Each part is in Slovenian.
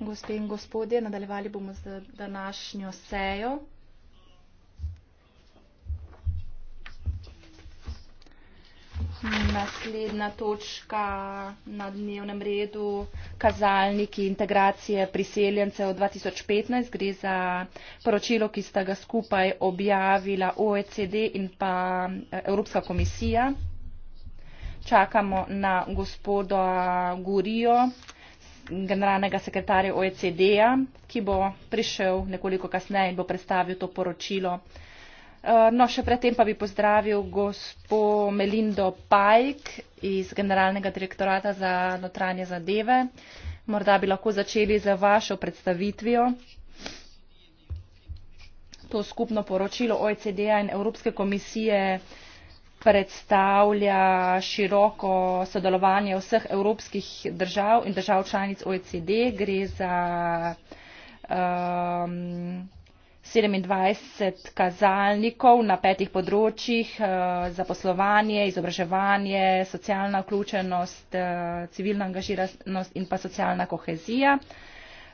Gospe in gospodje, nadaljevali bomo z današnjo sejo. Naslednja točka na dnevnem redu, kazalniki integracije priseljencev 2015, gre za poročilo, ki sta ga skupaj objavila OECD in pa eh, Evropska komisija čakamo na gospoda Gurijo, generalnega sekretarja OECD-ja, ki bo prišel nekoliko kasneje in bo predstavil to poročilo. Eh, no, še predtem pa bi pozdravil gospo Melindo Pajk iz Generalnega direktorata za notranje zadeve. Morda bi lahko začeli za vašo predstavitvijo. To skupno poročilo OECD-ja in Evropske komisije predstavlja široko sodelovanje vseh evropskih držav in držav članic OECD. Gre za um, 27 kazalnikov na petih področjih uh, za poslovanje, izobraževanje, socialna vključenost, uh, civilna angažiranost in pa socialna kohezija.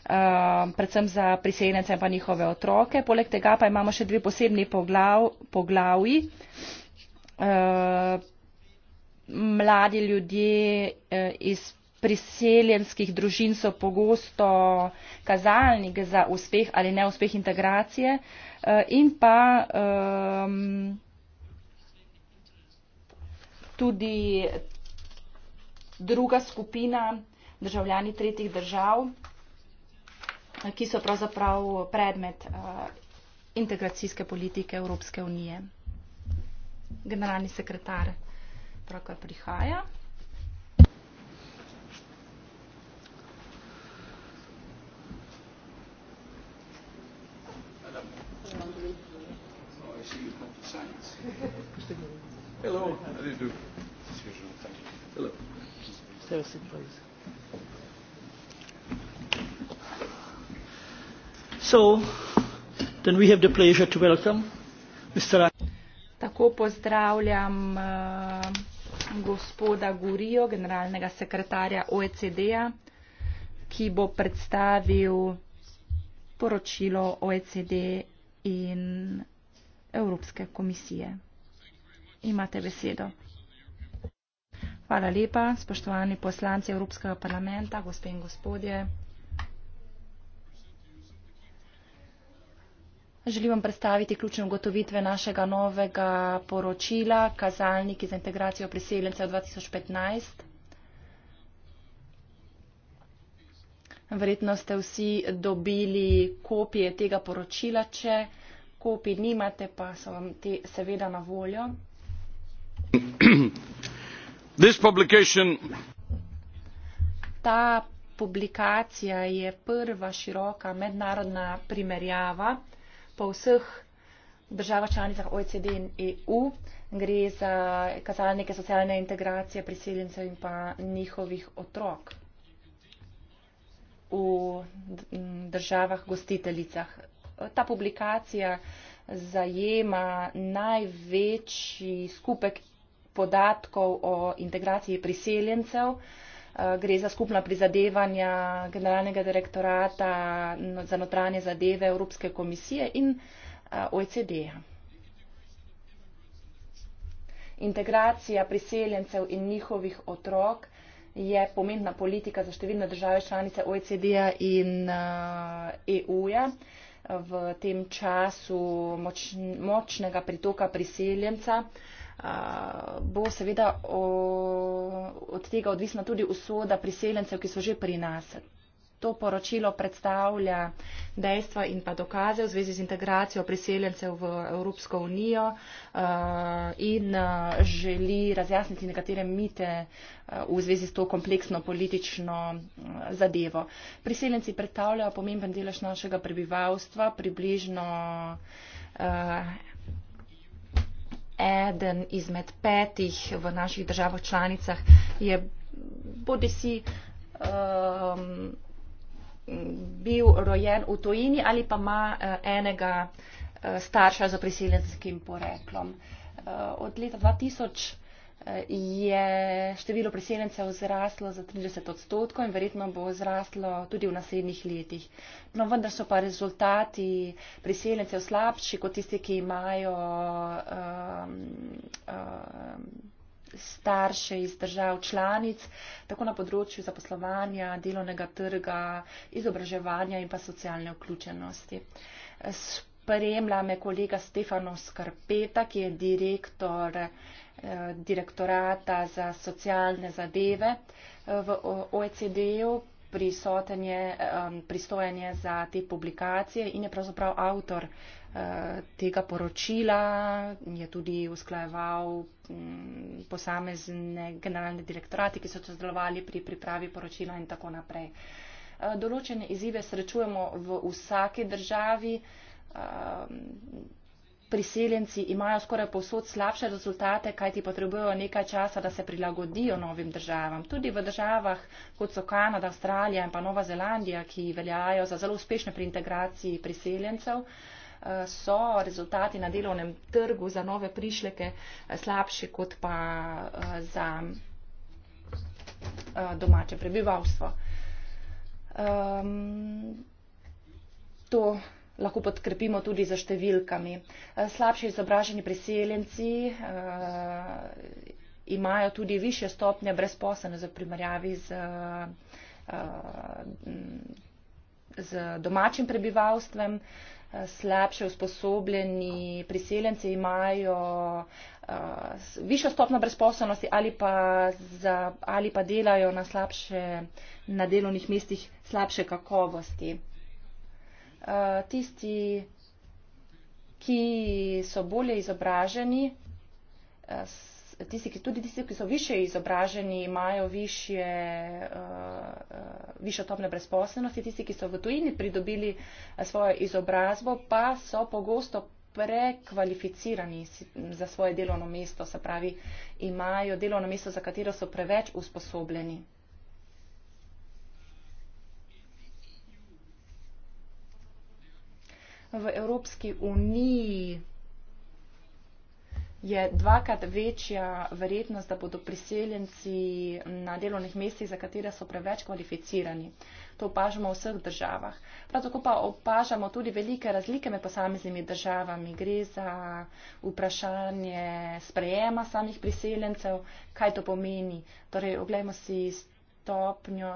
Uh, predvsem za priseljence in pa njihove otroke. Poleg tega pa imamo še dve posebni poglav, poglavji. Uh, Eh, mladi ljudje eh, iz priseljenskih družin so pogosto kazalnik za uspeh ali neuspeh integracije eh, in pa ehm, tudi druga skupina državljani tretjih držav, ki so pravzaprav predmet integracijske politike Evropske unije generalni sekretar pravkar prihaja. Hello, how do you do? Hello. Have a seat, please. So, then we have the pleasure to welcome Mr tako pozdravljam eh, gospoda Gurijo, generalnega sekretarja OECD-a, ki bo predstavil poročilo OECD in Evropske komisije. Imate besedo. Hvala lepa, spoštovani poslanci Evropskega parlamenta, gospe in gospodje. Želim vam predstaviti ključne ugotovitve našega novega poročila Kazalniki za integracijo priseljencev 2015. Verjetno ste vsi dobili kopije tega poročila, če kopij nimate, pa so vam te seveda na voljo. Ta publikacija je prva široka mednarodna primerjava po vseh državah članicah OECD in EU. Gre za kazalnike socialne integracije priseljencev in pa njihovih otrok v državah gostiteljicah. Ta publikacija zajema največji skupek podatkov o integraciji priseljencev uh, Eh, gre za skupna prizadevanja generalnega direktorata no, za notranje zadeve Evropske komisije in eh, OECD-ja. Integracija priseljencev in njihovih otrok je pomembna politika za številne države članice OECD-ja in eh, EU-ja v tem času moč, močnega pritoka priseljencev bo seveda o, od tega odvisna tudi usoda priseljencev, ki so že pri nas. To poročilo predstavlja dejstva in pa dokaze v zvezi z integracijo priseljencev v Evropsko unijo eh, in eh, želi razjasniti nekatere mite eh, v zvezi s to kompleksno politično zadevo. Priseljenci predstavljajo pomemben delež našega prebivalstva, približno eden izmed petih v naših državah članicah je bodi si um, bil rojen v tojini ali pa ima uh, enega uh, starša za priseljenskim poreklom. Uh, od leta 2000 je število priseljencev zraslo za 30 odstotkov in verjetno bo zraslo tudi v naslednjih letih. No, vendar so pa rezultati priseljencev slabši kot tisti, ki imajo um, um, starše iz držav članic, tako na področju zaposlovanja, delovnega trga, izobraževanja in pa socialne vključenosti. Spremlja me kolega Stefano Skarpeta, ki je direktor direktorata za socialne zadeve eh, v OECD-ju, prisoten je, pristojen je za te publikacije in je pravzaprav avtor eh, tega poročila, je tudi usklajeval mm, posamezne generalne direktorate, ki so sodelovali pri pripravi poročila in tako naprej. Eh, določene izzive srečujemo v vsaki državi priseljenci imajo skoraj povsod slabše rezultate, kajti potrebujejo nekaj časa, da se prilagodijo novim državam. Tudi v državah, kot so Kanada, Avstralija in pa Nova Zelandija, ki veljajo za zelo uspešne pri integraciji priseljencev, eh, so rezultati na delovnem trgu za nove prišleke eh, slabši kot pa eh, za domače prebivalstvo. Um, to lahko podkrepimo tudi za številkami. Eh, Slabši izobraženi priseljenci eh, imajo tudi više stopnje brezposene za primerjavi z, eh, mm, z domačim prebivalstvem. Slabše usposobljeni priseljenci imajo uh, višjo stopno brezposobnosti ali pa, za, ali pa delajo na, slabše, na delovnih mestih slabše kakovosti. Eh, tisti, ki so bolje izobraženi, eh, tisti, ki, tudi tisti, ki so više izobraženi, imajo više, eh, više topne brezposlenosti, tisti, ki so v tujini pridobili svojo izobrazbo, pa so pogosto prekvalificirani za svoje delovno mesto, se pravi, imajo delovno mesto, za katero so preveč usposobljeni. v Evropski uniji je dvakrat večja verjetnost, da bodo priseljenci na delovnih mestih, za katere so preveč kvalificirani. To opažamo v vseh državah. Prav tako pa opažamo tudi velike razlike med posameznimi državami. Gre za vprašanje sprejema samih priseljencev, kaj to pomeni. Torej, oglejmo si stopnjo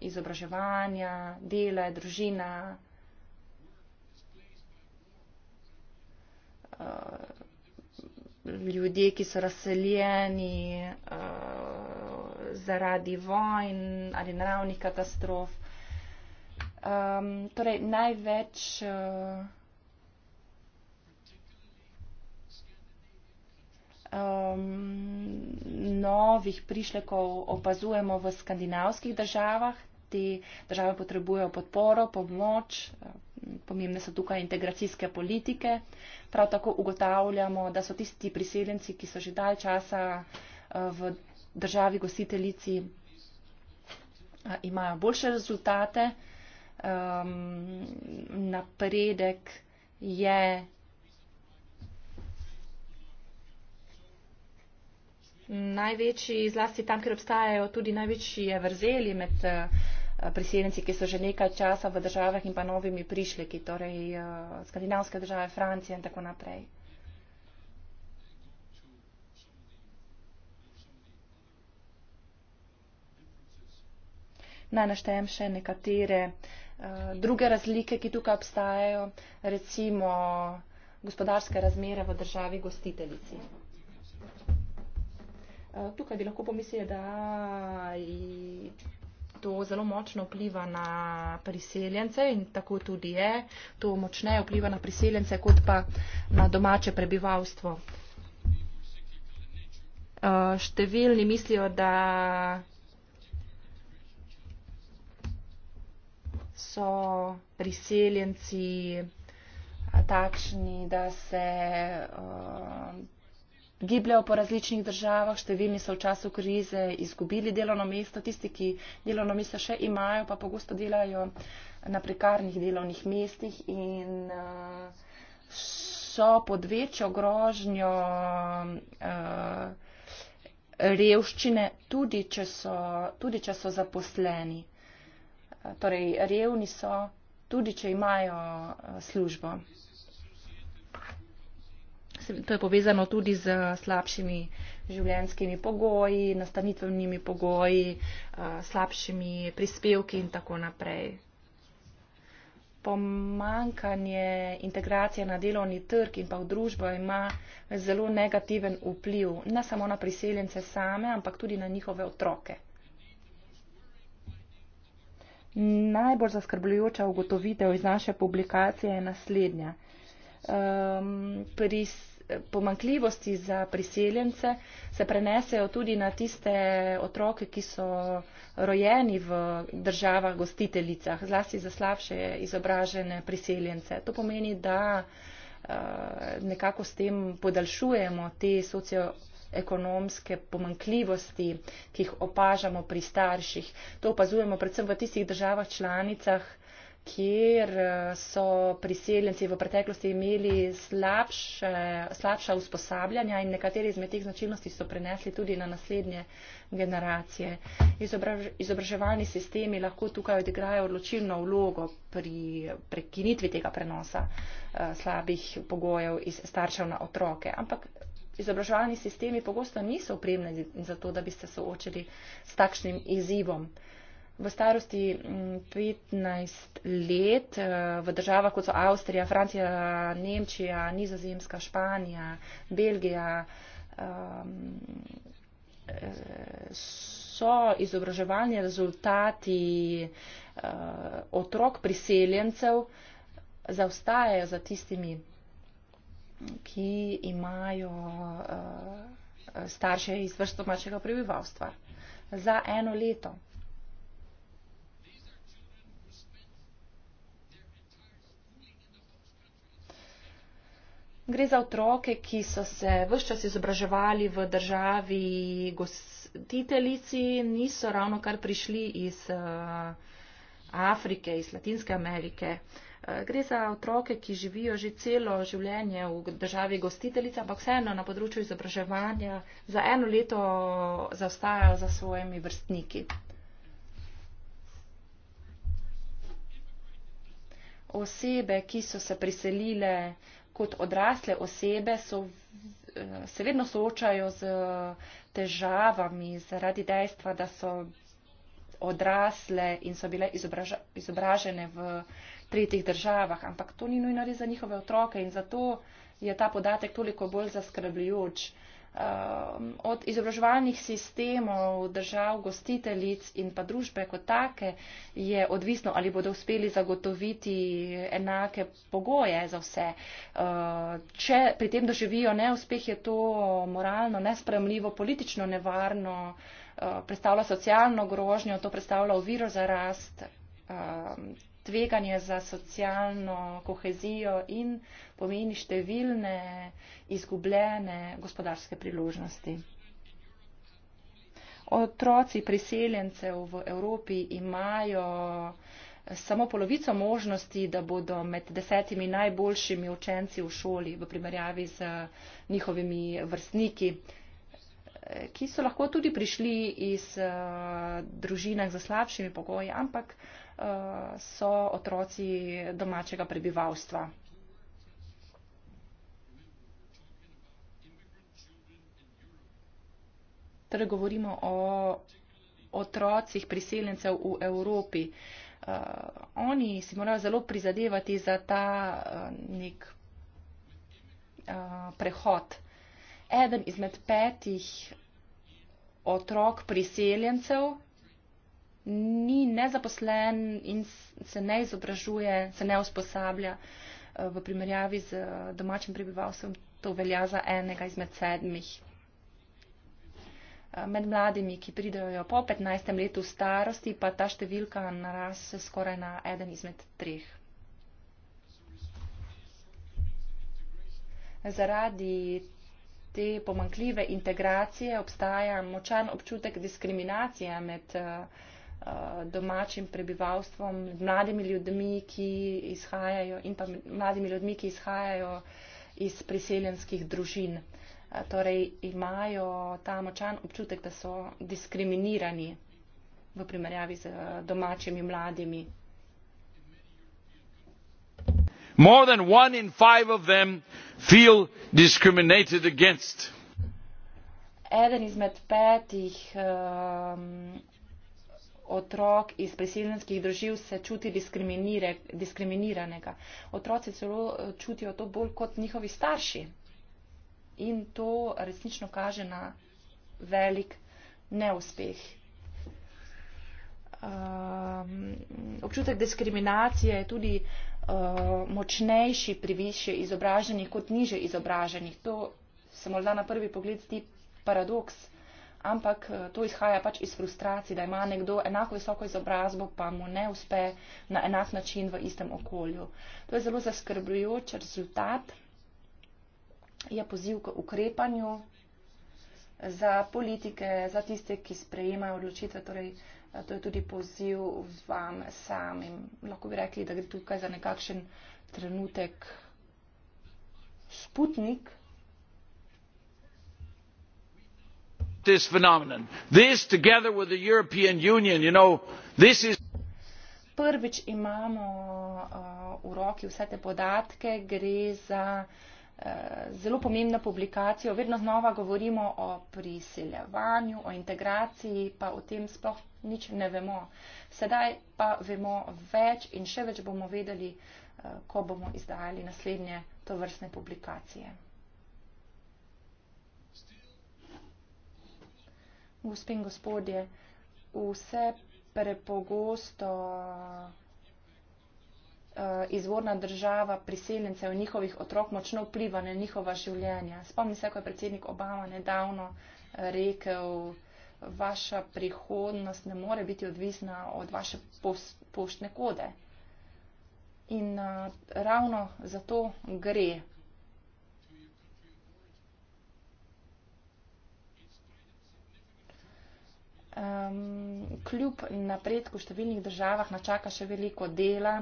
izobraževanja, dela, družina, Eh, ljudje, ki so razseljeni eh, zaradi vojn ali naravnih katastrof. Um, torej, največ. Um, novih prišlekov opazujemo v skandinavskih državah, te države potrebujejo podporo, pomoč, pomembne so tukaj integracijske politike. Prav tako ugotavljamo, da so tisti priseljenci, ki so že dalj časa eh, v državi gostiteljici, eh, imajo boljše rezultate. Um, napredek je. Največji, zlasti tam, kjer obstajajo tudi največji vrzeli med uh, Eh, priseljenci, ki so že nekaj časa v državah in pa novimi prišleki, torej eh, skandinavske države, Francija in tako naprej. Naj naštejem še nekatere uh, druge razlike, ki tukaj obstajajo, recimo gospodarske razmere v državi gostiteljici. Uh, tukaj bi lahko pomislili, da to zelo močno vpliva na priseljence in tako tudi je. To močneje vpliva na priseljence kot pa na domače prebivalstvo. Uh, številni mislijo, da so priseljenci takšni, da se. Uh, gibljajo po različnih državah, številni so v času krize izgubili delovno mesto, tisti, ki delovno mesto še imajo, pa pogosto delajo na prekarnih delovnih mestih in so pod večjo grožnjo revščine, tudi če so, tudi če so zaposleni. Torej, revni so, tudi če imajo službo to je povezano tudi z slabšimi življenskimi pogoji, nastanitvenimi pogoji, slabšimi prispevki in tako naprej. Pomankanje integracije na delovni trg in pa v družbo ima zelo negativen vpliv ne samo na priseljence same, ampak tudi na njihove otroke. Najbolj zaskrbljujoča ugotovitev iz naše publikacije je naslednja um, pris, pomankljivosti za priseljence se prenesejo tudi na tiste otroke, ki so rojeni v državah gostiteljicah, zlasti za slabše izobražene priseljence. To pomeni, da uh, nekako s tem podaljšujemo te socio ekonomske pomankljivosti, ki jih opažamo pri starših. To opazujemo predvsem v tistih državah članicah, kjer eh, so priseljenci v preteklosti imeli slabše, slabša usposabljanja in nekateri izmed teh značilnosti so prenesli tudi na naslednje generacije. Izobraž, izobraževalni sistemi lahko tukaj odigrajo odločilno vlogo pri prekinitvi tega prenosa uh, slabih pogojev iz staršev na otroke. Ampak izobraževalni sistemi pogosto niso upremljeni za to, da bi se soočili s takšnim izzivom. Uh, v starosti 15 mm, let eh, v državah, kot so Avstrija, Francija, Nemčija, Nizozemska, Španija, Belgija, ehm, eh, so izobraževalni rezultati eh, otrok priseljencev zaostajajo za tistimi, ki imajo starše iz vrst domačega prebivalstva za eno leto. Gre za otroke, ki so se vse čas izobraževali v državi gostiteljici, niso ravno kar prišli iz eh, Afrike, iz Latinske Amerike. Eh, gre za otroke, ki živijo že celo življenje v državi gostiteljica, ampak vseeno na področju izobraževanja za eno leto zaostajajo za svojimi vrstniki. Osebe, ki so se priselile kot odrasle osebe so, eh, se vedno soočajo z eh, težavami zaradi dejstva, da so odrasle in so bile izobraža, izobražene v tretjih državah, ampak to ni nujno res za njihove otroke in zato je ta podatek toliko bolj zaskrbljujoč. Uh, Um, od izobraževalnih sistemov držav, gostiteljic in pa družbe kot take je odvisno, ali bodo uspeli zagotoviti enake pogoje za vse. Uh, če pri tem doživijo neuspeh, je to moralno nespremljivo, politično nevarno, uh, predstavlja socialno grožnjo, to predstavlja oviro za rast. Um, tveganje za socialno kohezijo in pomeni številne izgubljene gospodarske priložnosti. Otroci priseljencev v Evropi imajo samo polovico možnosti, da bodo med desetimi najboljšimi učenci v šoli v primerjavi z njihovimi vrstniki, ki so lahko tudi prišli iz eh, družinah za slabšimi pogoji, ampak Eh, so otroci domačega prebivalstva. Torej govorimo o otrocih priseljencev v Evropi. Eh, oni si morajo zelo prizadevati za ta eh, nek prehod. Eden izmed petih otrok priseljencev ni nezaposlen in se ne izobražuje, se ne usposablja eh, v primerjavi z eh, domačim prebivalstvom. To velja za enega izmed sedmih. Eh, med mladimi, ki pridejo po 15. letu starosti, pa ta številka naraste skoraj na eden izmed treh. Zaradi te pomankljive integracije obstaja močan občutek diskriminacije med uh, Eh, domačim prebivalstvom, mladimi ljudmi, ki izhajajo in pa mladimi ljudmi, ki izhajajo iz priseljenskih družin. Eh, torej imajo ta močan občutek, da so diskriminirani v primerjavi z eh, domačimi mladimi. More than one in five of them feel discriminated against. Eden izmed petih um, otrok iz priseljenskih držav se čuti diskriminiranega. Otroci celo eh, čutijo to bolj kot njihovi starši. In to resnično kaže na velik neuspeh. Um, občutek diskriminacije je tudi uh, močnejši pri više izobraženih kot niže izobraženih. To se morda na prvi pogled zdi paradoks ampak eh, to izhaja pač iz frustracije, da ima nekdo enako visoko izobrazbo, pa mu ne uspe na enak način v istem okolju. To je zelo zaskrbljujoč rezultat, je poziv k ukrepanju za politike, za tiste, ki sprejemajo odločitve, torej eh, to je tudi poziv vam samim. Lahko bi rekli, da gre tukaj za nekakšen trenutek sputnik, this phenomenon. this together with the european union you know this is. prvič imamo uh, v roki vse te podatke gre za uh, zelo pomembno publikacijo vedno znova govorimo o priseljevanju o integraciji pa o tem sploh nič ne vemo sedaj pa vemo več in še več bomo vedeli uh, ko bomo izdajali naslednje tovrstne publikacije. Gospe in gospodje, vse prepogosto eh, izvorna država priseljencev in njihovih otrok močno vpliva na njihova življenja. Spomnim se, ko je predsednik Obama nedavno eh, rekel, vaša prihodnost ne more biti odvisna od vaše poštne kode. In eh, ravno za to gre. um, kljub napredku v številnih državah načaka še veliko dela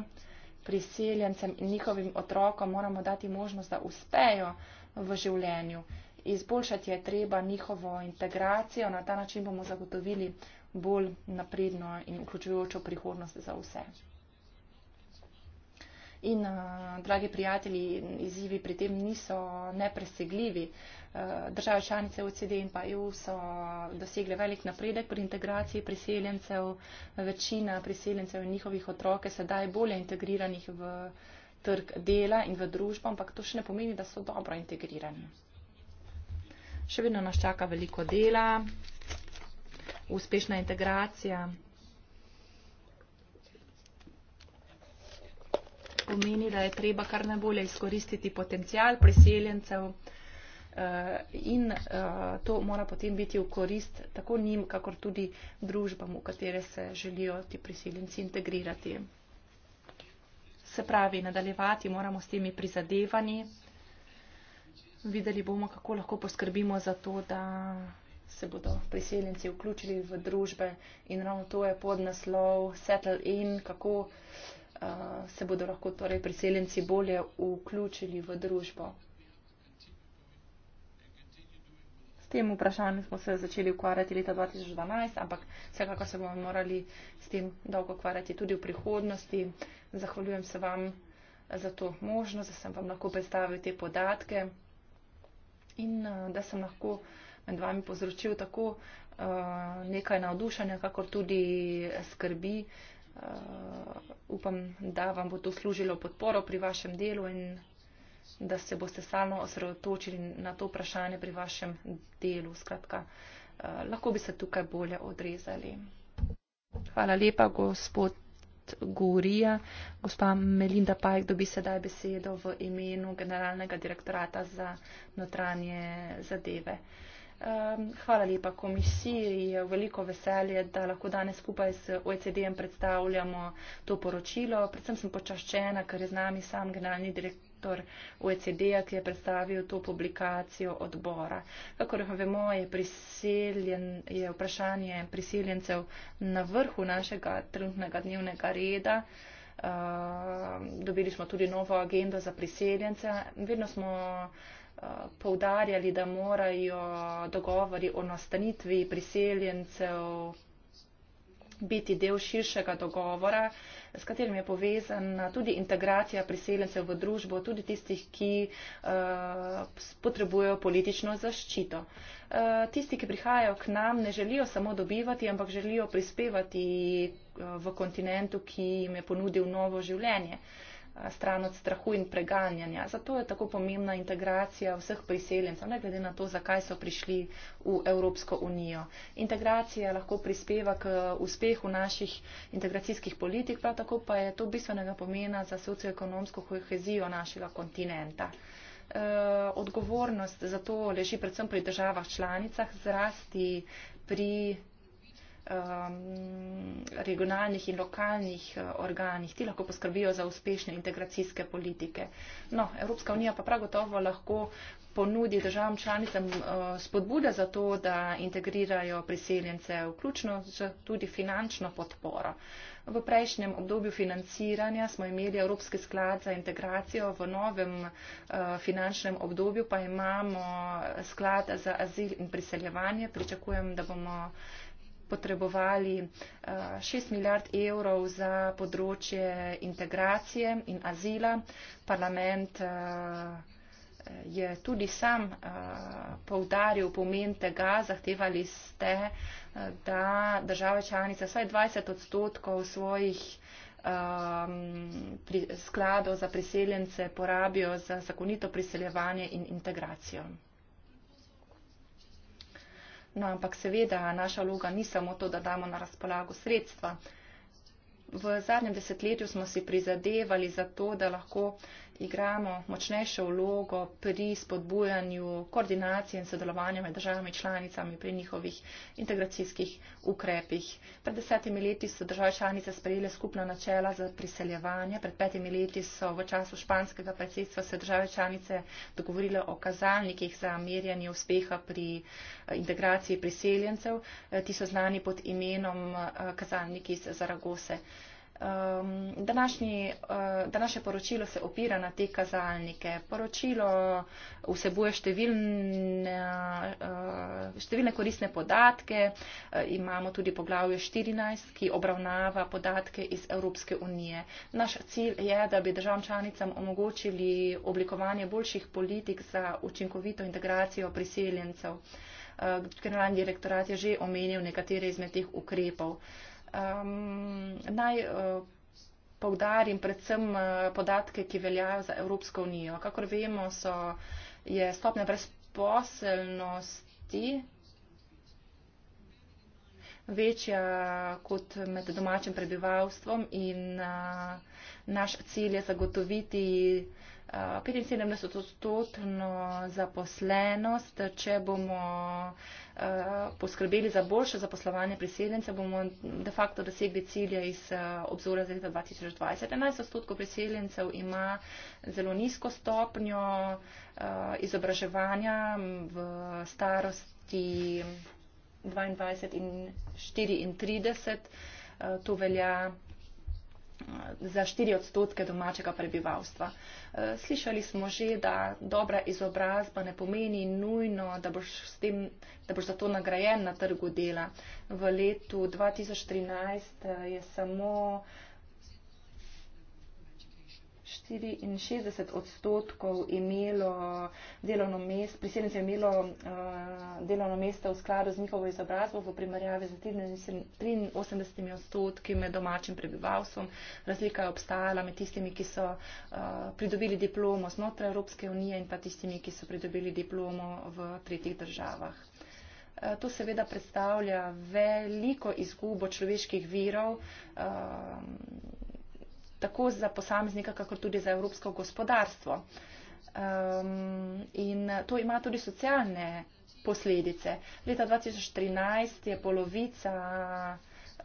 priseljencem in njihovim otrokom moramo dati možnost, da uspejo v življenju. Izboljšati je treba njihovo integracijo, na ta način bomo zagotovili bolj napredno in vključujočo prihodnost za vse. In, eh, dragi prijatelji, izzivi pri tem niso nepresegljivi države članice OCD in pa EU so dosegle velik napredek pri integraciji priseljencev. Večina priseljencev in njihovih otrok je sedaj bolje integriranih v trg dela in v družbo, ampak to še ne pomeni, da so dobro integrirani. Še vedno nas čaka veliko dela, uspešna integracija. Pomeni, da je treba kar najbolje izkoristiti potencial priseljencev. Eh, in eh, to mora potem biti v korist tako njim, kakor tudi družbam, v katere se želijo ti prisiljenci integrirati. Se pravi, nadaljevati moramo s temi prizadevanji. Videli bomo, kako lahko poskrbimo za to, da se bodo priseljenci vključili v družbe in ravno to je podnaslov Settle In, kako uh, se bodo lahko torej priseljenci bolje vključili v družbo. S tem vprašanjem smo se začeli ukvarjati leta 2012, ampak vsekakor se bomo morali s tem dolgo ukvarjati tudi v prihodnosti. Zahvaljujem se vam za to možnost, da sem vam lahko predstavil te podatke in eh, da sem lahko med vami povzročil tako uh, nekaj navdušanja, kakor tudi skrbi. Uh, upam, da vam bo to služilo podporo pri vašem delu in da se boste stalno osredotočili na to vprašanje pri vašem delu. Skratka, eh, lahko bi se tukaj bolje odrezali. Hvala lepa, gospod Gurija. Gospa Melinda Pajk dobi sedaj besedo v imenu Generalnega direktorata za notranje zadeve. Hvala lepa komisiji. Je veliko veselje, da lahko danes skupaj s OECD-em predstavljamo to poročilo. Predvsem sem počaščena, ker je z nami sam generalni direktor direktor OECD-ja, ki je predstavil to publikacijo odbora. Kakor vemo, je, priseljen, je vprašanje priseljencev na vrhu našega trenutnega dnevnega reda. Uh, dobili smo tudi novo agendo za priseljence. Vedno smo uh, poudarjali, da morajo dogovori o nastanitvi priseljencev biti del širšega dogovora, uh, s katerim je povezana tudi integracija priseljencev v družbo, tudi tistih, ki uh, potrebujejo politično zaščito. Uh, tisti, ki prihajajo k nam, ne želijo samo dobivati, ampak želijo prispevati uh, v kontinentu, ki jim je ponudil novo življenje. Uh, stran od strahu in preganjanja. Zato je tako pomembna integracija vseh priseljencev, ne glede na to, zakaj so prišli v Evropsko unijo. Integracija lahko prispeva k uspehu naših integracijskih politik, prav tako pa je to bistvenega pomena za socioekonomsko kohezijo našega kontinenta. E, odgovornost za to leži predvsem pri državah članicah, zrasti pri um, regionalnih in lokalnih uh, organih. Ti lahko poskrbijo za uspešne integracijske politike. No, Evropska unija pa prav gotovo lahko ponudi državam članicam uh, spodbude za to, da integrirajo priseljence, vključno z tudi finančno podporo. V prejšnjem obdobju financiranja smo imeli Evropski sklad za integracijo, v novem uh, finančnem obdobju pa imamo sklad za azil in priseljevanje. Pričakujem, da bomo uh, potrebovali 6 eh, milijard evrov za področje integracije in azila. Parlament eh, je tudi sam eh, poudaril pomen tega, zahtevali ste, da države članice vsaj 20 odstotkov svojih ehm, skladov za priseljence porabijo za zakonito priseljevanje in integracijo. No, ampak seveda naša vloga ni samo to, da damo na razpolago sredstva. V zadnjem desetletju smo si prizadevali za to, da lahko igramo močnejšo vlogo pri spodbujanju koordinacije in sodelovanja med državami članicami pri njihovih integracijskih ukrepih. Pred desetimi leti so države članice sprejele skupna načela za priseljevanje, pred petimi leti so v času španskega predsedstva se države članice dogovorile o kazalnikih za merjanje uspeha pri eh, integraciji priseljencev, eh, ti so znani pod imenom eh, kazalniki iz Zaragoze. Um, današnji, uh, današnje poročilo se opira na te kazalnike. Poročilo vsebuje številne, uh, številne koristne podatke. Uh, imamo tudi poglavje 14, ki obravnava podatke iz Evropske unije. Naš cilj je, da bi državam članicam omogočili oblikovanje boljših politik za učinkovito integracijo priseljencev. Uh, generalni direktorat je že omenil nekatere izmed teh ukrepov. Uh, Um, naj uh, eh, povdarim predvsem eh, podatke, ki veljajo za Evropsko unijo. Kakor vemo, so, je stopnja brezposelnosti večja kot med domačim prebivalstvom in uh, naš cilj je zagotoviti uh, 75-odstotno zaposlenost, če bomo uh, Eh, poskrbeli za boljše zaposlovanje priseljencev, bomo de facto dosegli cilje iz eh, obzora za leto 2020. 11 odstotkov priseljencev ima zelo nizko stopnjo eh, izobraževanja v starosti 22 in 34. To velja za štiri odstotke domačega prebivalstva. E, slišali smo že, da dobra izobrazba ne pomeni nujno, da boš, s tem, da boš za to nagrajen na trgu dela. V letu 2013 e, je samo 64 odstotkov imelo delovno mest, priseljencev imelo uh, delovno mesto v skladu z njihovo izobrazbo v primerjavi z 83 odstotki med domačim prebivalstvom. Razlika je obstajala med tistimi, ki so uh, pridobili diplomo znotraj Evropske unije in pa tistimi, ki so pridobili diplomo v tretjih državah. Eh, to seveda predstavlja veliko izgubo človeških virov, tako za posameznika, kakor tudi za evropsko gospodarstvo. Um, in to ima tudi socialne posledice. Leta 2013 je polovica uh,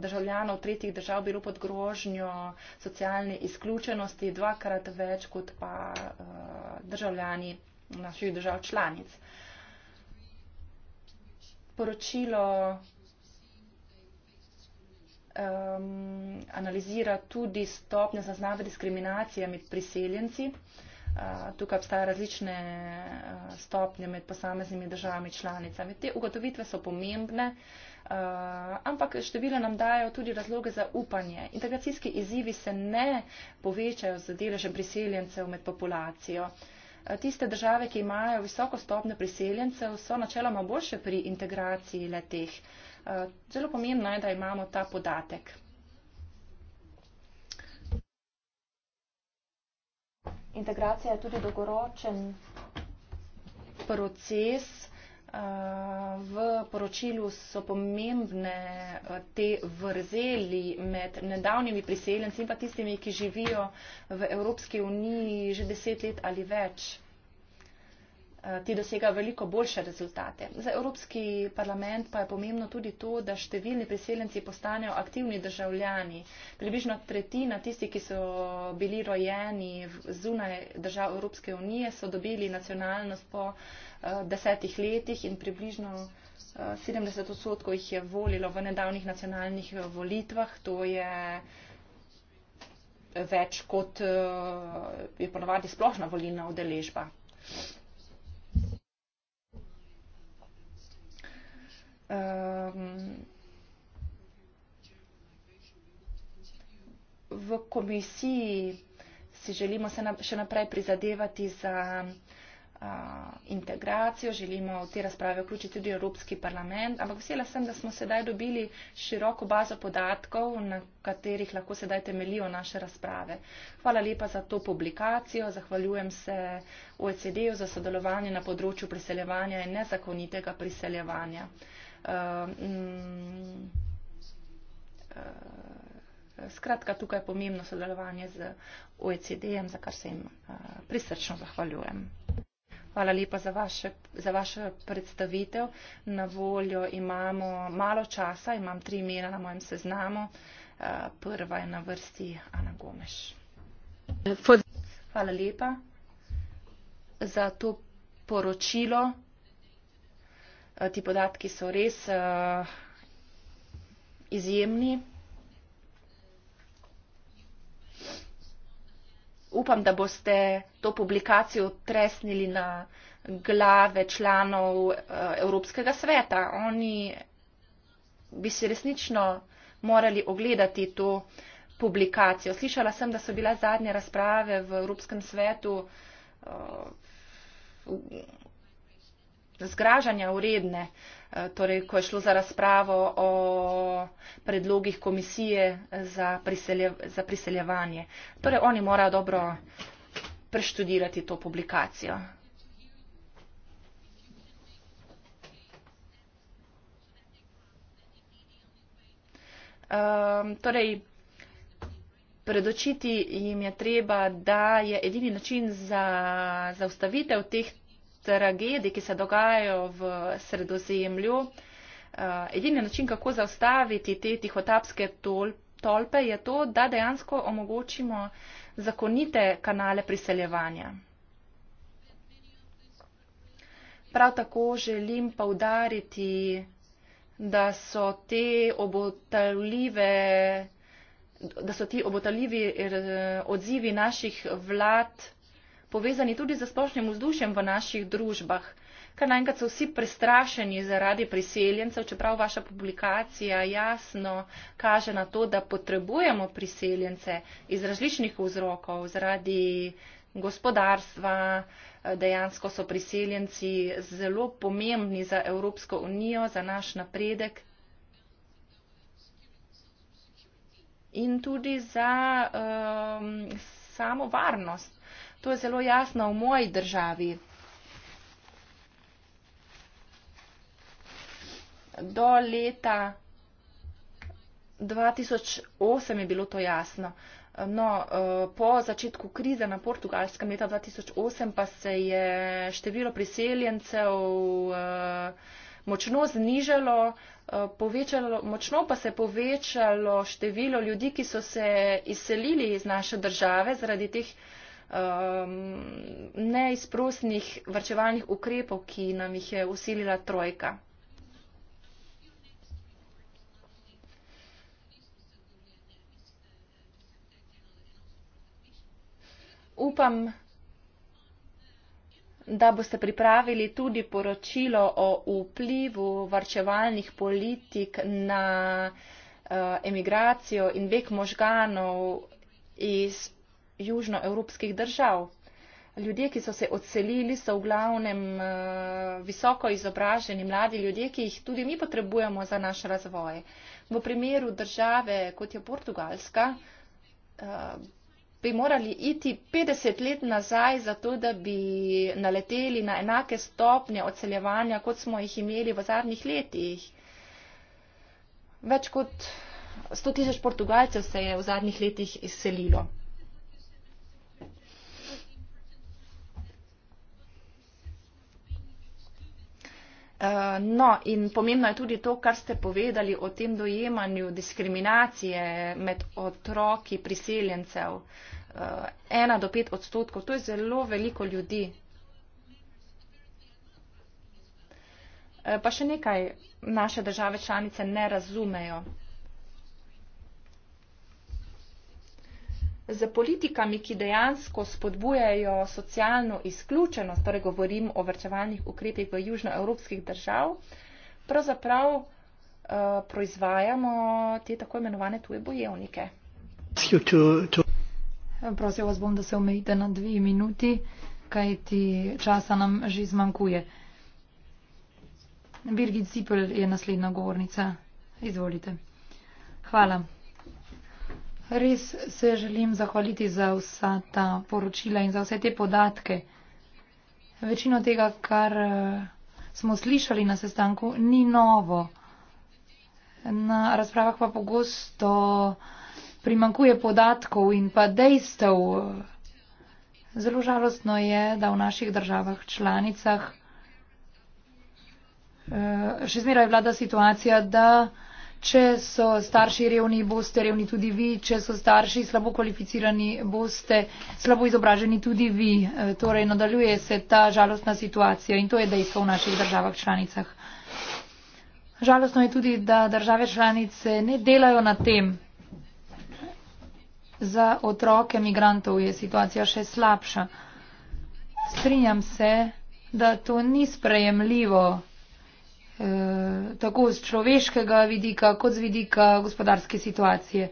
državljanov tretjih držav bilo pod grožnjo socialne izključenosti, dvakrat več kot pa uh, državljani naših držav članic. Poročilo um, analizira tudi stopnje zaznave diskriminacije med priseljenci. Uh, tukaj obstajajo različne uh, stopnje med posameznimi državami članicami. Te ugotovitve so pomembne, uh, ampak številne nam dajo tudi razloge za upanje. Integracijski izzivi se ne povečajo z deležem priseljencev med populacijo. Uh, tiste države, ki imajo visoko stopnjo priseljencev, so načeloma boljše pri integraciji le teh. Uh, Eh, zelo pomembno je, da imamo ta podatek. Integracija je tudi dogoročen proces. Eh, v poročilu so pomembne eh, te vrzeli med nedavnimi priseljenci in pa tistimi, ki živijo v Evropski uniji že deset let ali več. Eh, ti dosegajo veliko boljše rezultate. Za Evropski parlament pa je pomembno tudi to, da številni priseljenci postanejo aktivni državljani. Približno tretjina tistih, ki so bili rojeni zunaj držav Evropske unije, so dobili nacionalnost po uh, desetih letih in približno uh, eh, 70 odstotkov jih je volilo v nedavnih nacionalnih volitvah. To je več kot uh, je ponovadi splošna volilna udeležba. Ehm, v komisiji si želimo še naprej prizadevati za integracijo, želimo v te razprave vključiti tudi Evropski parlament, ampak vesela sem, da smo sedaj dobili široko bazo podatkov, na katerih lahko sedaj temelijo naše razprave. Hvala lepa za to publikacijo, zahvaljujem se OECD-ju za sodelovanje na področju priseljevanja in nezakonitega priseljevanja. Eh, mm, eh, skratka, tukaj je pomembno sodelovanje z OECD-em, za kar se jim eh, prisrčno zahvaljujem. Hvala lepa za, vaše, za vašo predstavitev. Na voljo imamo malo časa, imam tri imena na mojem seznamu. Prva je na vrsti Ana Gomeš. Hvala lepa za to poročilo. Eh, ti podatki so res eh, izjemni. Upam, da boste to publikacijo tresnili na glave članov eh, Evropskega sveta. Oni bi si resnično morali ogledati to publikacijo. Slišala sem, da so bile zadnje razprave v Evropskem svetu zgražanja uredne, eh, torej ko je šlo za razpravo o predlogih komisije za, priselje, za priseljevanje. Torej oni morajo dobro preštudirati to publikacijo. Um, torej, predočiti jim je treba, da je edini način za zaustavitev teh tragedij, ki se dogajajo v sredozemlju. Eh, edini način, kako zaustaviti te tihotapske tolpe, je to, da dejansko omogočimo zakonite kanale priseljevanja. Prav tako želim pa udariti, da so te obotavljive da so ti obotavljivi eh, odzivi naših vlad povezani tudi z splošnim vzdušjem v naših družbah. Kar naenkrat so vsi prestrašeni zaradi priseljencev, čeprav vaša publikacija jasno kaže na to, da potrebujemo priseljence iz različnih vzrokov, zaradi gospodarstva, eh, dejansko so priseljenci zelo pomembni za Evropsko unijo, za naš napredek. In tudi za um, samo varnost. To je zelo jasno v moji državi. Do leta 2008 je bilo to jasno. No, eh, po začetku krize na portugalskem leta 2008 pa se je število priseljencev eh, močno znižalo, eh, povečalo, močno pa se je povečalo število ljudi, ki so se izselili iz naše države zaradi teh um, neizprostnih vrčevalnih ukrepov, ki nam jih je usilila trojka. Upam, da boste pripravili tudi poročilo o vplivu varčevalnih politik na uh, emigracijo in beg možganov iz južnoevropskih držav. Ljudje, ki so se odselili, so v glavnem eh, visoko izobraženi mladi ljudje, ki jih tudi mi potrebujemo za naš razvoj. V primeru države, kot je Portugalska, eh, bi morali iti 50 let nazaj, zato da bi naleteli na enake stopnje odseljevanja, kot smo jih imeli v zadnjih letih. Več kot 100 tisoč Portugalcev se je v zadnjih letih izselilo. Eh, no, in pomembno je tudi to, kar ste povedali o tem dojemanju diskriminacije med otroki priseljencev. Eh, ena do pet odstotkov, to je zelo veliko ljudi. Eh, pa še nekaj naše države članice ne razumejo. z politikami, ki dejansko spodbujajo socialno izključenost, torej govorim o vrčevalnih ukrepih v južnoevropskih držav, pravzaprav uh, proizvajamo te tako imenovane tuje bojevnike. Prosim vas bom, da se omejite na dve minuti, kaj ti časa nam že zmanjkuje. Birgit Zipel je naslednja govornica. Izvolite. Hvala. Res se želim zahvaliti za vsa ta poročila in za vse te podatke. Večino tega, kar eh, smo slišali na sestanku, ni novo. Na razpravah pa pogosto primankuje podatkov in pa dejstev. Zelo žalostno je, da v naših državah članicah eh, še zmeraj vlada situacija, da Če so starši revni, boste revni tudi vi. Če so starši slabo kvalificirani, boste slabo izobraženi tudi vi. E, torej, nadaljuje se ta žalostna situacija in to je dejstvo v naših državah članicah. Žalostno je tudi, da države članice ne delajo na tem. Za otroke migrantov je situacija še slabša. Strinjam se, da to ni sprejemljivo Eh, tako z človeškega vidika, kot z vidika gospodarske situacije.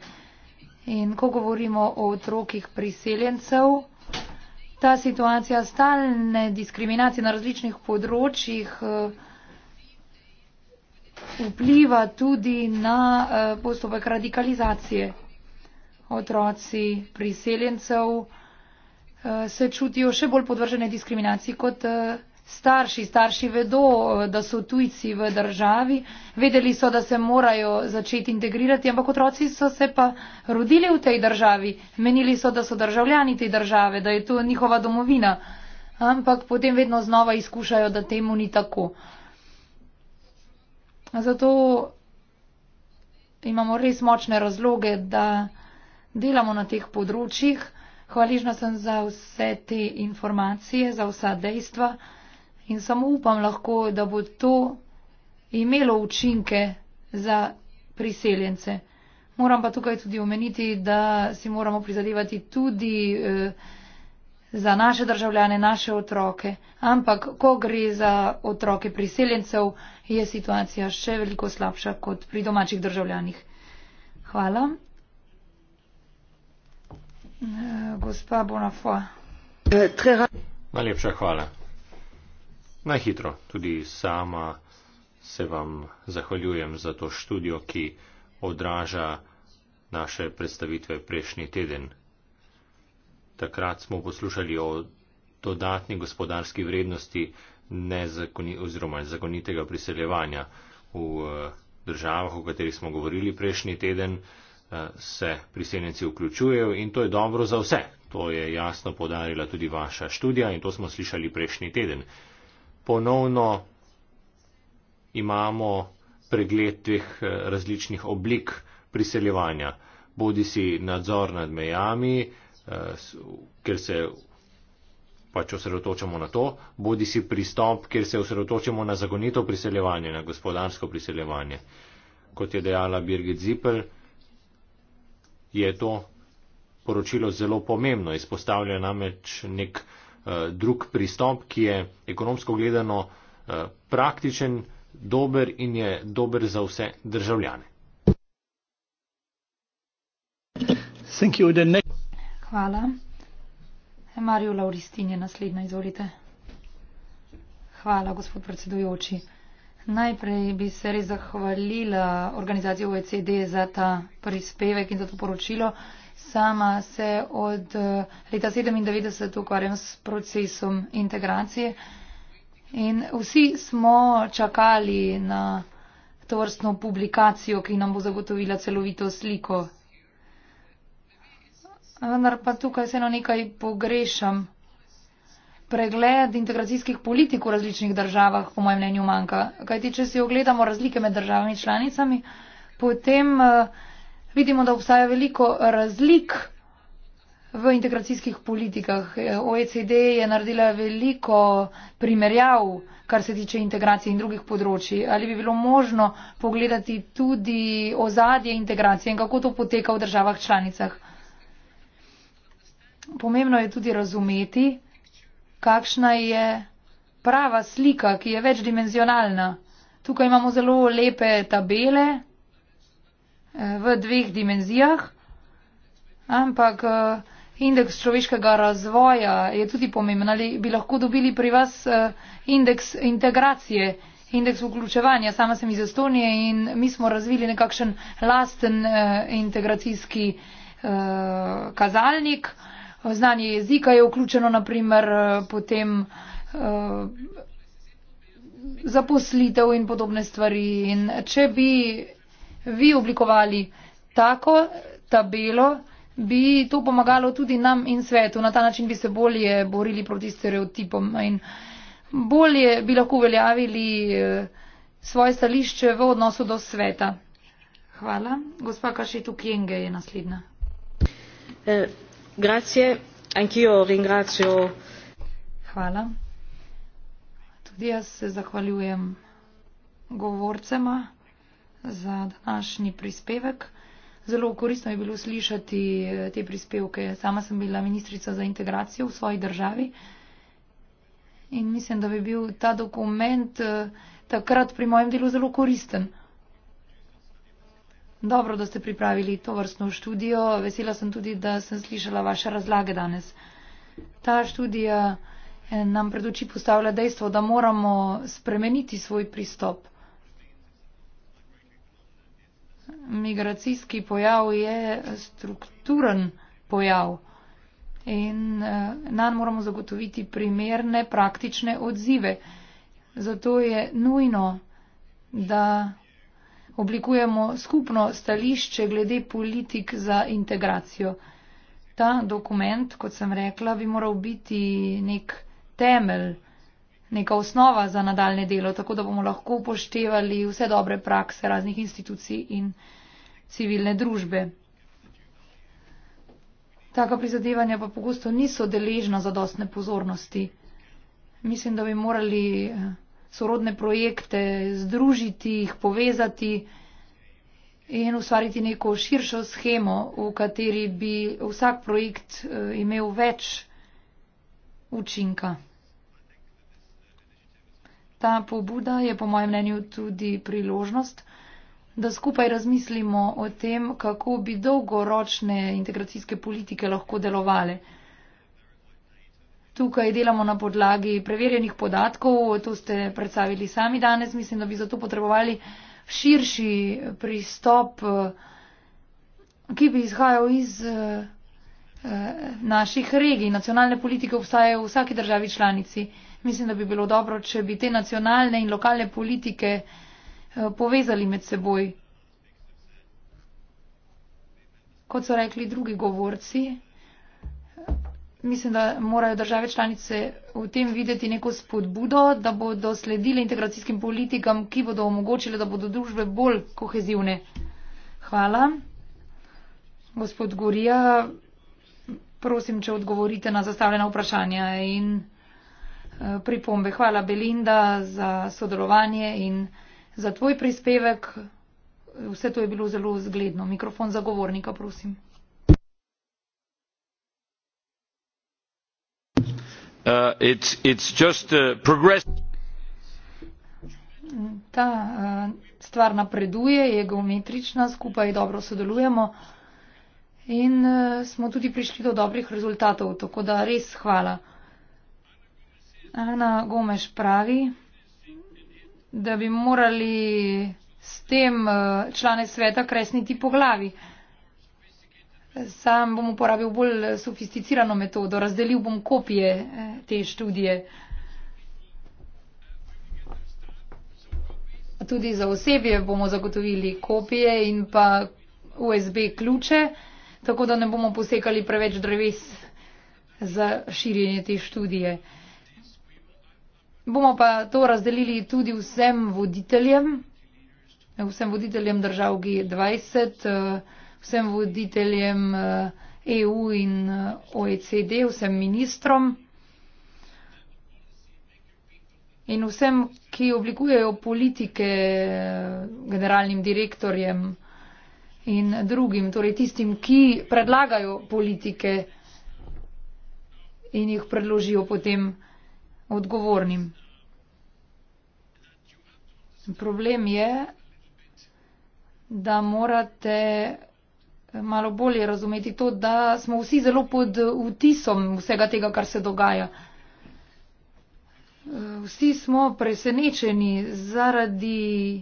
In ko govorimo o otrokih priseljencev, ta situacija stalne diskriminacije na različnih področjih eh, vpliva tudi na eh, postopek radikalizacije. Otroci priseljencev se čutijo še bolj podvržene diskriminaciji kot starši, starši vedo, eh, da so tujci v državi, vedeli so, da se morajo začeti integrirati, ampak otroci so se pa rodili v tej državi, menili so, da so državljani te države, da je to njihova domovina, ampak potem vedno znova izkušajo, da temu ni tako. Zato imamo res močne razloge, da delamo na teh področjih. Hvaležna sem za vse te informacije, za vsa dejstva. In samo upam lahko, da bo to imelo učinke za priseljence. Moram pa tukaj tudi omeniti, da si moramo prizadevati tudi eh, za naše državljane, naše otroke. Ampak, ko gre za otroke priseljencev, je situacija še veliko slabša kot pri domačih državljanih. Hvala. Eh, gospa Bonafoa. Eh, Najlepša hvala najhitro. Tudi sama se vam zahvaljujem za to študijo, ki odraža naše predstavitve prejšnji teden. Takrat smo poslušali o dodatni gospodarski vrednosti nezakoni, oziroma nezakonitega priseljevanja. V eh, državah, o katerih smo govorili prejšnji teden, eh, se priseljenci vključujejo in to je dobro za vse. To je jasno podarila tudi vaša študija in to smo slišali prejšnji teden ponovno imamo pregled teh eh, različnih oblik priseljevanja. Bodi si nadzor nad mejami, eh, ker se pač osredotočamo na to, bodi si pristop, ker se osredotočamo na zagonito priseljevanje, na gospodarsko priseljevanje. Kot je dejala Birgit Zipel, je to poročilo zelo pomembno, izpostavlja namreč nek Eh, drug pristop, ki je ekonomsko gledano eh, praktičen, dober in je dober za vse državljane. Hvala. Mario Lauristin je naslednja, izvolite. Hvala, gospod predsedujoči. Najprej bi se res zahvalila organizaciji OECD za ta prispevek in za to poročilo. Sama se od eh, leta 1997 ukvarjam s procesom integracije in vsi smo čakali na to vrstno publikacijo, ki nam bo zagotovila celovito sliko. Vendar pa tukaj vseeno nekaj pogrešam. Pregled integracijskih politik v različnih državah, po mojem mnenju, manjka. Kajti, če si ogledamo razlike med državami članicami, potem uh, vidimo, da obstaja veliko razlik v integracijskih politikah. OECD je naredila veliko primerjav, kar se tiče integracije in drugih področji. Ali bi bilo možno pogledati tudi ozadje integracije in kako to poteka v državah članicah? Pomembno je tudi razumeti, kakšna je prava slika, ki je večdimenzionalna. Tukaj imamo zelo lepe tabele v dveh dimenzijah, ampak eh, indeks človeškega razvoja je tudi pomemben. Ali bi lahko dobili pri vas eh, indeks integracije, indeks vključevanja? Sama sem iz Estonije in mi smo razvili nekakšen lasten eh, integracijski kazalnik. Znanje jezika je vključeno, naprimer, potem zaposlitev in podobne stvari. In če bi vi oblikovali tako tabelo, bi to pomagalo tudi nam in svetu. Na ta način bi se bolje borili proti stereotipom in bolje bi lahko uveljavili eh, svoje stališče v odnosu do sveta. Hvala. Gospa Kašetu Kjenge je naslednja. Eh, Hvala. Tudi jaz se zahvaljujem govorcema za današnji prispevek. Zelo koristno je bilo slišati eh, te prispevke. Sama sem bila ministrica za integracijo v svoji državi in mislim, da bi bil ta dokument eh, takrat pri mojem delu zelo koristen. Dobro, da ste pripravili to vrstno študijo. Vesela sem tudi, da sem slišala vaše razlage danes. Ta študija eh, nam pred oči postavlja dejstvo, da moramo spremeniti svoj pristop. migracijski pojav je strukturen pojav in eh, nam moramo zagotoviti primerne praktične odzive. Zato je nujno, da oblikujemo skupno stališče glede politik za integracijo. Ta dokument, kot sem rekla, bi moral biti nek temelj neka osnova za nadaljne delo, tako da bomo lahko upoštevali vse dobre prakse raznih institucij in civilne družbe. Taka prizadevanja pa pogosto niso deležna zadostne pozornosti. Mislim, da bi morali eh, sorodne projekte združiti, jih povezati in ustvariti neko širšo schemo, v kateri bi vsak projekt eh, imel več učinka. Ta pobuda je po mojem mnenju tudi priložnost, da skupaj razmislimo o tem, kako bi dolgoročne integracijske politike lahko delovale. Tukaj delamo na podlagi preverjenih podatkov, to ste predstavili sami danes. Mislim, da bi zato potrebovali širši pristop, ki bi izhajal iz eh, eh, naših regij. Nacionalne politike obstajajo v vsaki državi članici mislim, da bi bilo dobro, če bi te nacionalne in lokalne politike eh, povezali med seboj. Kot so rekli drugi govorci, mislim, da morajo države članice v tem videti neko spodbudo, da bodo sledile integracijskim politikam, ki bodo omogočile, da bodo družbe bolj kohezivne. Hvala. Gospod Gorija, prosim, če odgovorite na zastavljena vprašanja. In Eh, pripombe. Hvala Belinda za sodelovanje in za tvoj prispevek. Vse to je bilo zelo zgledno. Mikrofon zagovornika, prosim. Uh, it's, it's just, uh, Ta uh, stvar napreduje, je geometrična, skupaj dobro sodelujemo in uh, smo tudi prišli do dobrih rezultatov, tako da res hvala. Ana Gomeš pravi, da bi morali s tem eh, člane sveta kresniti po glavi. Sam bom uporabil bolj eh, sofisticirano metodo, razdelil bom kopije eh, te študije. Tudi za osebje bomo zagotovili kopije in pa USB ključe, tako da ne bomo posekali preveč dreves za širjenje te študije. Bomo pa to razdelili tudi vsem voditeljem, vsem voditeljem držav G20, eh, vsem voditeljem EU eh, e in eh, OECD, vsem ministrom in vsem, ki oblikujejo politike generalnim direktorjem in drugim, torej tistim, ki predlagajo politike in jih predložijo potem odgovornim. Problem je, da morate malo bolje razumeti to, da smo vsi zelo pod vtisom vsega tega, kar se dogaja. Vsi smo presenečeni zaradi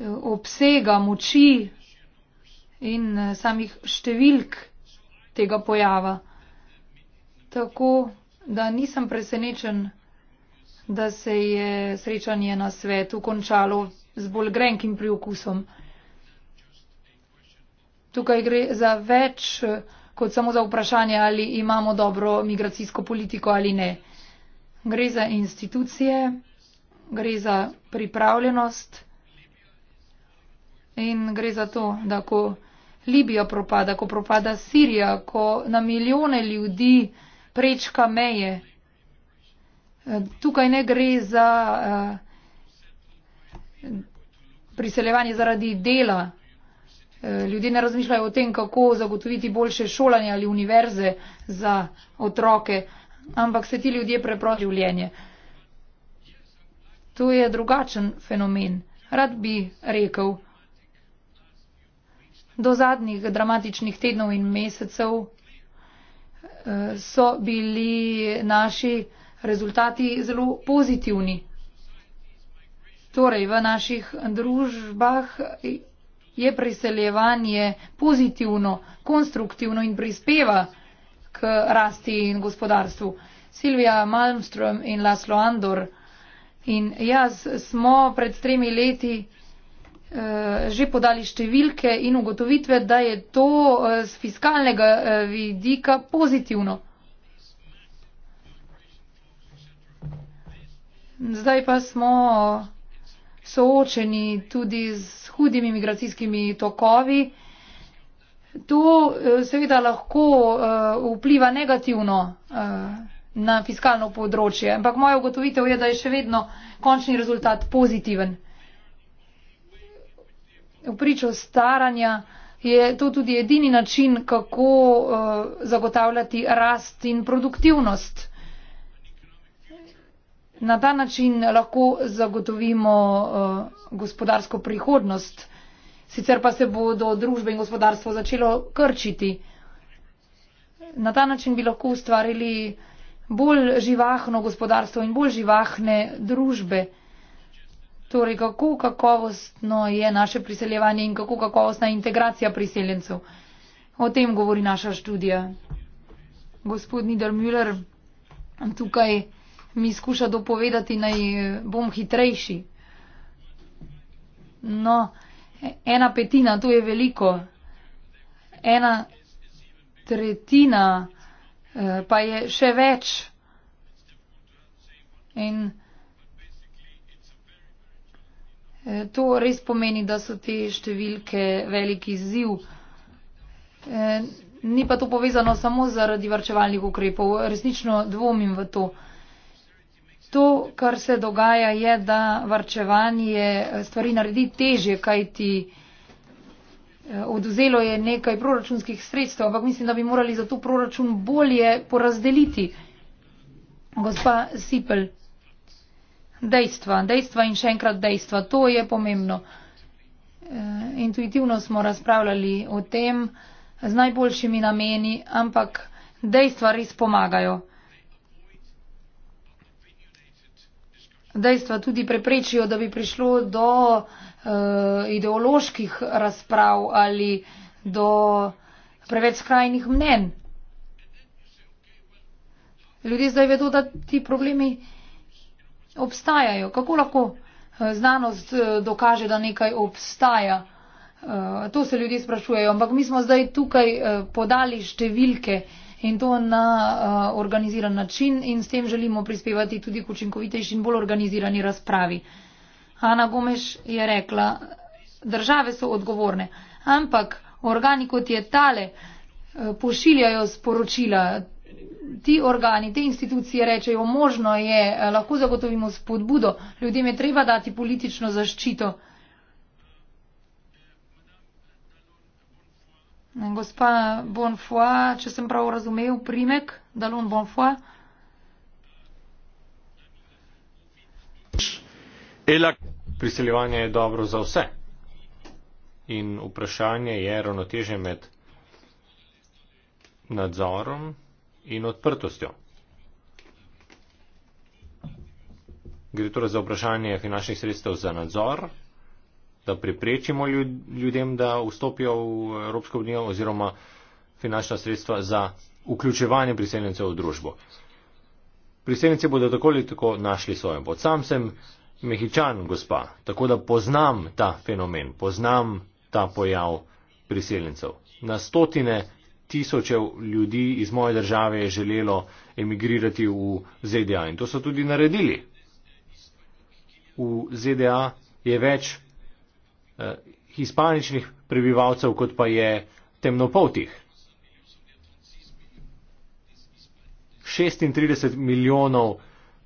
eh, obsega moči in eh, samih številk tega pojava. Tako da nisem presenečen, da se je srečanje na svetu končalo z bolj grenkim priokusom. Tukaj gre za več kot samo za vprašanje, ali imamo dobro migracijsko politiko ali ne. Gre za institucije, gre za pripravljenost in gre za to, da ko Libija propada, ko propada Sirija, ko na milijone ljudi prečka meje. Eh, tukaj ne gre za eh, priseljevanje zaradi dela. Eh, ljudje ne razmišljajo o tem, kako zagotoviti boljše šolanje ali univerze za otroke, ampak se ti ljudje preprosto življenje. To je drugačen fenomen. Rad bi rekel, do zadnjih dramatičnih tednov in mesecev so bili naši rezultati zelo pozitivni. Torej, v naših družbah je priseljevanje pozitivno, konstruktivno in prispeva k rasti in gospodarstvu. Silvija Malmström in Laslo Andor in jaz smo pred tremi leti Eh, že podali številke in ugotovitve, da je to z eh, fiskalnega eh, vidika pozitivno. Zdaj pa smo soočeni tudi z hudimi migracijskimi tokovi. To seveda lahko vpliva negativno na fiskalno področje, ampak moja ugotovitev je, da je še vedno končni rezultat pozitiven vpričo staranja je to tudi edini način, kako uh, zagotavljati rast in produktivnost. Na ta način lahko zagotovimo uh, gospodarsko prihodnost, sicer pa se bodo družbe in gospodarstvo začelo krčiti. Na ta način bi lahko ustvarili bolj živahno gospodarstvo in bolj živahne družbe. Torej, kako kakovostno je naše priseljevanje in kako kakovostna je integracija priseljencev? O tem govori naša študija. Gospod Niedermüller tukaj mi skuša dopovedati, naj bom hitrejši. No, ena petina, to je veliko. Ena tretjina eh, pa je še več. In Eh, to res pomeni, da so te številke veliki izziv. Eh, ni pa to povezano samo zaradi varčevalnih ukrepov. Resnično dvomim v to. To, kar se dogaja, je, da varčevanje eh, stvari naredi teže, kajti oduzelo je nekaj proračunskih sredstev, ampak mislim, da bi morali za to proračun bolje porazdeliti. Gospa Sipel dejstva, dejstva in še enkrat dejstva. To je pomembno. Eh, intuitivno smo razpravljali o tem z najboljšimi nameni, ampak dejstva res pomagajo. Dejstva tudi preprečijo, da bi prišlo do uh, ideoloških razprav ali do preveč skrajnih mnen. Ljudje zdaj vedo, da ti problemi obstajajo. Kako lahko eh, znanost eh, dokaže, da nekaj obstaja? Eh, to se ljudje sprašujejo, ampak mi smo zdaj tukaj podali številke in to na organiziran način in s tem želimo prispevati tudi k učinkovitejši in bolj organizirani razpravi. Ana Gomeš je rekla, države so odgovorne, ampak organi kot je tale pošiljajo sporočila, ti organi, te institucije rečejo, možno je, eh, lahko zagotovimo spodbudo, ljudem je treba dati politično zaščito. Gospa Bonfoy, če sem prav razumel primek, Dalon Bonfoy. Priseljevanje je dobro za vse. In vprašanje je ravnoteže med nadzorom in odprtostjo. Gre torej za vprašanje finančnih sredstev za nadzor, da priprečimo ljudem, da vstopijo v Evropsko unijo oziroma finančna sredstva za vključevanje priseljencev v družbo. Priseljenci bodo tako ali tako našli svoje pot. Sam sem mehičan, gospa, tako da poznam ta fenomen, poznam ta pojav priseljencev. Na stotine tisočev ljudi iz moje države je želelo emigrirati v ZDA in to so tudi naredili. V ZDA je več eh, hispaničnih prebivalcev, kot pa je temnopoltih. 36 milijonov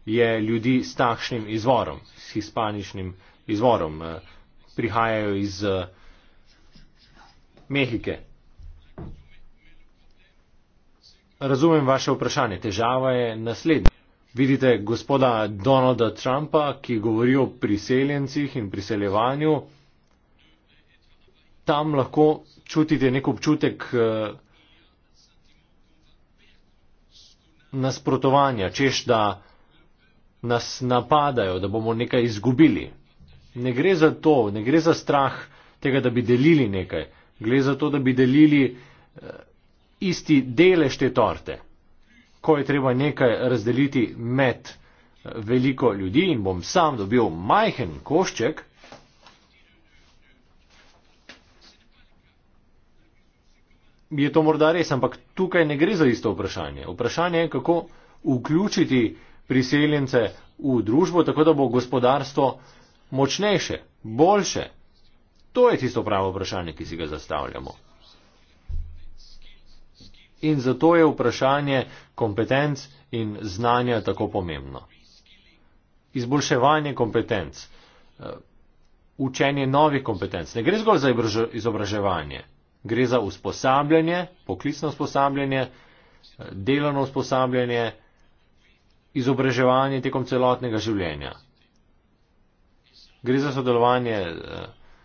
je ljudi s takšnim izvorom, s hispaničnim izvorom. Eh, prihajajo iz eh, Mehike. Razumem vaše vprašanje. Težava je naslednja. Vidite gospoda Donalda Trumpa, ki govori o priseljencih in priseljevanju. Tam lahko čutite nek občutek eh, nasprotovanja, češ da nas napadajo, da bomo nekaj izgubili. Ne gre za to, ne gre za strah tega, da bi delili nekaj. Gre za to, da bi delili eh, isti delež te torte, ko je treba nekaj razdeliti med eh, veliko ljudi in bom sam dobil majhen košček, je to morda res, ampak tukaj ne gre za isto vprašanje. Vprašanje je, kako vključiti priseljence v družbo, tako da bo gospodarstvo močnejše, boljše. To je tisto pravo vprašanje, ki si ga zastavljamo. In zato je vprašanje kompetenc in znanja tako pomembno. Izboljševanje kompetenc, eh, učenje novih kompetenc, ne gre zgolj za izobraževanje, gre za usposabljanje, poklicno usposabljanje, eh, delovno usposabljanje, izobraževanje tekom celotnega življenja. Gre za sodelovanje eh,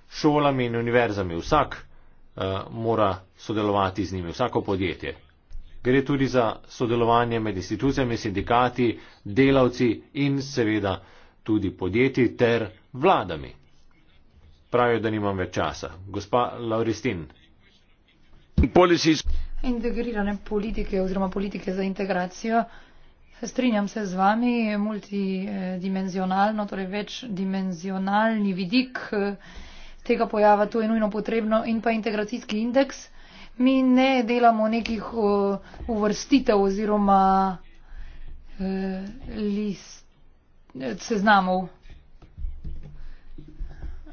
šolami in univerzami. Vsak uh, mora sodelovati z njimi, vsako podjetje gre tudi za sodelovanje med institucijami, sindikati, delavci in seveda tudi podjetji ter vladami. Pravijo, da nimam več časa. Gospa Lauristin. Integrirane politike oziroma politike za integracijo. Strinjam se z vami, multidimenzionalno, torej večdimenzionalni vidik eh, tega pojava, to je nujno potrebno in pa integracijski indeks mi ne delamo nekih uh, uvrstitev oziroma uh, list, seznamov.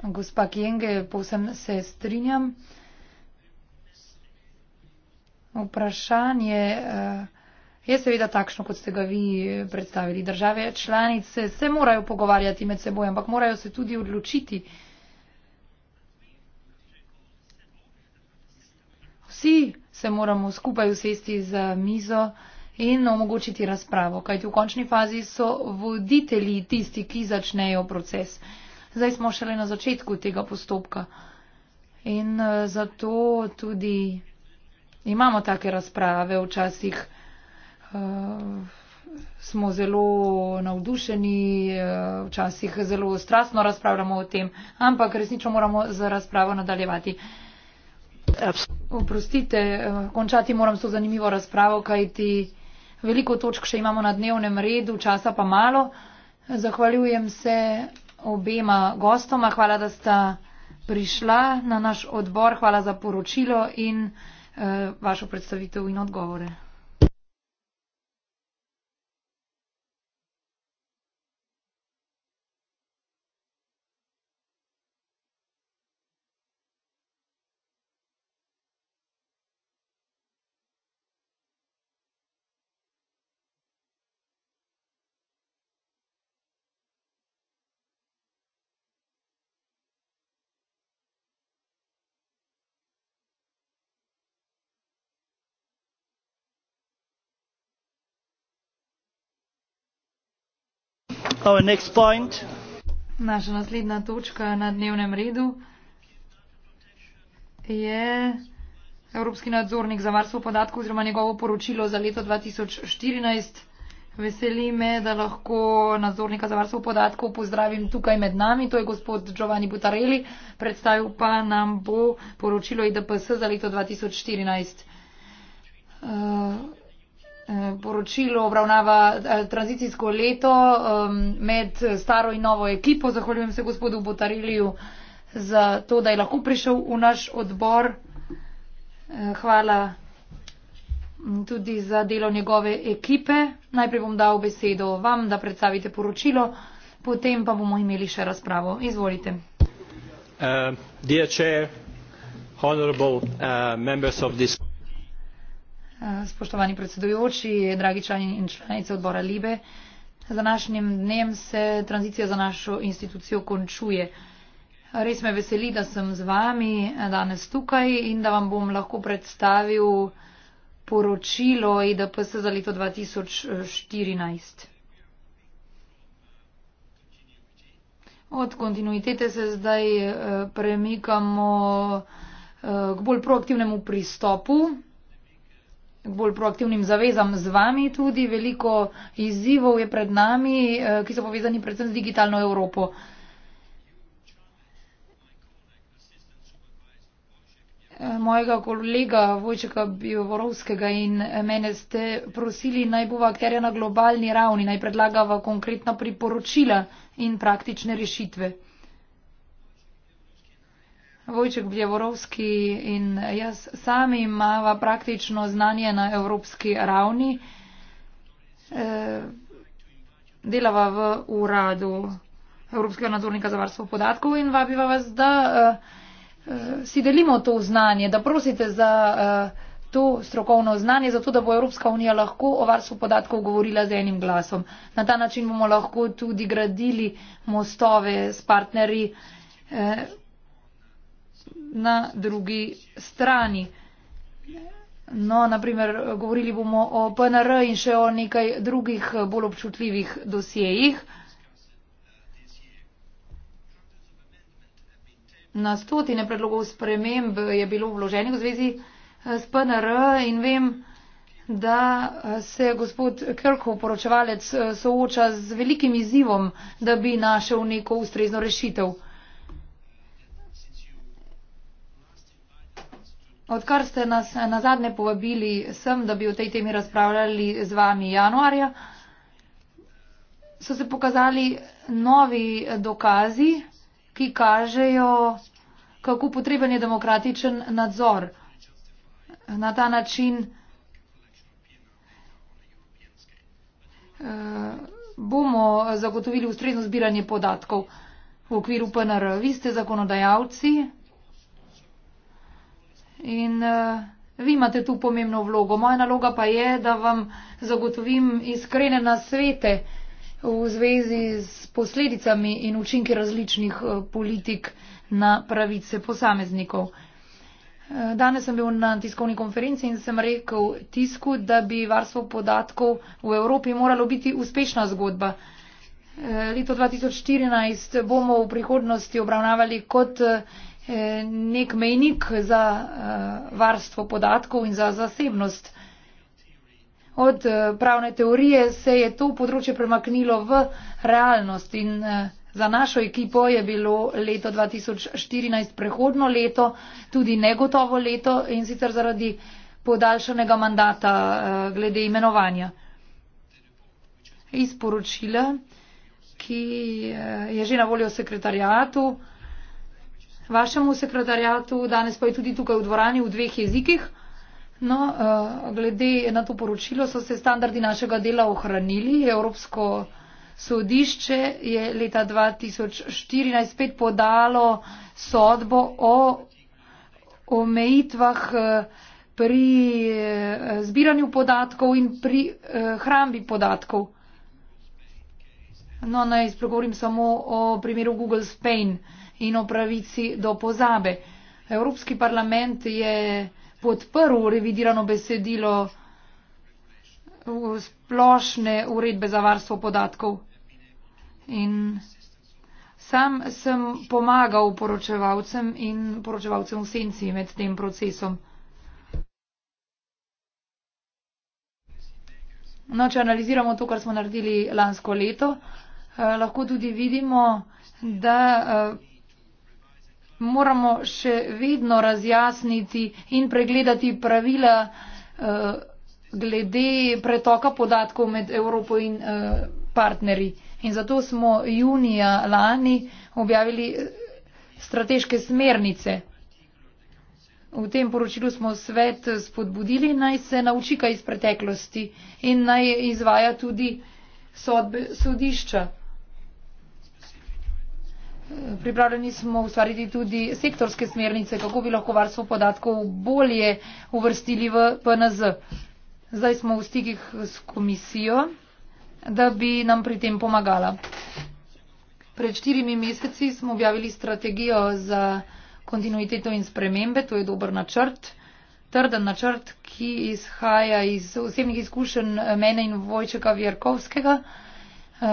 Gospa Kjenge, povsem se strinjam. Vprašanje uh, je seveda takšno, kot ste ga vi eh, predstavili. Države članice se morajo pogovarjati med seboj, ampak morajo se tudi odločiti. vsi se moramo skupaj usesti za mizo in omogočiti razpravo, kajti v končni fazi so voditelji tisti, ki začnejo proces. Zdaj smo šele na začetku tega postopka in eh, zato tudi imamo take razprave, včasih uh, smo zelo navdušeni, eh, včasih zelo strastno razpravljamo o tem, ampak resnično moramo z razpravo nadaljevati. Uh, Oprostite, eh, končati moram s to zanimivo razpravo, kajti veliko točk še imamo na dnevnem redu, časa pa malo. Zahvaljujem se obema gostoma, hvala, da sta prišla na naš odbor, hvala za poročilo in uh, vašo predstavitev in odgovore. Our next point. Naša naslednja točka na dnevnem redu je Evropski nadzornik za varstvo podatkov oziroma njegovo poročilo za leto 2014. Veseli me, da lahko nadzornika za varstvo podatkov pozdravim tukaj med nami. To je gospod Giovanni Butarelli. Predstavil pa nam bo poročilo IDPS za leto 2014. Uh, Eh, poročilo obravnava eh, tranzicijsko leto med staro in novo ekipo. Zahvaljujem se gospodu Botariliju za to, da je lahko prišel v naš odbor. Eh, hvala tudi za delo njegove ekipe. Najprej bom dal besedo vam, da predstavite poročilo, potem pa bomo imeli še razpravo. Izvolite. Uh, dear Chair, honorable uh, members of this committee, Spoštovani predsedujoči, dragi člani in članice odbora Libe, z današnjim dnem se tranzicija za našo institucijo končuje. Res me veseli, da sem z vami danes tukaj in da vam bom lahko predstavil poročilo IDPS za leto 2014. Od kontinuitete se zdaj eh, premikamo eh, k bolj proaktivnemu pristopu bolj proaktivnim zavezam z vami. Tudi veliko izzivov je pred nami, eh, ki so povezani predvsem z digitalno Evropo. Eh, mojega kolega Vojčeka Bivorovskega in mene ste prosili, naj bova akterja na globalni ravni, naj predlagava konkretna priporočila in praktične rešitve. Vojček Bjevorovski in jaz sami imava praktično znanje na evropski ravni. E, delava v uradu Evropskega nadzornika za varstvo podatkov in vabiva vas, da e, e, si delimo to znanje, da prosite za e, to strokovno znanje, zato da bo Evropska unija lahko o varstvu podatkov govorila z enim glasom. Na ta način bomo lahko tudi gradili mostove s partnerji. E, na drugi strani. No, naprimer, govorili bomo o PNR in še o nekaj drugih bolj občutljivih dosjejih. Na stotine predlogov sprememb je bilo vloženih v zvezi eh, s PNR in vem, da eh, se gospod Kirkov poročevalec eh, sooča z velikim izzivom, da bi našel neko ustrezno rešitev. Odkar ste nas na zadnje povabili sem, da bi o tej temi razpravljali z vami januarja, so se pokazali novi dokazi, ki kažejo, kako potreben je demokratičen nadzor. Na ta način eh, bomo zagotovili ustrezno zbiranje podatkov v okviru PNR. Vi ste zakonodajalci in uh, vi imate tu pomembno vlogo. Moja naloga pa je, da vam zagotovim iskrene nasvete v zvezi s posledicami in učinki različnih uh, politik na pravice posameznikov. Eh, danes sem bil na tiskovni konferenci in sem rekel tisku, da bi varstvo podatkov v Evropi moralo biti uspešna zgodba. Leto 2014 bomo v prihodnosti obravnavali kot Eh, nek mejnik za eh, varstvo podatkov in za zasebnost. Od eh, pravne teorije se je to področje premaknilo v realnost in za našo ekipo je bilo leto 2014 prehodno leto, tudi negotovo leto in sicer zaradi podaljšanega mandata glede imenovanja. Izporočila, ki je že na voljo sekretarijatu, vašemu sekretarjatu, danes pa je tudi tukaj v dvorani v dveh jezikih. No, eh, glede na to poročilo so se standardi našega dela ohranili. Evropsko sodišče je leta 2014 spet podalo sodbo o omejitvah eh, pri eh, zbiranju podatkov in pri hrambi podatkov. No, naj spregovorim samo o primeru Google Spain. Uh, in o pravici do pozabe. Evropski parlament je podprl revidirano besedilo splošne uredbe za varstvo podatkov. In sam sem pomagal poročevalcem in poročevalcem v senci med tem procesom. No, če analiziramo to, kar smo naredili lansko leto, eh, lahko tudi vidimo, da eh, moramo še vedno razjasniti in pregledati pravila eh, glede pretoka podatkov med Evropo in eh, partnerji. In zato smo junija lani objavili eh, strateške smernice. V tem poročilu smo svet spodbudili naj se naučika iz preteklosti in naj izvaja tudi sodbe sodišča. Pripravljeni smo ustvariti tudi sektorske smernice, kako bi lahko varstvo podatkov bolje uvrstili v PNZ. Zdaj smo v stikih s komisijo, da bi nam pri tem pomagala. Pred štirimi meseci smo objavili strategijo za kontinuiteto in spremembe. To je dober načrt, trden načrt, ki izhaja iz osebnih izkušenj mene in Vojčeka Vjerkovskega. Uh,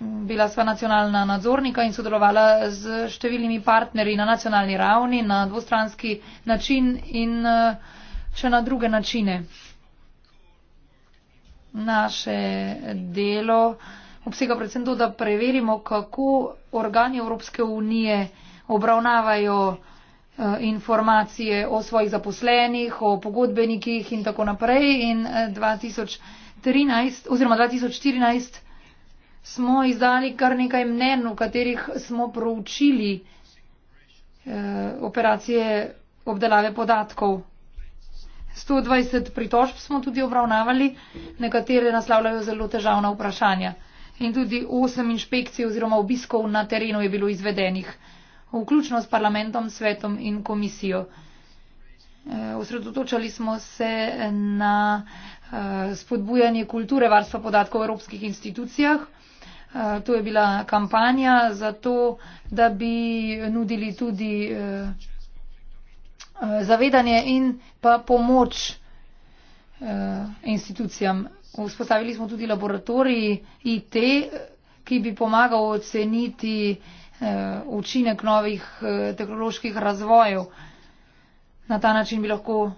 bila sva nacionalna nadzornika in sodelovala z številnimi partnerji na nacionalni ravni, na dvostranski način in eh, še na druge načine. Naše delo obsega predvsem to, da preverimo, kako organi Evropske unije obravnavajo eh, informacije o svojih zaposlenih, o pogodbenikih in tako naprej. In 2013 eh, oziroma 2014 smo izdali kar nekaj mnen, v katerih smo proučili eh, operacije obdelave podatkov. 120 pritožb smo tudi obravnavali, nekatere naslavljajo zelo težavna vprašanja. In tudi 8 inšpekcij oziroma obiskov na terenu je bilo izvedenih, vključno s parlamentom, svetom in komisijo. Eh, osredotočali smo se na eh, spodbujanje kulture varstva podatkov v evropskih institucijah. Eh, to je bila kampanja za to, da bi nudili tudi eh, eh, zavedanje in pa pomoč institucijam. Vzpostavili smo tudi laboratorij IT, ki bi pomagal oceniti učinek novih tehnoloških razvojev. Na ta način bi lahko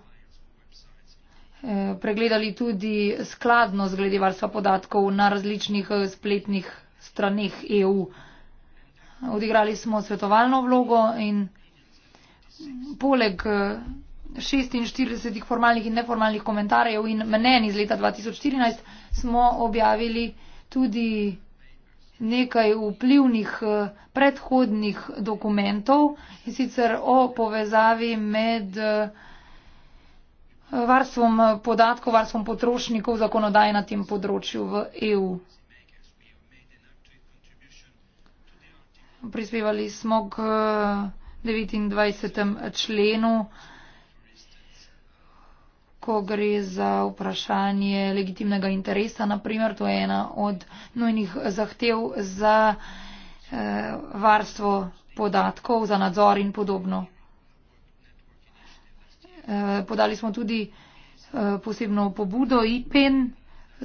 pregledali tudi skladnost glede varstva podatkov na različnih spletnih straneh EU. Odigrali smo svetovalno vlogo in poleg 46 eh, formalnih in neformalnih komentarjev in mnen iz leta 2014 smo objavili tudi nekaj vplivnih eh, predhodnih dokumentov in sicer o povezavi med eh, varstvom podatkov, varstvom potrošnikov zakonodaje na tem področju v EU. prispevali smo k 29. Eh, členu, ko gre za vprašanje legitimnega interesa. Naprimer, to je ena od nujnih zahtev za eh, varstvo podatkov, za nadzor in podobno. Eh, podali smo tudi posebno pobudo IPEN.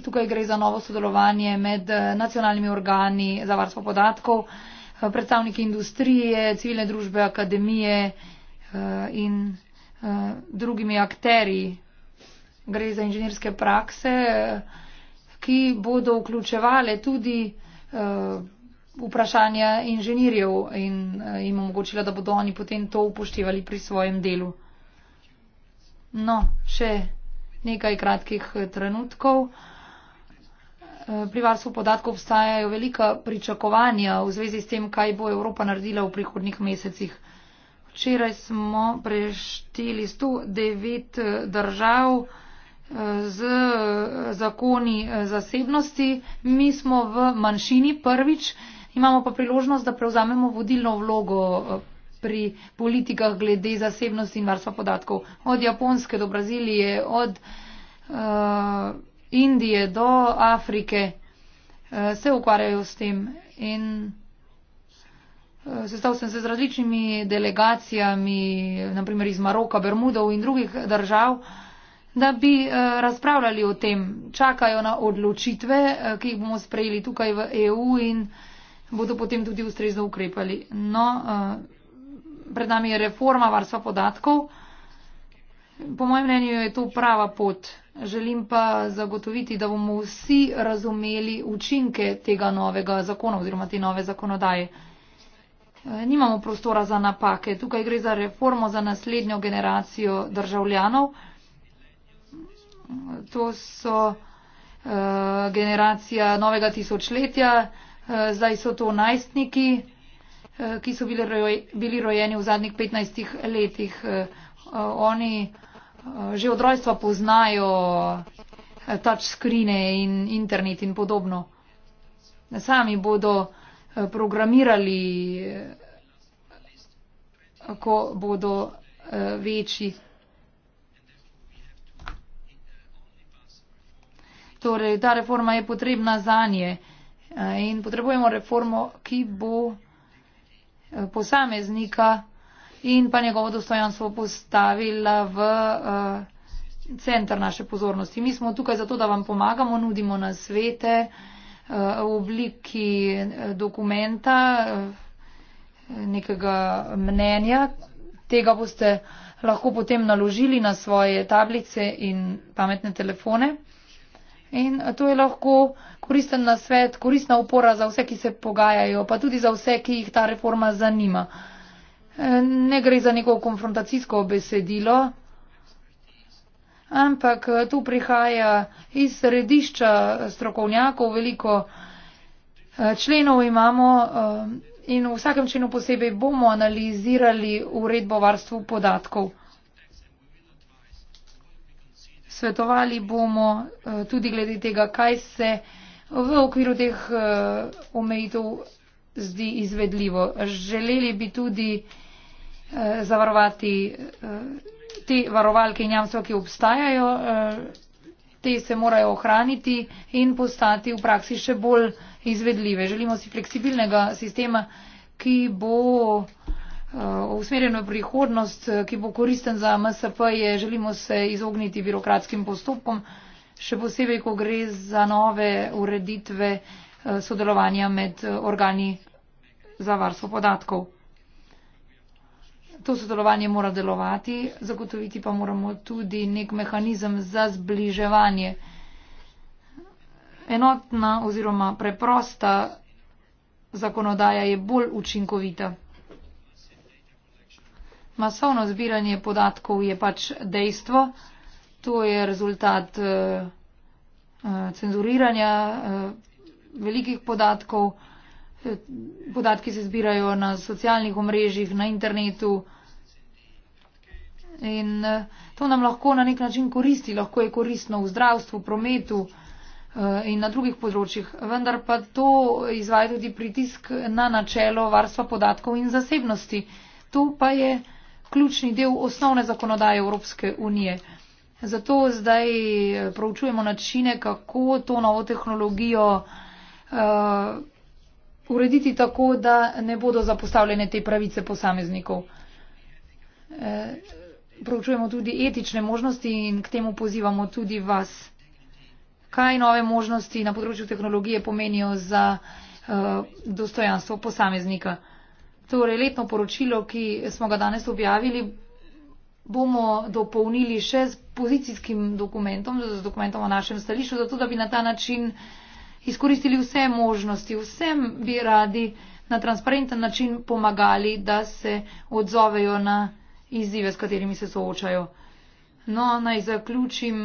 Tukaj gre za novo sodelovanje med nacionalnimi organi za varstvo podatkov. Eh, predstavniki industrije, civilne družbe, akademije eh, in eh, drugimi akteri. Gre za inženirske prakse, ki bodo vključevale tudi vprašanja inženirjev in jim omogočila, da bodo oni potem to upoštevali pri svojem delu. No, še nekaj kratkih trenutkov. Eh, pri varstvu podatkov obstajajo velika pričakovanja v zvezi s tem, kaj bo Evropa naredila v prihodnih mesecih. Včeraj smo prešteli 109 eh, držav eh, z zakoni zasebnosti. Mi smo v manjšini prvič, imamo pa priložnost, da prevzamemo vodilno vlogo pri politikah glede zasebnosti in varstva podatkov. Od Japonske do Brazilije, od. Uh, Indije do Afrike eh, se ukvarjajo s tem. In eh, sestav sem se z različnimi delegacijami, naprimer iz Maroka, Bermudov in drugih držav, da bi eh, razpravljali o tem. Čakajo na odločitve, ki jih bomo sprejeli tukaj v EU in bodo potem tudi ustrezno ukrepali. No, pred nami je reforma varstva podatkov. Po mojem mnenju je to prava pot. Želim pa zagotoviti, da bomo vsi razumeli učinke tega novega zakona oziroma te nove zakonodaje. E, nimamo prostora za napake. Tukaj gre za reformo za naslednjo generacijo državljanov. To so e, generacija novega tisočletja, e, zdaj so to najstniki, ki so bili rojeni v zadnjih 15 letih. Oni Eh, že od rojstva poznajo eh, touchscreene in internet in podobno. Sami bodo eh, programirali, ko bodo večji. Torej, ta reforma je potrebna za nje in potrebujemo reformo, ki bo posameznika in pa njegovo dostojanstvo postavila v uh, eh, centr naše pozornosti. Mi smo tukaj zato, da vam pomagamo, nudimo na svete uh, eh, v obliki eh, dokumenta, nekega mnenja. Tega boste lahko potem naložili na svoje tablice in pametne telefone. In to je lahko koristen nasvet, koristna upora za vse, ki se pogajajo, pa tudi za vse, ki jih ta reforma zanima. Uh, ne gre za neko konfrontacijsko besedilo, ampak tu prihaja iz središča strokovnjakov, veliko eh, členov imamo eh, in v vsakem členu posebej bomo analizirali uredbo varstvu podatkov. Svetovali bomo eh, tudi glede tega, kaj se v okviru teh omejitev zdi izvedljivo. Želeli bi tudi Eh, zavarovati eh, te varovalke in jamstva, ki obstajajo, eh, te se morajo ohraniti in postati v praksi še bolj izvedljive. Želimo si fleksibilnega sistema, ki bo usmerjen v prihodnost, ki bo koristen za MSP-je, želimo se izogniti birokratskim postopkom, še posebej, ko gre za nove ureditve sodelovanja med organi za varstvo podatkov to sodelovanje mora delovati, zagotoviti pa moramo tudi nek mehanizem za zbliževanje. Enotna oziroma preprosta zakonodaja je bolj učinkovita. Masovno zbiranje podatkov je pač dejstvo, to je rezultat uh, cenzuriranja uh, velikih podatkov. Uh, podatki se zbirajo na socialnih omrežjih, na internetu. In eh, to nam lahko na nek način koristi, lahko je koristno v zdravstvu, prometu eh, in na drugih področjih. Vendar pa to izvaja tudi pritisk na načelo varstva podatkov in zasebnosti. To pa je ključni del osnovne zakonodaje Evropske unije. Zato zdaj eh, proučujemo načine, kako to novo tehnologijo urediti tako, da ne bodo zapostavljene te pravice posameznikov. E, Pročujemo tudi etične možnosti in k temu pozivamo tudi vas. Kaj nove možnosti na področju tehnologije pomenijo za e, dostojanstvo posameznika? Torej, letno poročilo, ki smo ga danes objavili, bomo dopolnili še s pozicijskim dokumentom, z dokumentom o našem stališču, zato da bi na ta način izkoristili vse možnosti, vsem bi radi na transparenten način pomagali, da se odzovejo na izzive, s katerimi se soočajo. No, naj zaključim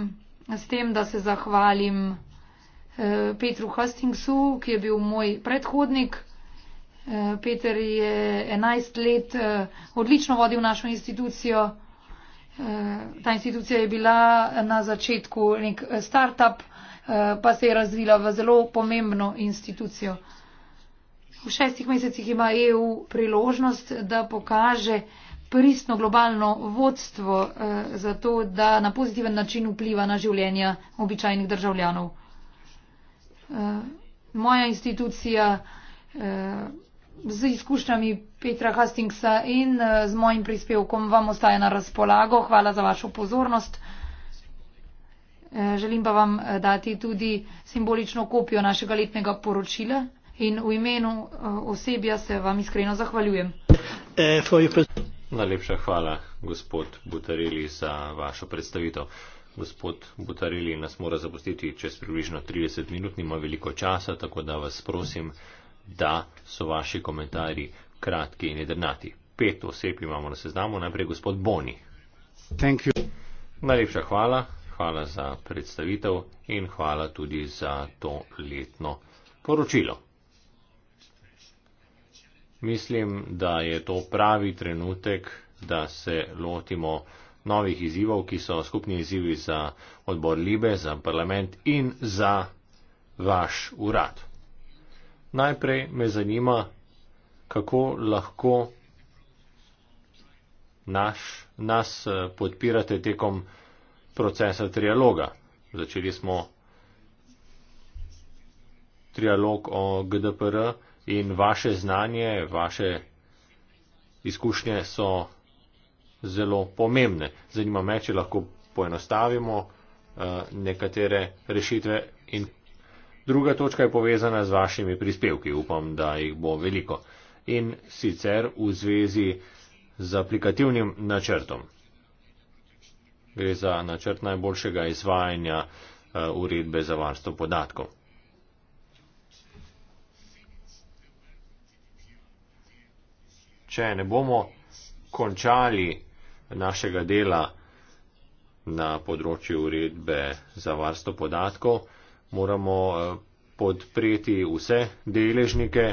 s tem, da se zahvalim eh, Petru Hastingsu, ki je bil moj predhodnik. Eh, Peter je 11 let eh, odlično vodil našo institucijo. Eh, ta institucija je bila na začetku nek eh, start-up. Eh, Eh, pa se je razvila v zelo pomembno institucijo. V šestih mesecih ima EU priložnost, da pokaže pristno globalno vodstvo eh, za to, da na pozitiven način vpliva na življenja običajnih državljanov. Eh, moja institucija z izkušnjami Petra Hastingsa in z mojim prispevkom vam ostaje na razpolago. Hvala za vašo pozornost. Želim pa vam eh, dati tudi simbolično kopijo našega letnega poročila in v imenu eh, osebja se vam iskreno zahvaljujem. Eh, Najlepša hvala, gospod Butareli, za vašo predstavitev. Gospod Butareli nas mora zapustiti čez približno 30 minut, nima veliko časa, tako da vas prosim, da so vaši komentarji kratki in jedrnati. Pet oseb imamo na seznamu, najprej gospod Boni. Najlepša hvala, hvala za predstavitev in hvala tudi za to letno poročilo. Mislim, da je to pravi trenutek, da se lotimo novih izzivov, ki so skupni izzivi za odbor Libe, za parlament in za vaš urad. Najprej me zanima, kako lahko naš, nas podpirate tekom procesa trialoga. Začeli smo trialog o GDPR in vaše znanje, vaše izkušnje so zelo pomembne. Zanima me, če lahko poenostavimo eh, nekatere rešitve in druga točka je povezana z vašimi prispevki. Upam, da jih bo veliko. In sicer v zvezi z aplikativnim načrtom gre za načrt najboljšega izvajanja eh, uredbe za varstvo podatkov. Če ne bomo končali našega dela na področju uredbe za varstvo podatkov, moramo eh, podpreti vse deležnike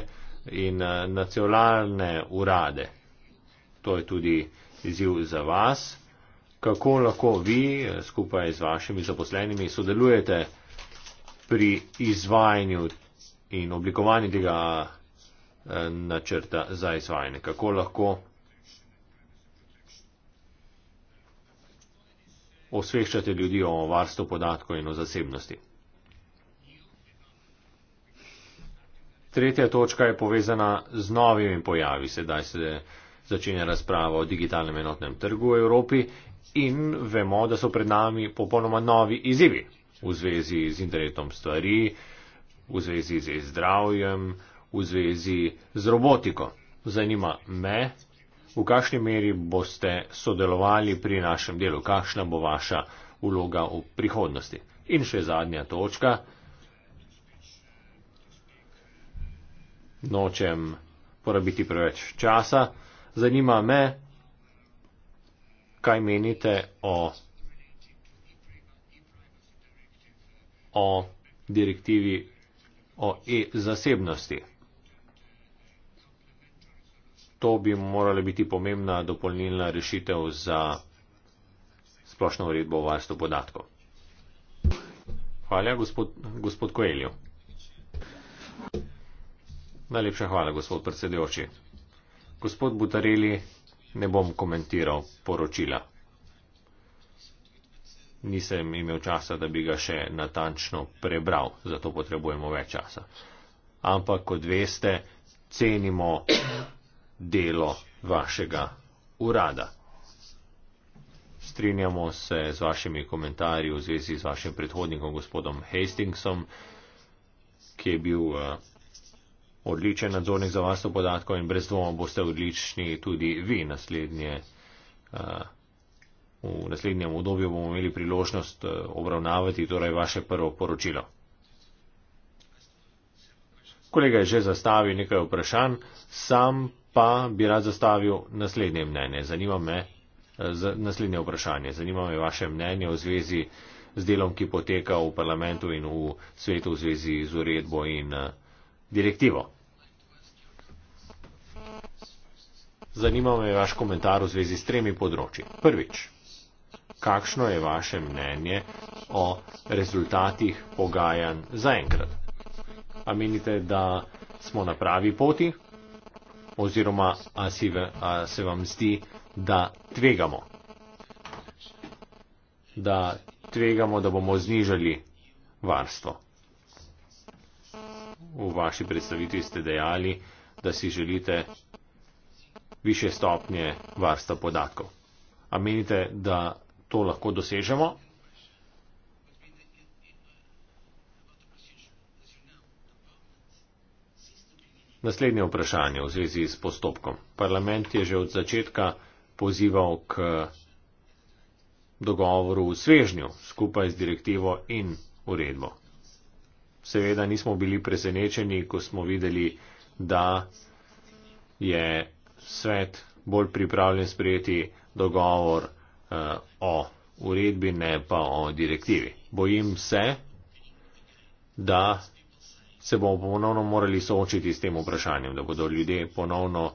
in eh, nacionalne urade. To je tudi izziv za vas kako lahko vi eh, skupaj z vašimi zaposlenimi sodelujete pri izvajanju in oblikovanju tega eh, načrta za izvajanje. Kako lahko osveščate ljudi o varstvu podatkov in o zasebnosti. Tretja točka je povezana z novimi pojavi. Sedaj se začenja razprava o digitalnem enotnem trgu v Evropi in vemo, da so pred nami popolnoma novi izzivi v zvezi z internetom stvari, v zvezi z zdravjem, v zvezi z robotiko. Zanima me, v kakšni meri boste sodelovali pri našem delu, kakšna bo vaša vloga v prihodnosti. In še zadnja točka. Nočem porabiti preveč časa. Zanima me, kaj menite o, o direktivi o e-zasebnosti. To bi morala biti pomembna dopolnilna rešitev za splošno uredbo o varstvu podatkov. Hvala, gospod, gospod Koelju. Najlepša hvala, gospod predsedujoči. Gospod Butareli, ne bom komentiral poročila. Nisem imel časa, da bi ga še natančno prebral, zato potrebujemo več časa. Ampak, kot veste, cenimo delo vašega urada. Strinjamo se z vašimi komentarji v zvezi z vašim predhodnikom, gospodom Hastingsom, ki je bil. Uh, odličen nadzornik za varstvo podatkov in brez dvoma boste odlični tudi vi naslednje. Eh, v naslednjem obdobju bomo imeli priložnost eh, obravnavati torej vaše prvo poročilo. Kolega je že zastavil nekaj vprašanj, sam pa bi rad zastavil naslednje mnenje. Zanima me eh, naslednje vprašanje. Zanima me vaše mnenje v zvezi z delom, ki poteka v parlamentu in v svetu v zvezi z uredbo in direktivo. Zanima me vaš komentar v zvezi s tremi področji. Prvič, kakšno je vaše mnenje o rezultatih pogajanj zaenkrat? A menite, da smo na pravi poti? Oziroma, a, si, a se vam zdi, da tvegamo? Da tvegamo, da bomo znižali varstvo? v vaši predstavitvi ste dejali, da si želite više stopnje varstva podatkov. A menite, da to lahko dosežemo? Naslednje vprašanje v zvezi s postopkom. Parlament je že od začetka pozival k dogovoru v svežnju skupaj z direktivo in uredbo. Seveda nismo bili presenečeni, ko smo videli, da je svet bolj pripravljen sprejeti dogovor uh, o uredbi, ne pa o direktivi. Bojim se, da se bomo ponovno morali soočiti s tem vprašanjem, da bodo ljudje ponovno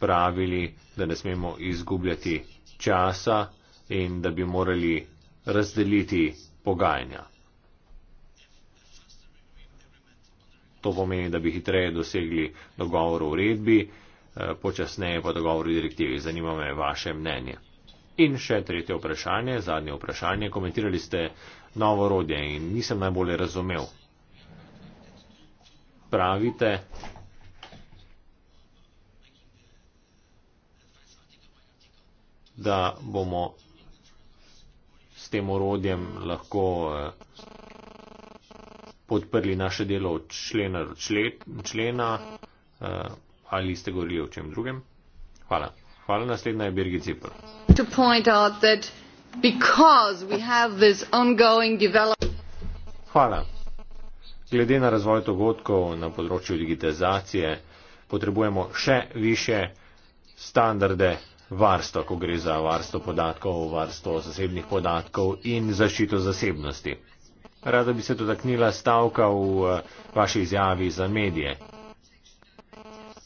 pravili, da ne smemo izgubljati časa in da bi morali razdeliti pogajanja. To pomeni, da bi hitreje dosegli dogovor o uredbi, eh, počasneje pa dogovor o direktivi. Zanima me vaše mnenje. In še tretje vprašanje, zadnje vprašanje. Komentirali ste novo orodje in nisem najbolj razumel. Pravite. da bomo s tem orodjem lahko eh, podprli naše delo od člena do člena uh, ali ste govorili o čem drugem. Hvala. Hvala, naslednja je Birgit Zipr. Hvala. Glede na razvoj dogodkov na področju digitalizacije potrebujemo še više standarde varstva, ko gre za varstvo podatkov, varstvo zasebnih podatkov in zaščito zasebnosti. Rada bi se dotaknila stavka v eh, vaši izjavi za medije.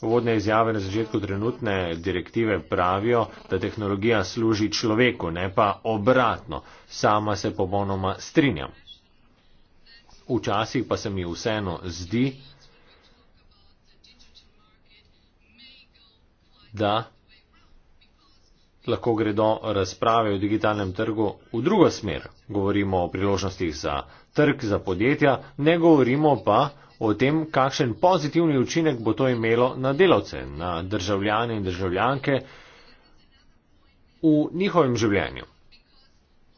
Vodne izjave na začetku trenutne direktive pravijo, da tehnologija služi človeku, ne pa obratno. Sama se popolnoma strinjam. Včasih pa se mi vseeno zdi, da lahko gredo razprave o digitalnem trgu v drugo smer. Govorimo o priložnostih za trg za podjetja, ne govorimo pa o tem, kakšen pozitivni učinek bo to imelo na delavce, na državljane in državljanke v njihovem življenju,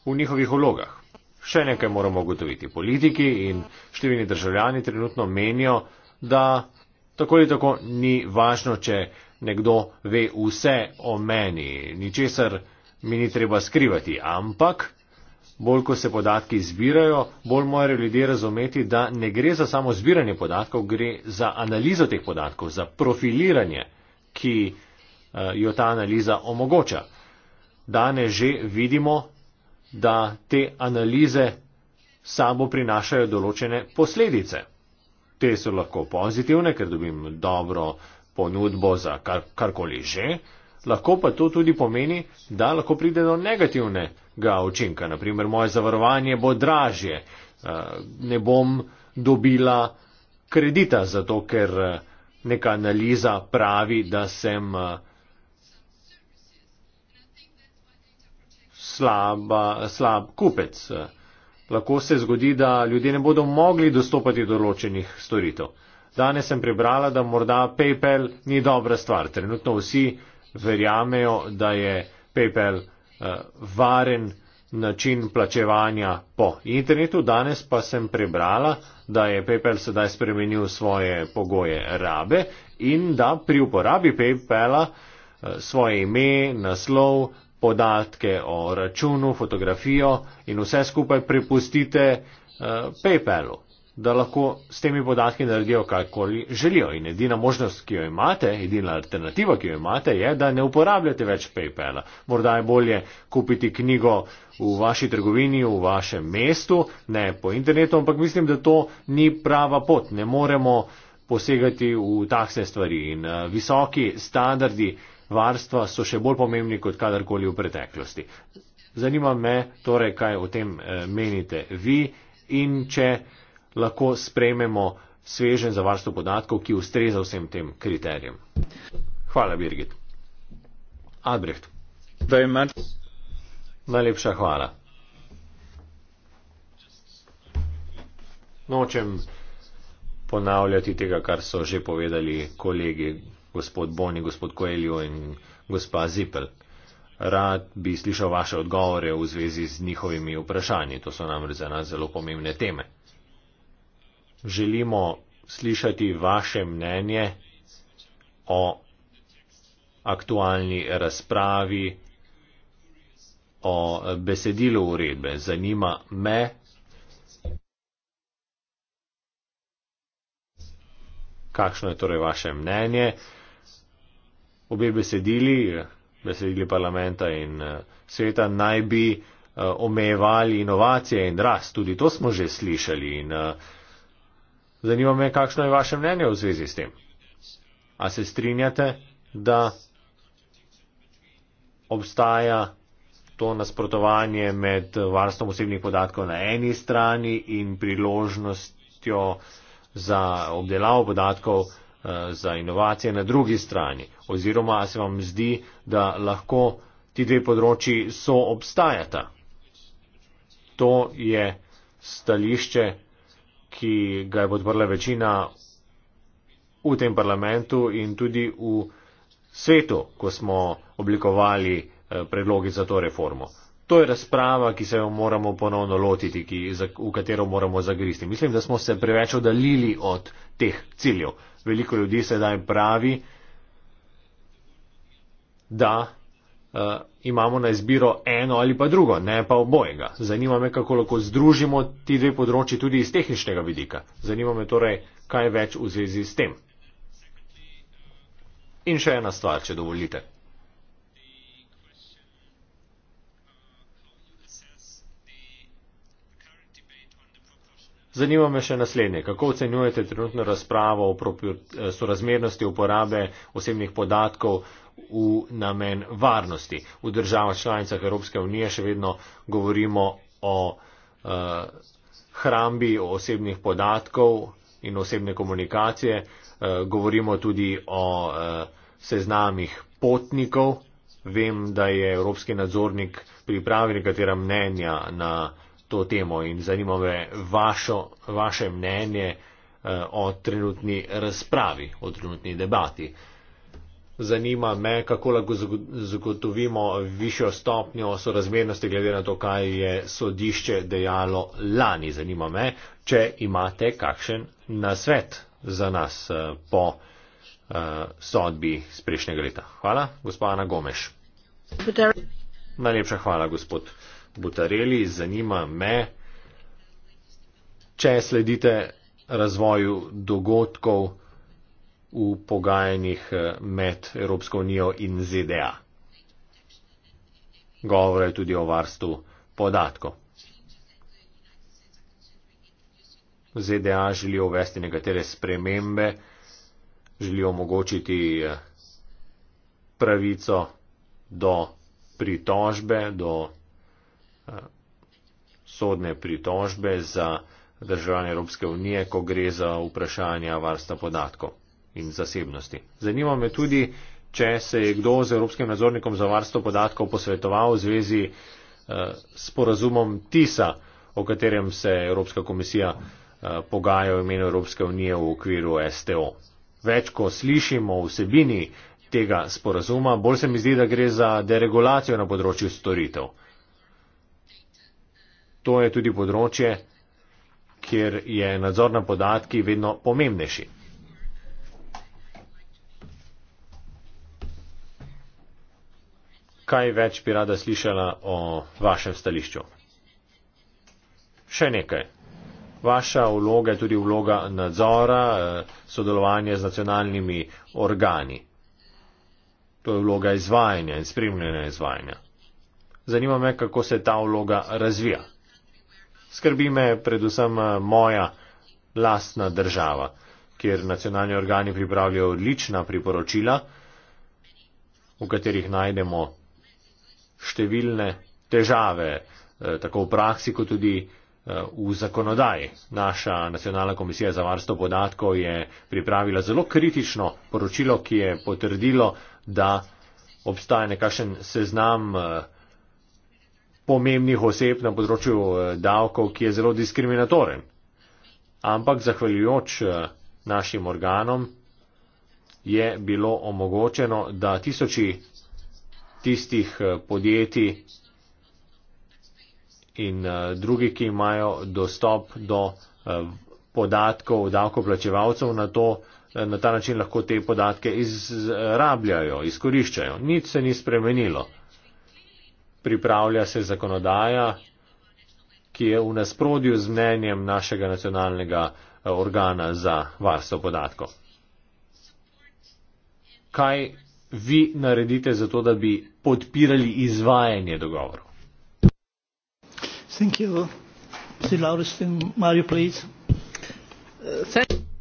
v njihovih vlogah. Še nekaj moramo ugotoviti. Politiki in številni državljani trenutno menijo, da tako ali tako ni važno, če nekdo ve vse o meni, ničesar mi ni treba skrivati, ampak Bolj ko se podatki zbirajo, bolj morajo ljudje razumeti, da ne gre za samo zbiranje podatkov, gre za analizo teh podatkov, za profiliranje, ki uh, jo ta analiza omogoča. Danes že vidimo, da te analize samo prinašajo določene posledice. Te so lahko pozitivne, ker dobim dobro ponudbo za kar, karkoli že, uh, lahko pa to tudi pomeni, da lahko pride do negativnega učinka. Naprimer, moje zavarovanje bo dražje, eh, ne bom dobila kredita, zato ker eh, neka analiza pravi, da sem eh, slaba, slab kupec. Lahko se zgodi, da ljudje ne bodo mogli dostopati do določenih storitev. Danes sem prebrala, da morda PayPal ni dobra stvar. Trenutno vsi verjamejo, da je PayPal eh, varen način plačevanja po internetu. Danes pa sem prebrala, da je PayPal sedaj spremenil svoje pogoje rabe in da pri uporabi PayPala eh, svoje ime, naslov, podatke o računu, fotografijo in vse skupaj prepustite uh, eh, PayPalu da lahko s temi podatki naredijo, kakorkoli želijo. In edina možnost, ki jo imate, edina alternativa, ki jo imate, je, da ne uporabljate več PayPala. Morda je bolje kupiti knjigo v vaši trgovini, v vašem mestu, ne po internetu, ampak mislim, da to ni prava pot. Ne moremo posegati v takšne stvari in uh, visoki standardi varstva so še bolj pomembni kot kadarkoli v preteklosti. Zanima me torej, kaj o tem uh, menite vi in če lahko sprejmemo svežen za varstvo podatkov, ki ustreza vsem tem kriterijem. Hvala, Birgit. Albrecht. Najlepša hvala. Nočem ponavljati tega, kar so že povedali kolegi gospod Boni, gospod Koeljo in gospa Zipel. Rad bi slišal vaše odgovore v zvezi z njihovimi vprašanji. To so namreč za nas zelo pomembne teme želimo slišati vaše mnenje o aktualni razpravi, o besedilu uredbe. Zanima me. Kakšno je torej vaše mnenje? Obe besedili, besedili parlamenta in eh, sveta, naj bi eh, omejevali inovacije in rast. Tudi to smo že slišali. In, uh, Zanima me, kakšno je vaše mnenje v zvezi s tem. A se strinjate, da obstaja to nasprotovanje med varstvom osebnih podatkov na eni strani in priložnostjo za obdelavo podatkov eh, za inovacije na drugi strani? Oziroma se vam zdi, da lahko ti dve področji so obstajata? To je stališče ki ga je podprla večina v tem parlamentu in tudi v svetu, ko smo oblikovali eh, predlogi za to reformo. To je razprava, ki se jo moramo ponovno lotiti, ki, v katero moramo zagristi. Mislim, da smo se preveč oddalili od teh ciljev. Veliko ljudi sedaj pravi, da uh, imamo na izbiro eno ali pa drugo, ne pa obojega. Zanima me, kako lahko združimo ti dve področji tudi iz tehničnega vidika. Zanima me torej, kaj več v zvezi s tem. In še ena stvar, če dovolite. Zanima me še naslednje. Kako ocenjujete trenutno razpravo o eh, sorazmernosti uporabe osebnih podatkov v namen varnosti? V državah članicah Evropske unije še vedno govorimo o eh, hrambi o osebnih podatkov in osebne komunikacije. Eh, govorimo tudi o eh, seznamih potnikov. Vem, da je Evropski nadzornik pripravil nekatera mnenja na to temo in zanima me vašo, vaše mnenje eh, o trenutni razpravi, o trenutni debati. Zanima me, kako lahko zagotovimo višjo stopnjo sorazmernosti glede na to, kaj je sodišče dejalo lani. Zanima me, če imate kakšen nasvet za nas eh, po eh, sodbi z prejšnjega leta. Hvala, gospod Ana Gomeš. Najlepša hvala, gospod. Butareli, zanima me, če sledite razvoju dogodkov v pogajanjih eh, med Evropsko unijo in ZDA. Govore je tudi o varstvu podatkov. ZDA želijo uvesti nekatere spremembe, želijo omogočiti eh, pravico do pritožbe, do sodne pritožbe za državljane Evropske unije, ko gre za vprašanja varsta podatkov in zasebnosti. Zanima me tudi, če se je kdo z Evropskim nadzornikom za varstvo podatkov posvetoval v zvezi eh, s porazumom TISA, o katerem se Evropska komisija eh, pogaja v imenu Evropske unije v okviru STO. Več, ko slišimo vsebini tega sporazuma, bolj se mi zdi, da gre za deregulacijo na področju storitev. To je tudi področje, kjer je nadzor na podatki vedno pomembnejši. Kaj več bi rada slišala o vašem stališču? Še nekaj. Vaša vloga je tudi vloga nadzora, eh, sodelovanje z nacionalnimi organi. To je vloga izvajanja in spremljanja izvajanja. Zanima me, kako se ta vloga razvija skrbi me predvsem eh, moja lastna država, kjer nacionalni organi pripravljajo odlična priporočila, v katerih najdemo številne težave, eh, tako v praksi, kot tudi eh, v zakonodaji. Naša nacionalna komisija za varstvo podatkov je pripravila zelo kritično poročilo, ki je potrdilo, da obstaja nekakšen seznam pomembnih oseb na področju eh, davkov, ki je zelo diskriminatoren. Ampak zahvaljujoč eh, našim organom je bilo omogočeno, da tisoči tistih eh, podjetij in drugi, ki imajo dostop do podatkov davkoplačevalcev na to, na ta način lahko te podatke izrabljajo, izkoriščajo. Nič se ni spremenilo pripravlja se zakonodaja, ki je v nasprotju z mnenjem našega nacionalnega eh, organa za varstvo podatkov. Kaj vi naredite za to, da bi podpirali izvajanje dogovorov?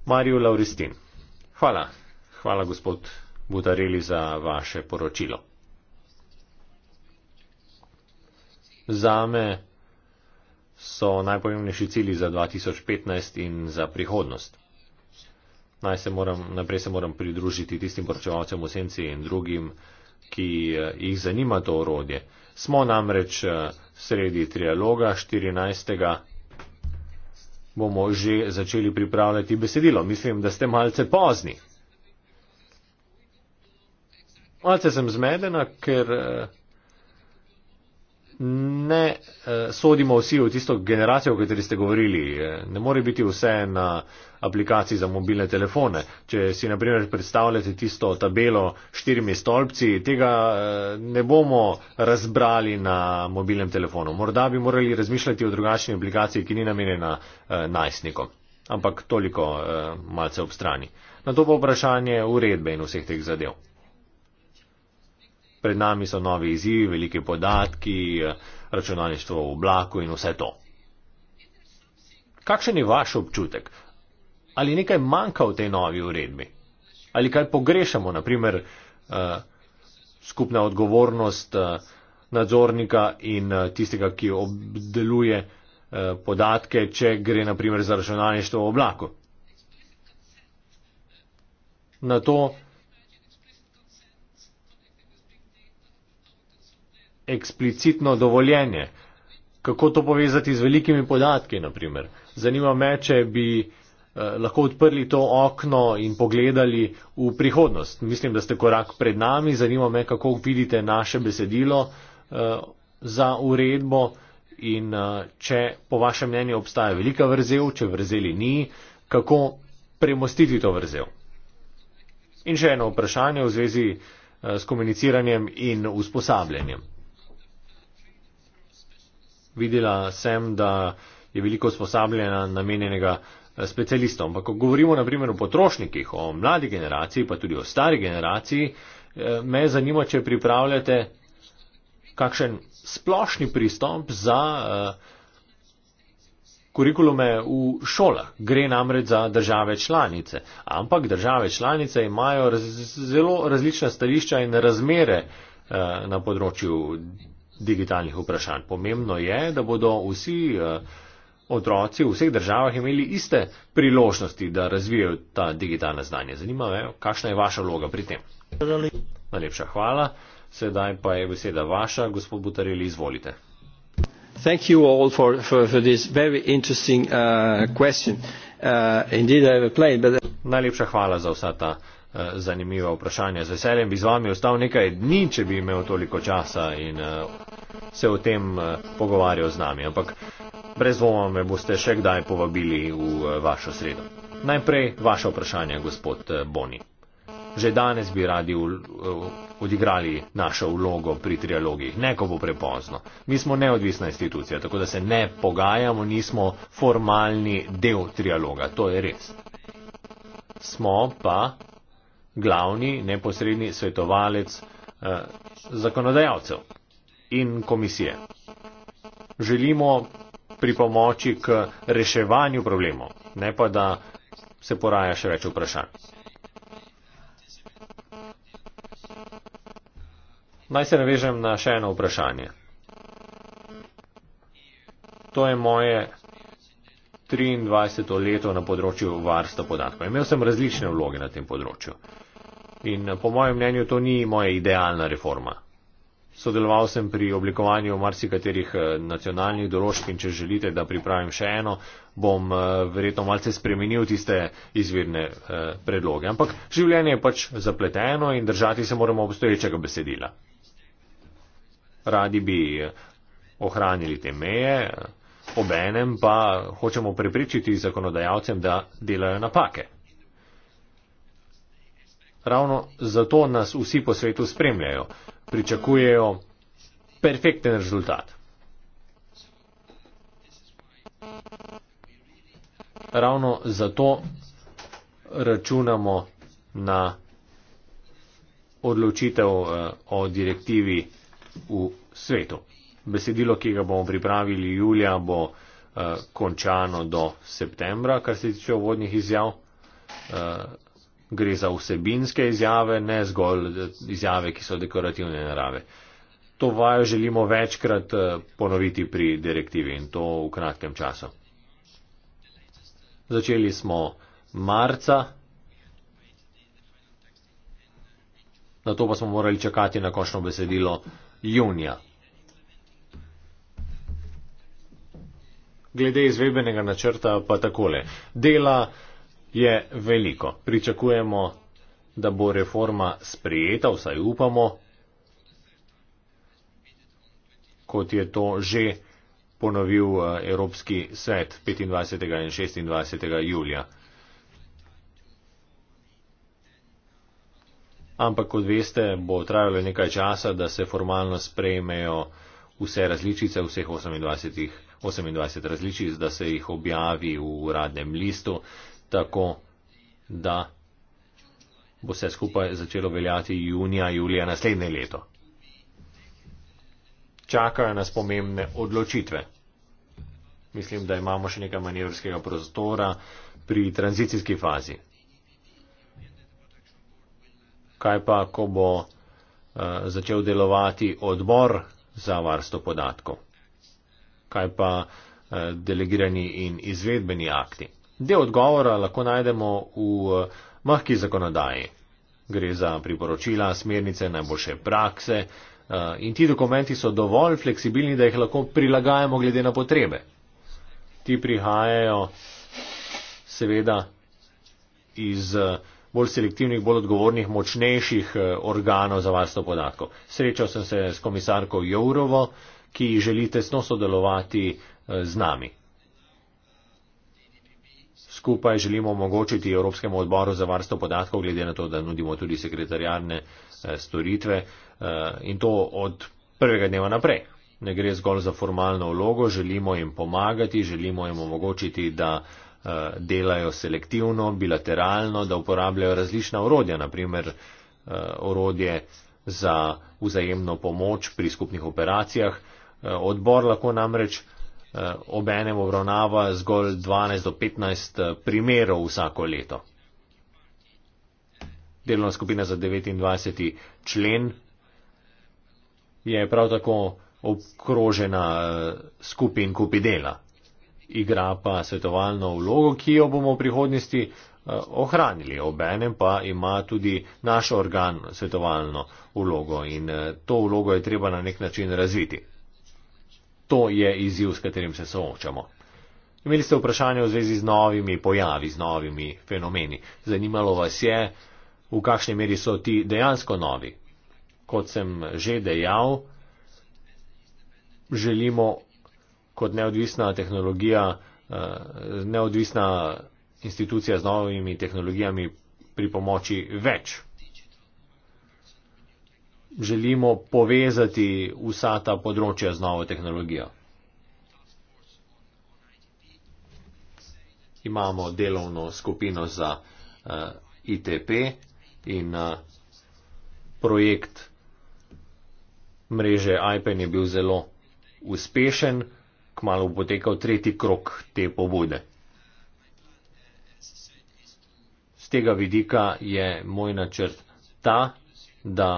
Mario Lauristin. Hvala. Hvala, gospod Butareli, za vaše poročilo. zame so najpomembnejši cilji za 2015 in za prihodnost. Se moram, najprej se moram pridružiti tistim poročevalcem v senci in drugim, ki eh, jih zanima to orodje. Smo namreč eh, sredi trialoga 14. bomo že začeli pripravljati besedilo. Mislim, da ste malce pozni. Malce sem zmedena, ker eh, ne eh, sodimo vsi v tisto generacijo, o kateri ste govorili. Eh, ne more biti vse na aplikaciji za mobilne telefone. Če si naprimer predstavljate tisto tabelo s štirimi stolpci, tega eh, ne bomo razbrali na mobilnem telefonu. Morda bi morali razmišljati o drugačni aplikaciji, ki ni namenjena eh, najstnikom. Ampak toliko eh, malce ob strani. Na to pa vprašanje uredbe in vseh teh zadev pred nami so novi izzivi, velike podatki, računalništvo v oblaku in vse to. Kakšen je vaš občutek? Ali nekaj manjka v tej novi uredbi? Ali kaj pogrešamo, naprimer eh, skupna odgovornost eh, nadzornika in eh, tistega, ki obdeluje podatke, če gre naprimer za računalništvo v oblaku? Na to eksplicitno dovoljenje. Kako to povezati z velikimi podatki, naprimer? Zanima me, če bi eh, lahko odprli to okno in pogledali v prihodnost. Mislim, da ste korak pred nami. Zanima me, kako vidite naše besedilo eh, za uredbo in eh, če po vašem mnenju obstaja velika vrzel, če vrzeli ni, kako premostiti to vrzel. In še eno vprašanje v zvezi s komuniciranjem in usposabljanjem videla sem, da je veliko usposabljena namenjenega eh, specialistom. Ampak, ko govorimo naprimer o potrošnikih, o mladi generaciji, pa tudi o stari generaciji, eh, me zanima, če pripravljate kakšen splošni pristop za eh, kurikulume v šolah. Gre namreč za države članice, ampak države članice imajo raz, zelo različna stališča in razmere na področju digitalnih vprašanj. Pomembno je, da bodo vsi eh, otroci v vseh državah imeli iste priložnosti, da razvijajo ta digitalna znanja. Zanima me, kakšna je vaša vloga pri tem. Najlepša hvala. Sedaj pa je beseda vaša, gospod Butareli, izvolite. Thank you all for, for, for this very interesting uh, question. Uh, indeed, I have a plane, but... Najlepša hvala za vsa ta Eh, zanimiva vprašanja. Z veseljem bi z vami ostal nekaj dni, če bi imel toliko časa in eh, se o tem eh, pogovarjal z nami. Ampak brez dvoma me boste še kdaj povabili v vašo sredo. Najprej vaše vprašanje, gospod Boni. Že danes bi radi odigrali našo vlogo pri trialogih, ne ko bo prepozno. Mi smo neodvisna institucija, tako da se ne pogajamo, nismo formalni del trialoga, to je res. Smo pa glavni neposredni svetovalec eh, zakonodajalcev in komisije. Želimo pripomoči k reševanju problemov, ne pa da se poraja še več vprašanj. Naj se navežem na še eno vprašanje. To je moje 23. leto na področju varstva podatkov. Imel sem različne vloge na tem področju. In eh, po mojem mnenju to ni moja idealna reforma. Sodeloval sem pri oblikovanju marsikaterih eh, nacionalnih določb in če želite, da pripravim še eno, bom eh, verjetno malce spremenil tiste izvirne predloge. Ampak življenje je pač zapleteno in držati se moramo obstoječega besedila. Radi bi ohranili te meje, obenem pa hočemo prepričiti zakonodajalcem, da delajo napake. Ravno zato nas vsi po svetu spremljajo. Pričakujejo perfekten rezultat. Ravno zato računamo na odločitev eh, o direktivi v svetu. Besedilo, ki ga bomo pripravili julija, bo eh, končano do septembra, kar se tiče uvodnih izjav. Eh, gre za vsebinske izjave, ne zgolj izjave, ki so dekorativne narave. To vajo želimo večkrat eh, ponoviti pri direktivi in to v kratkem času. Začeli smo marca, na to pa smo morali čakati na končno besedilo junija. Glede izvedbenega načrta pa takole. Dela je veliko. Pričakujemo, da bo reforma sprijeta, vsaj upamo, kot je to že ponovil eh, Evropski svet 25. in 26. julija. Ampak, kot veste, bo trajalo nekaj časa, da se formalno sprejmejo vse različice, vseh 28, 28 različic, da se jih objavi v uradnem listu tako, da bo vse skupaj začelo veljati junija, julija naslednje leto. Čakajo nas pomembne odločitve. Mislim, da imamo še nekaj manevrskega prostora pri tranzicijski fazi. Kaj pa, ko bo uh, začel delovati odbor za varstvo podatkov? Kaj pa uh, delegirani in izvedbeni akti? Del odgovora lahko najdemo v eh, mahki zakonodaji. Gre za priporočila, smernice, najboljše prakse eh, in ti dokumenti so dovolj fleksibilni, da jih lahko prilagajamo glede na potrebe. Ti prihajajo seveda iz eh, bolj selektivnih, bolj odgovornih, močnejših organov za varstvo podatkov. Srečal sem se s komisarko Jourovo, ki želi tesno sodelovati z nami skupaj želimo omogočiti Evropskemu odboru za varstvo podatkov, glede na to, da nudimo tudi sekretarjarne eh, storitve eh, in to od prvega dneva naprej. Ne gre zgolj za formalno vlogo, želimo jim pomagati, želimo jim omogočiti, da eh, delajo selektivno, bilateralno, da uporabljajo različna orodja, naprimer orodje za vzajemno pomoč pri skupnih operacijah. Odbor lahko namreč Eh, obenem obravnava zgolj 12 do 15 eh, primerov vsako leto. Delovna skupina za 29. člen je prav tako obkrožena eh, skupin kupi dela. Igra pa svetovalno vlogo, ki jo bomo v prihodnosti ohranili. Obenem pa ima tudi naš organ svetovalno vlogo in to vlogo je treba na nek način razviti. To je izziv, s katerim se soočamo. Imeli ste vprašanje v zvezi z novimi pojavi, z novimi fenomeni. Zanimalo vas je, v kakšni meri so ti dejansko novi. Kot sem že dejal, želimo kot neodvisna tehnologija, eh, neodvisna institucija z novimi tehnologijami pri pomoči več želimo povezati vsa ta področja z novo tehnologijo. Imamo delovno skupino za uh, eh, ITP in uh, projekt mreže iPen je bil zelo uspešen, kmalo bo potekal tretji krok te pobude. Z tega vidika je moj načrt ta, da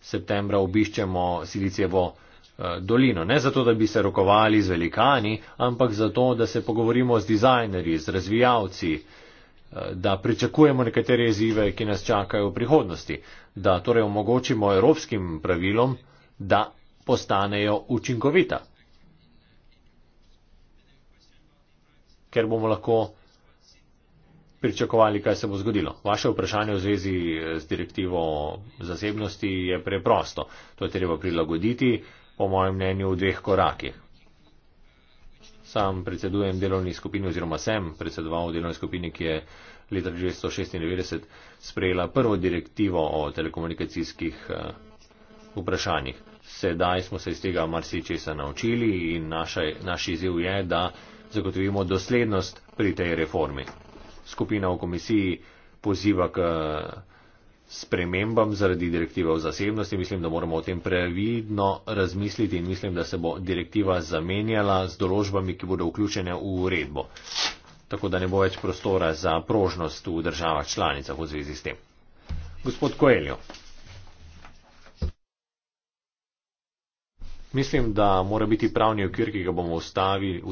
septembra obiščemo Silicijevo eh, dolino. Ne zato, da bi se rokovali z velikani, ampak zato, da se pogovorimo z dizajnerji, z razvijalci, eh, da pričakujemo nekatere izzive, ki nas čakajo v prihodnosti, da torej omogočimo evropskim pravilom, da postanejo učinkovita. Ker bomo lahko pričakovali, kaj se bo zgodilo. Vaše vprašanje v zvezi z direktivo zasebnosti je preprosto. To je treba prilagoditi, po mojem mnenju, v dveh korakih. Sam predsedujem delovni skupini oziroma sem predsedoval v delovni skupini, ki je leta 1996 sprejela prvo direktivo o telekomunikacijskih eh, vprašanjih. Sedaj smo se iz tega marsičesa naučili in naš izjiv je, da zagotovimo doslednost pri tej reformi skupina v komisiji poziva k spremembam zaradi direktive o zasebnosti. Mislim, da moramo o tem previdno razmisliti in mislim, da se bo direktiva zamenjala z določbami, ki bodo vključene v uredbo. Tako da ne bo več prostora za prožnost v državah članicah v zvezi s tem. Gospod Koeljo. Mislim, da mora biti pravni okvir, ki ga bomo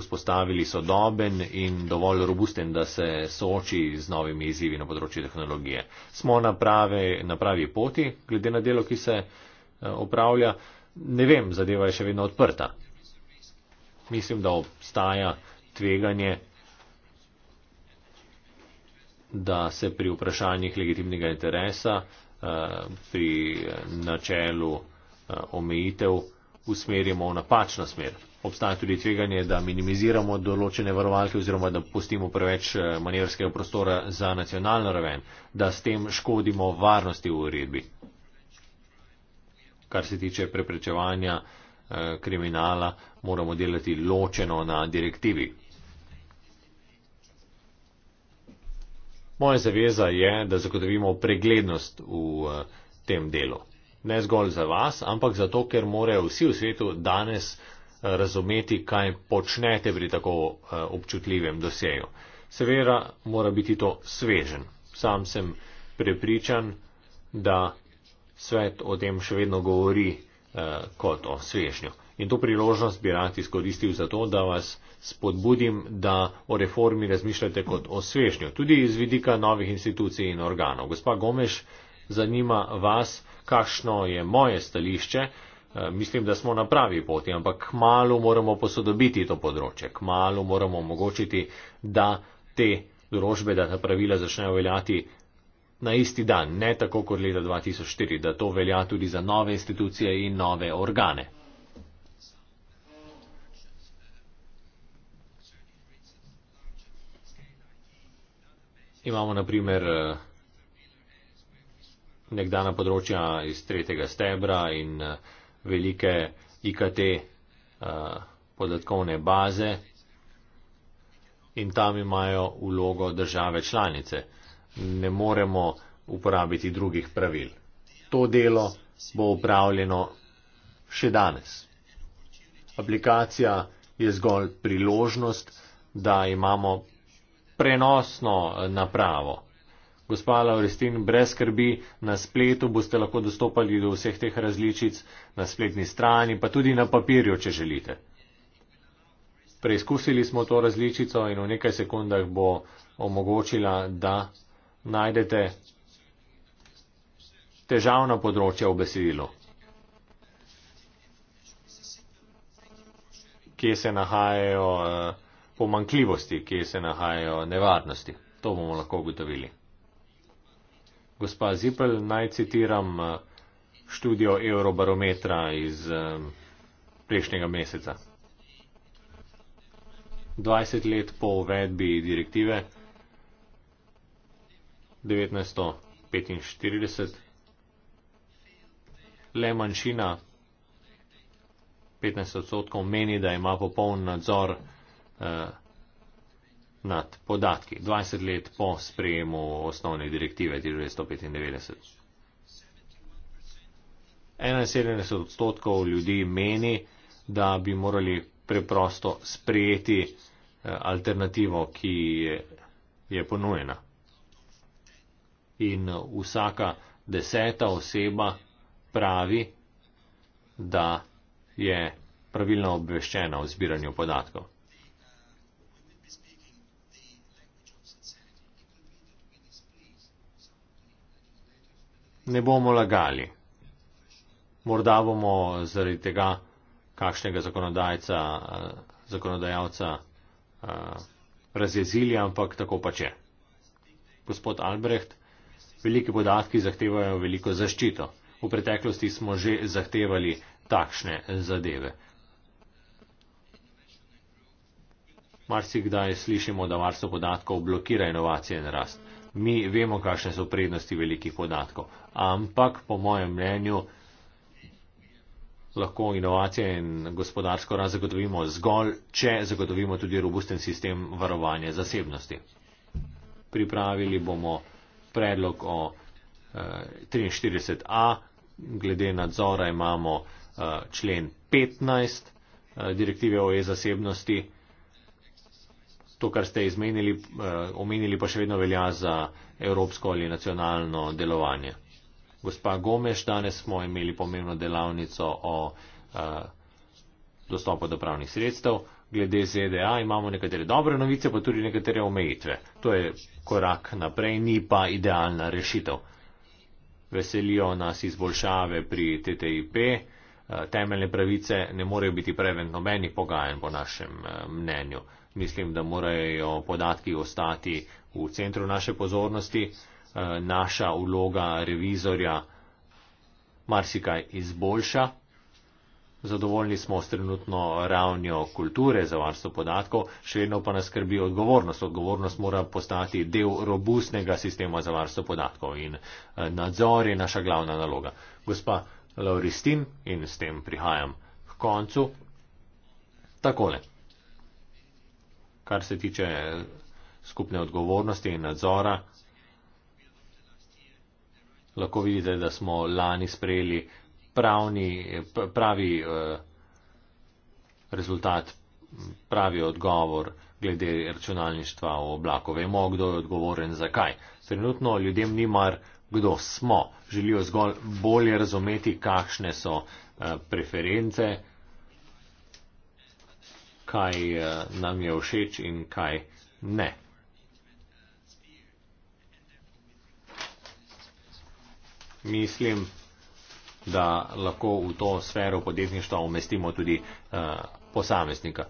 vzpostavili, sodoben in dovolj robusten, da se sooči z novimi izzivi na področju tehnologije. Smo na pravi, na pravi poti, glede na delo, ki se eh, opravlja. Ne vem, zadeva je še vedno odprta. Mislim, da obstaja tveganje, da se pri vprašanjih legitimnega interesa, eh, pri načelu eh, omejitev, usmerjamo v napačno smer. Obstaja tudi tveganje, da minimiziramo določene varovalke oziroma da pustimo preveč eh, manevrskega prostora za nacionalno raven, da s tem škodimo varnosti v uredbi. Kar se tiče preprečevanja eh, kriminala, moramo delati ločeno na direktivi. Moja zaveza je, da zagotovimo preglednost v eh, tem delu ne zgolj za vas, ampak zato, ker morajo vsi v svetu danes eh, razumeti, kaj počnete pri tako eh, občutljivem doseju. Seveda mora biti to svežen. Sam sem prepričan, da svet o tem še vedno govori eh, kot o svežnju. In to priložnost bi rad izkoristil za to, da vas spodbudim, da o reformi razmišljate kot o svežnju, tudi iz vidika novih institucij in organov. Gospa Gomeš, zanima vas, kakšno je moje stališče, eh, mislim, da smo na pravi poti, ampak kmalo moramo posodobiti to področje, kmalo moramo omogočiti, da te drožbe, da ta pravila začnejo veljati na isti dan, ne tako kot leta 2004, da to velja tudi za nove institucije in nove organe. Imamo na primer eh, nekdana področja iz tretjega stebra in eh, velike IKT eh, podatkovne baze in tam imajo vlogo države članice. Ne moremo uporabiti drugih pravil. To delo bo upravljeno še danes. Aplikacija je zgolj priložnost, da imamo prenosno eh, napravo gospa Laurestin, brez skrbi na spletu boste lahko dostopali do vseh teh različic na spletni strani, pa tudi na papirju, če želite. Preizkusili smo to različico in v nekaj sekundah bo omogočila, da najdete težavna področja v besedilu. kje se nahajajo eh, pomankljivosti, kje se nahajajo nevarnosti. To bomo lahko ugotovili gospa Zipel, naj citiram eh, študijo Eurobarometra iz eh, prejšnjega meseca. 20 let po uvedbi direktive 1945 le manjšina 15 odstotkov meni, da ima popoln nadzor eh, nad podatki, 20 let po sprejemu osnovne direktive 1995. 71 odstotkov ljudi meni, da bi morali preprosto sprejeti eh, alternativo, ki je ponujena. In eh, vsaka deseta oseba pravi, da je pravilno obveščena o zbiranju podatkov. ne bomo lagali. Morda bomo zaradi tega kakšnega zakonodajca, eh, zakonodajalca eh, razjezili, ampak tako pa če. Gospod Albrecht, veliki podatki zahtevajo veliko zaščito. V preteklosti smo že zahtevali takšne zadeve. Marsikdaj slišimo, da varstvo podatkov blokira inovacije in rast. Mm mi vemo, kakšne so prednosti velikih podatkov. Ampak, po mojem mnenju, lahko inovacije in gospodarsko rast zagotovimo zgolj, če zagotovimo tudi robusten sistem varovanja zasebnosti. Pripravili bomo predlog o e, eh, 43a, glede nadzora imamo e, člen 15 e, eh, direktive o e-zasebnosti to, kar ste izmenili, eh, omenili, pa še vedno velja za evropsko ali nacionalno delovanje. Gospa Gomeš, danes smo imeli pomembno delavnico o eh, dostopu do pravnih sredstev. Glede ZDA imamo nekatere dobre novice, pa tudi nekatere omejitve. To je korak naprej, ni pa idealna rešitev. Veselijo nas izboljšave pri TTIP, eh, temeljne pravice ne morejo biti preven nobenih pogajanj, po našem mnenju mislim, da morajo podatki ostati v centru naše pozornosti. Eh, naša vloga revizorja marsikaj izboljša. Zadovoljni smo s trenutno ravnjo kulture za varstvo podatkov, še vedno pa nas skrbi odgovornost. Odgovornost mora postati del robustnega sistema za varstvo podatkov in eh, nadzor je naša glavna naloga. Gospa Lauristin in s tem prihajam k koncu. Takole kar se tiče skupne odgovornosti in nadzora. Lahko vidite, da smo lani sprejeli pravni, pravi eh, rezultat, pravi odgovor glede računalništva v oblaku. Vemo, kdo je odgovoren, zakaj. Trenutno ljudem ni mar, kdo smo. Želijo zgolj bolje razumeti, kakšne so eh, preference kaj eh, nam je všeč in kaj ne. Mislim, da lahko v to sfero podjetništva umestimo tudi uh, posameznika.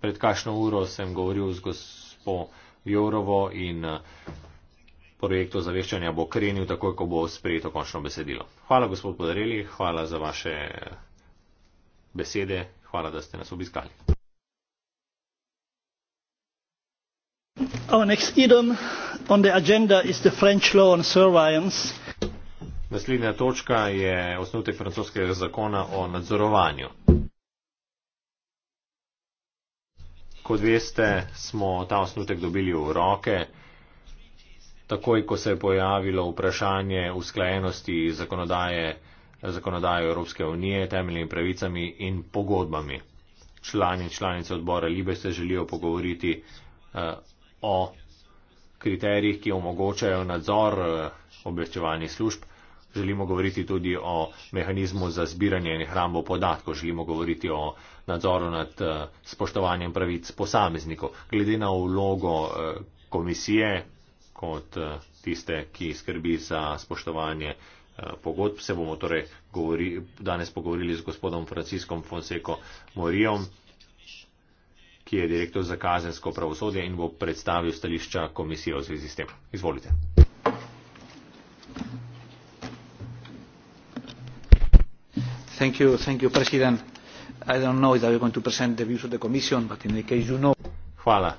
Pred kakšno uro sem govoril z gospo Jourovo in eh, projekt ozaveščanja bo krenil takoj, ko bo sprejeto končno besedilo. Hvala, gospod Podareli, hvala za vaše besede. Hvala, da ste nas obiskali. Naslednja točka je osnutek francoskega zakona o nadzorovanju. Kot veste, smo ta osnutek dobili v roke, takoj ko se je pojavilo vprašanje usklajenosti zakonodaje zakonodajo Evropske unije, temeljnimi pravicami in pogodbami. Člani in članice odbora Libe se želijo pogovoriti uh, o kriterijih, ki omogočajo nadzor uh, obveščevalnih služb. Želimo govoriti tudi o mehanizmu za zbiranje in hrambo podatkov, želimo govoriti o nadzoru nad uh, spoštovanjem pravic posameznikov. Glede na vlogo uh, komisije kot uh, tiste, ki skrbi za spoštovanje uh, Eh, pogodb. Se bomo torej govori, danes pogovorili z gospodom Franciskom Fonseko Morijom, ki je direktor za kazensko pravosodje in bo predstavil stališča komisije v zvezi s tem. Izvolite. Thank you, thank you, President. I don't know if I'm going to present the views of the Commission, but in any case, you know. Hvala,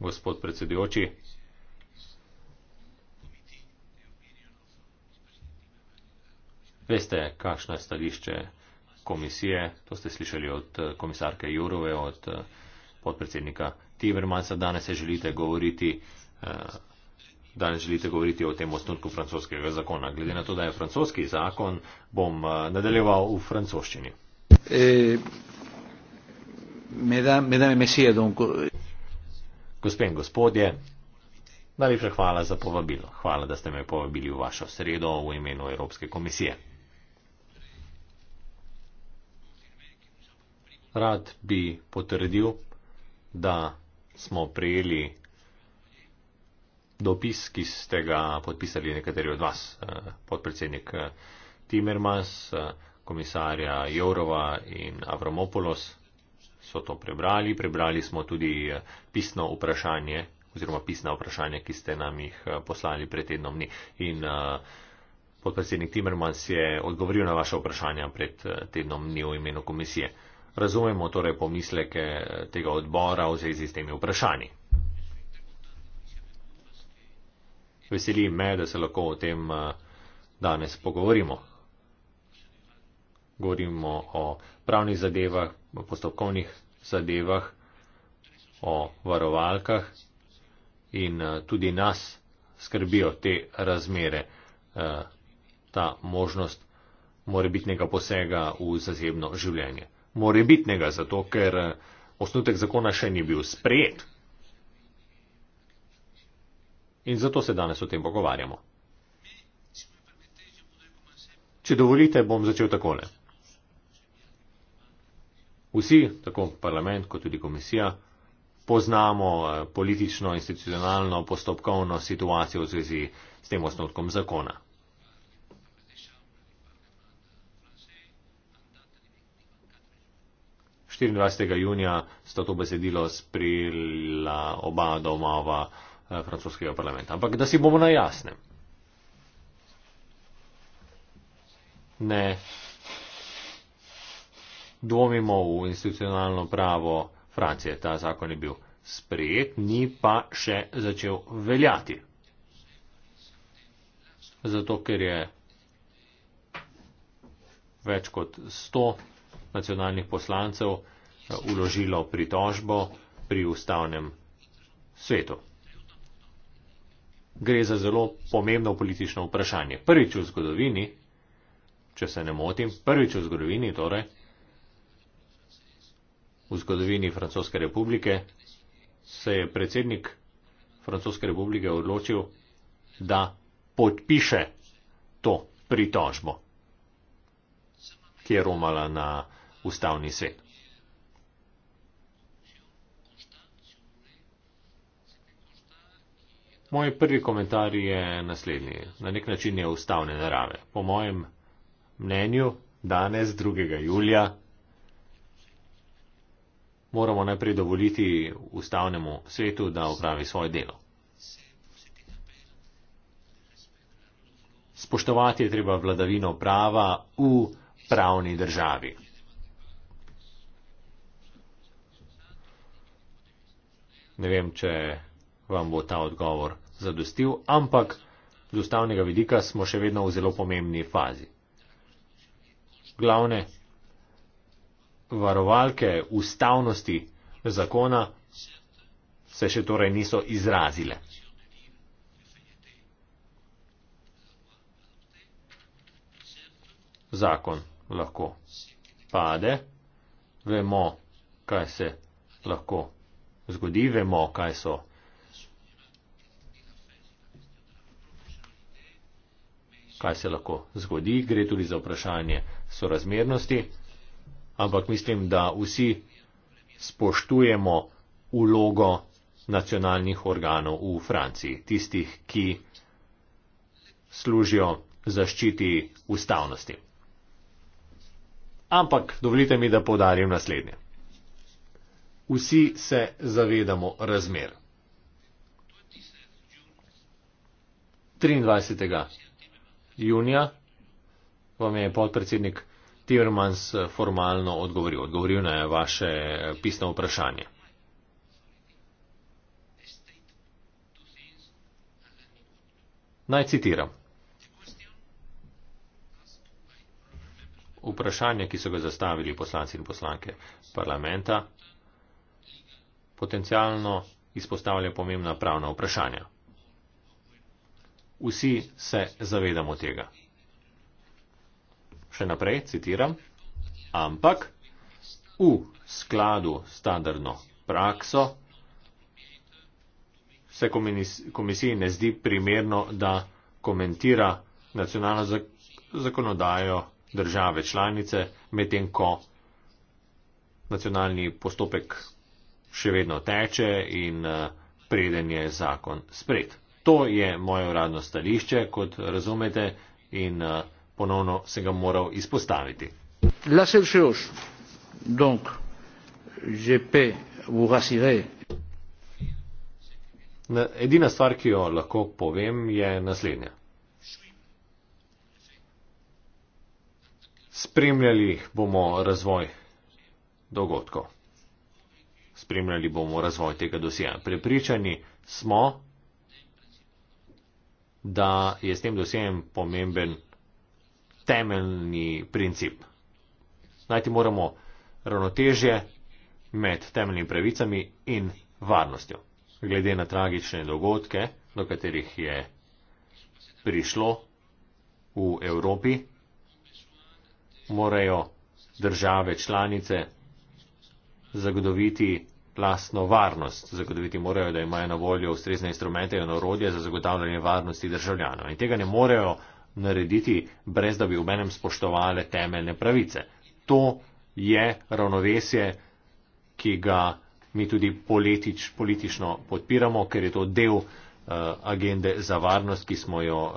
gospod predsedujoči. Veste, kakšno je stališče komisije, to ste slišali od eh, komisarke Jurove, od eh, podpredsednika Timermansa, danes se želite govoriti. Eh, danes želite govoriti o tem osnutku francoskega zakona. Glede na to, da je francoski zakon, bom nadaljeval v francoščini. Gospe in gospodje, najlepša hvala za povabilo. Hvala, da ste me povabili v vašo sredo v imenu Evropske komisije. Rad bi potrdil, da smo prijeli dopis, ki ste ga podpisali nekateri od vas, eh, podpredsednik eh, Timermans, eh, komisarja Jourova in Avramopolos. So to prebrali. Prebrali smo tudi pisno vprašanje oziroma pisna vprašanja, ki ste nam jih poslali pred tednom dni. In podpredsednik Timermans je odgovoril na vaše vprašanja pred tednom dni v imenu komisije. Razumemo torej pomisleke eh, tega odbora v zvezi s temi vprašanji. Veseli me, da se lahko o tem eh, danes pogovorimo. Govorimo o pravnih zadevah, o postopkovnih zadevah, o varovalkah in eh, tudi nas skrbijo te razmere, ta možnost morebitnega posega v zasebno življenje morebitnega, zato ker eh, osnutek zakona še ni bil sprejet. In zato se danes o tem pogovarjamo. Če dovolite, bom začel takole. Vsi, tako parlament kot tudi komisija, poznamo eh, politično, institucionalno, postopkovno situacijo v zvezi s tem osnutkom zakona. 24. junija sta to besedilo sprejela oba domova eh, francoskega parlamenta. Ampak da si bomo na jasnem. Ne dvomimo v institucionalno pravo Francije. Ta zakon je bil sprejet, ni pa še začel veljati. Zato, ker je več kot 100 nacionalnih poslancev uložilo eh, pritožbo pri ustavnem svetu. Gre za zelo pomembno politično vprašanje. Prvič v zgodovini, če se ne motim, prvič v zgodovini, torej v zgodovini Francoske republike, se je predsednik Francoske republike odločil, da podpiše to pritožbo, ki je romala na ustavni svet. Moj prvi komentar je naslednji. Na nek način je ustavne narave. Po mojem mnenju, danes, 2. julija, moramo najprej dovoliti ustavnemu svetu, da upravi svoje delo. Spoštovati je treba vladavino prava v pravni državi. Ne vem, če vam bo ta odgovor zadostil, ampak z ustavnega vidika smo še vedno v zelo pomembni fazi. Glavne varovalke ustavnosti zakona se še torej niso izrazile. Zakon lahko pade, vemo, kaj se lahko pade zgodi, vemo, kaj so. Kaj se lahko zgodi, gre tudi za vprašanje sorazmernosti, ampak mislim, da vsi spoštujemo ulogo nacionalnih organov v Franciji, tistih, ki služijo zaščiti ustavnosti. Ampak dovolite mi, da podarim naslednje vsi se zavedamo razmer. 23. junija vam je podpredsednik Timmermans formalno odgovoril. Odgovoril na vaše pisno vprašanje. Naj citiram. Vprašanje, ki so ga zastavili poslanci in poslanke parlamenta, potencialno izpostavlja pomembna pravna vprašanja. Vsi se zavedamo tega. Še naprej citiram, ampak v skladu standardno prakso se komisiji ne zdi primerno, da komentira nacionalno zakonodajo države članice, medtem ko nacionalni postopek še vedno teče in eh, preden je zakon spred. To je moje uradno stališče, kot razumete, in eh, ponovno se ga moral izpostaviti. Edina stvar, ki jo lahko povem, je naslednja. Spremljali bomo razvoj dogodkov spremljali bomo razvoj tega dosija. Prepričani smo, da je s tem dosijem pomemben temeljni princip. Najti moramo ravnotežje med temeljnimi pravicami in varnostjo. Glede na tragične dogodke, do katerih je prišlo v Evropi, morajo države članice zagotoviti lasno varnost zagotoviti, morajo, da imajo na voljo ustrezne instrumente in orodje za zagotavljanje varnosti državljanov. In tega ne morejo narediti, brez da bi v menem spoštovali temeljne pravice. To je ravnovesje, ki ga mi tudi politič, politično podpiramo, ker je to del uh, agende za varnost, ki smo jo uh,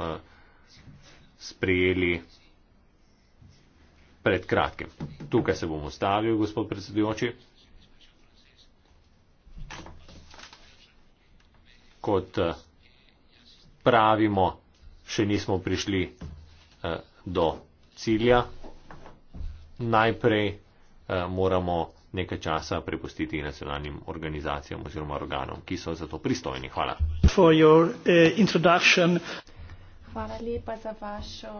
sprejeli pred kratkim. Tukaj se bom ustavil, gospod predsedujoči. kot eh, pravimo, še nismo prišli eh, do cilja. Najprej eh, moramo nekaj časa prepustiti nacionalnim organizacijam oziroma organom, ki so za to pristojni. Hvala. Hvala lepa za vašo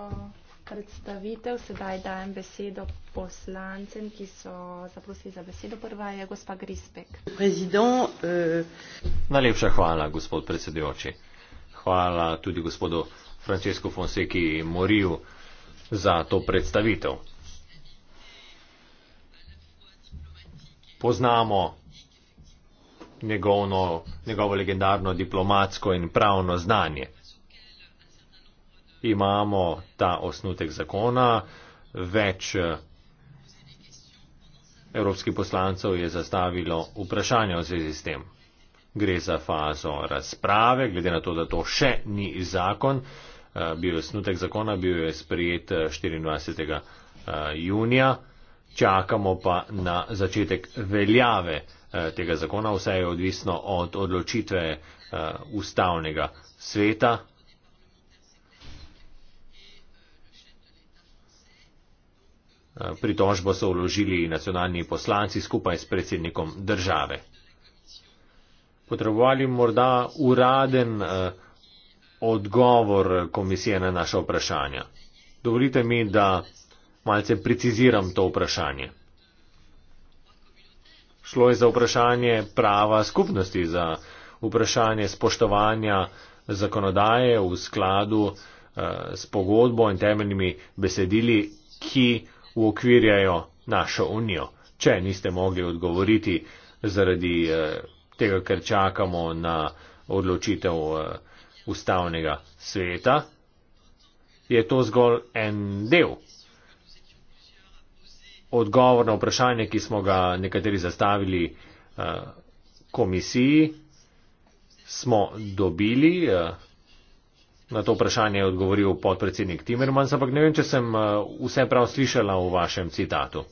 predstavitev. Sedaj dajem besedo poslancem, ki so zaprosili za besedo. Prva je gospa Grispek. Eh, Najlepša hvala, gospod predsedujoči. Hvala tudi gospodu Francesku Fonseki Moriju za to predstavitev. Poznamo njegovo legendarno diplomatsko in pravno znanje imamo ta osnutek zakona, več eh, evropskih poslancev je zastavilo vprašanje v zvezi s tem. Gre za fazo razprave, glede na to, da to še ni zakon, eh, bil je snutek zakona, bil je sprejet 24. Eh, junija, čakamo pa na začetek veljave tega zakona, vse je odvisno od odločitve ustavnega sveta, Pritožbo so vložili nacionalni poslanci skupaj s predsednikom države. Potrebovali morda uraden eh, odgovor komisije na naše vprašanja. Dovolite mi, da malce preciziram to vprašanje. Šlo je za vprašanje prava skupnosti, za vprašanje spoštovanja zakonodaje v skladu eh, s pogodbo in temeljnimi besedili, ki uokvirjajo našo unijo. Če niste mogli odgovoriti zaradi eh, tega, ker čakamo na odločitev eh, ustavnega sveta, je to zgolj en del. Odgovor na vprašanje, ki smo ga nekateri zastavili eh, komisiji, smo dobili. Na to vprašanje je odgovoril podpredsednik Timermans, ampak ne vem, če sem eh, vse prav slišala v vašem citatu.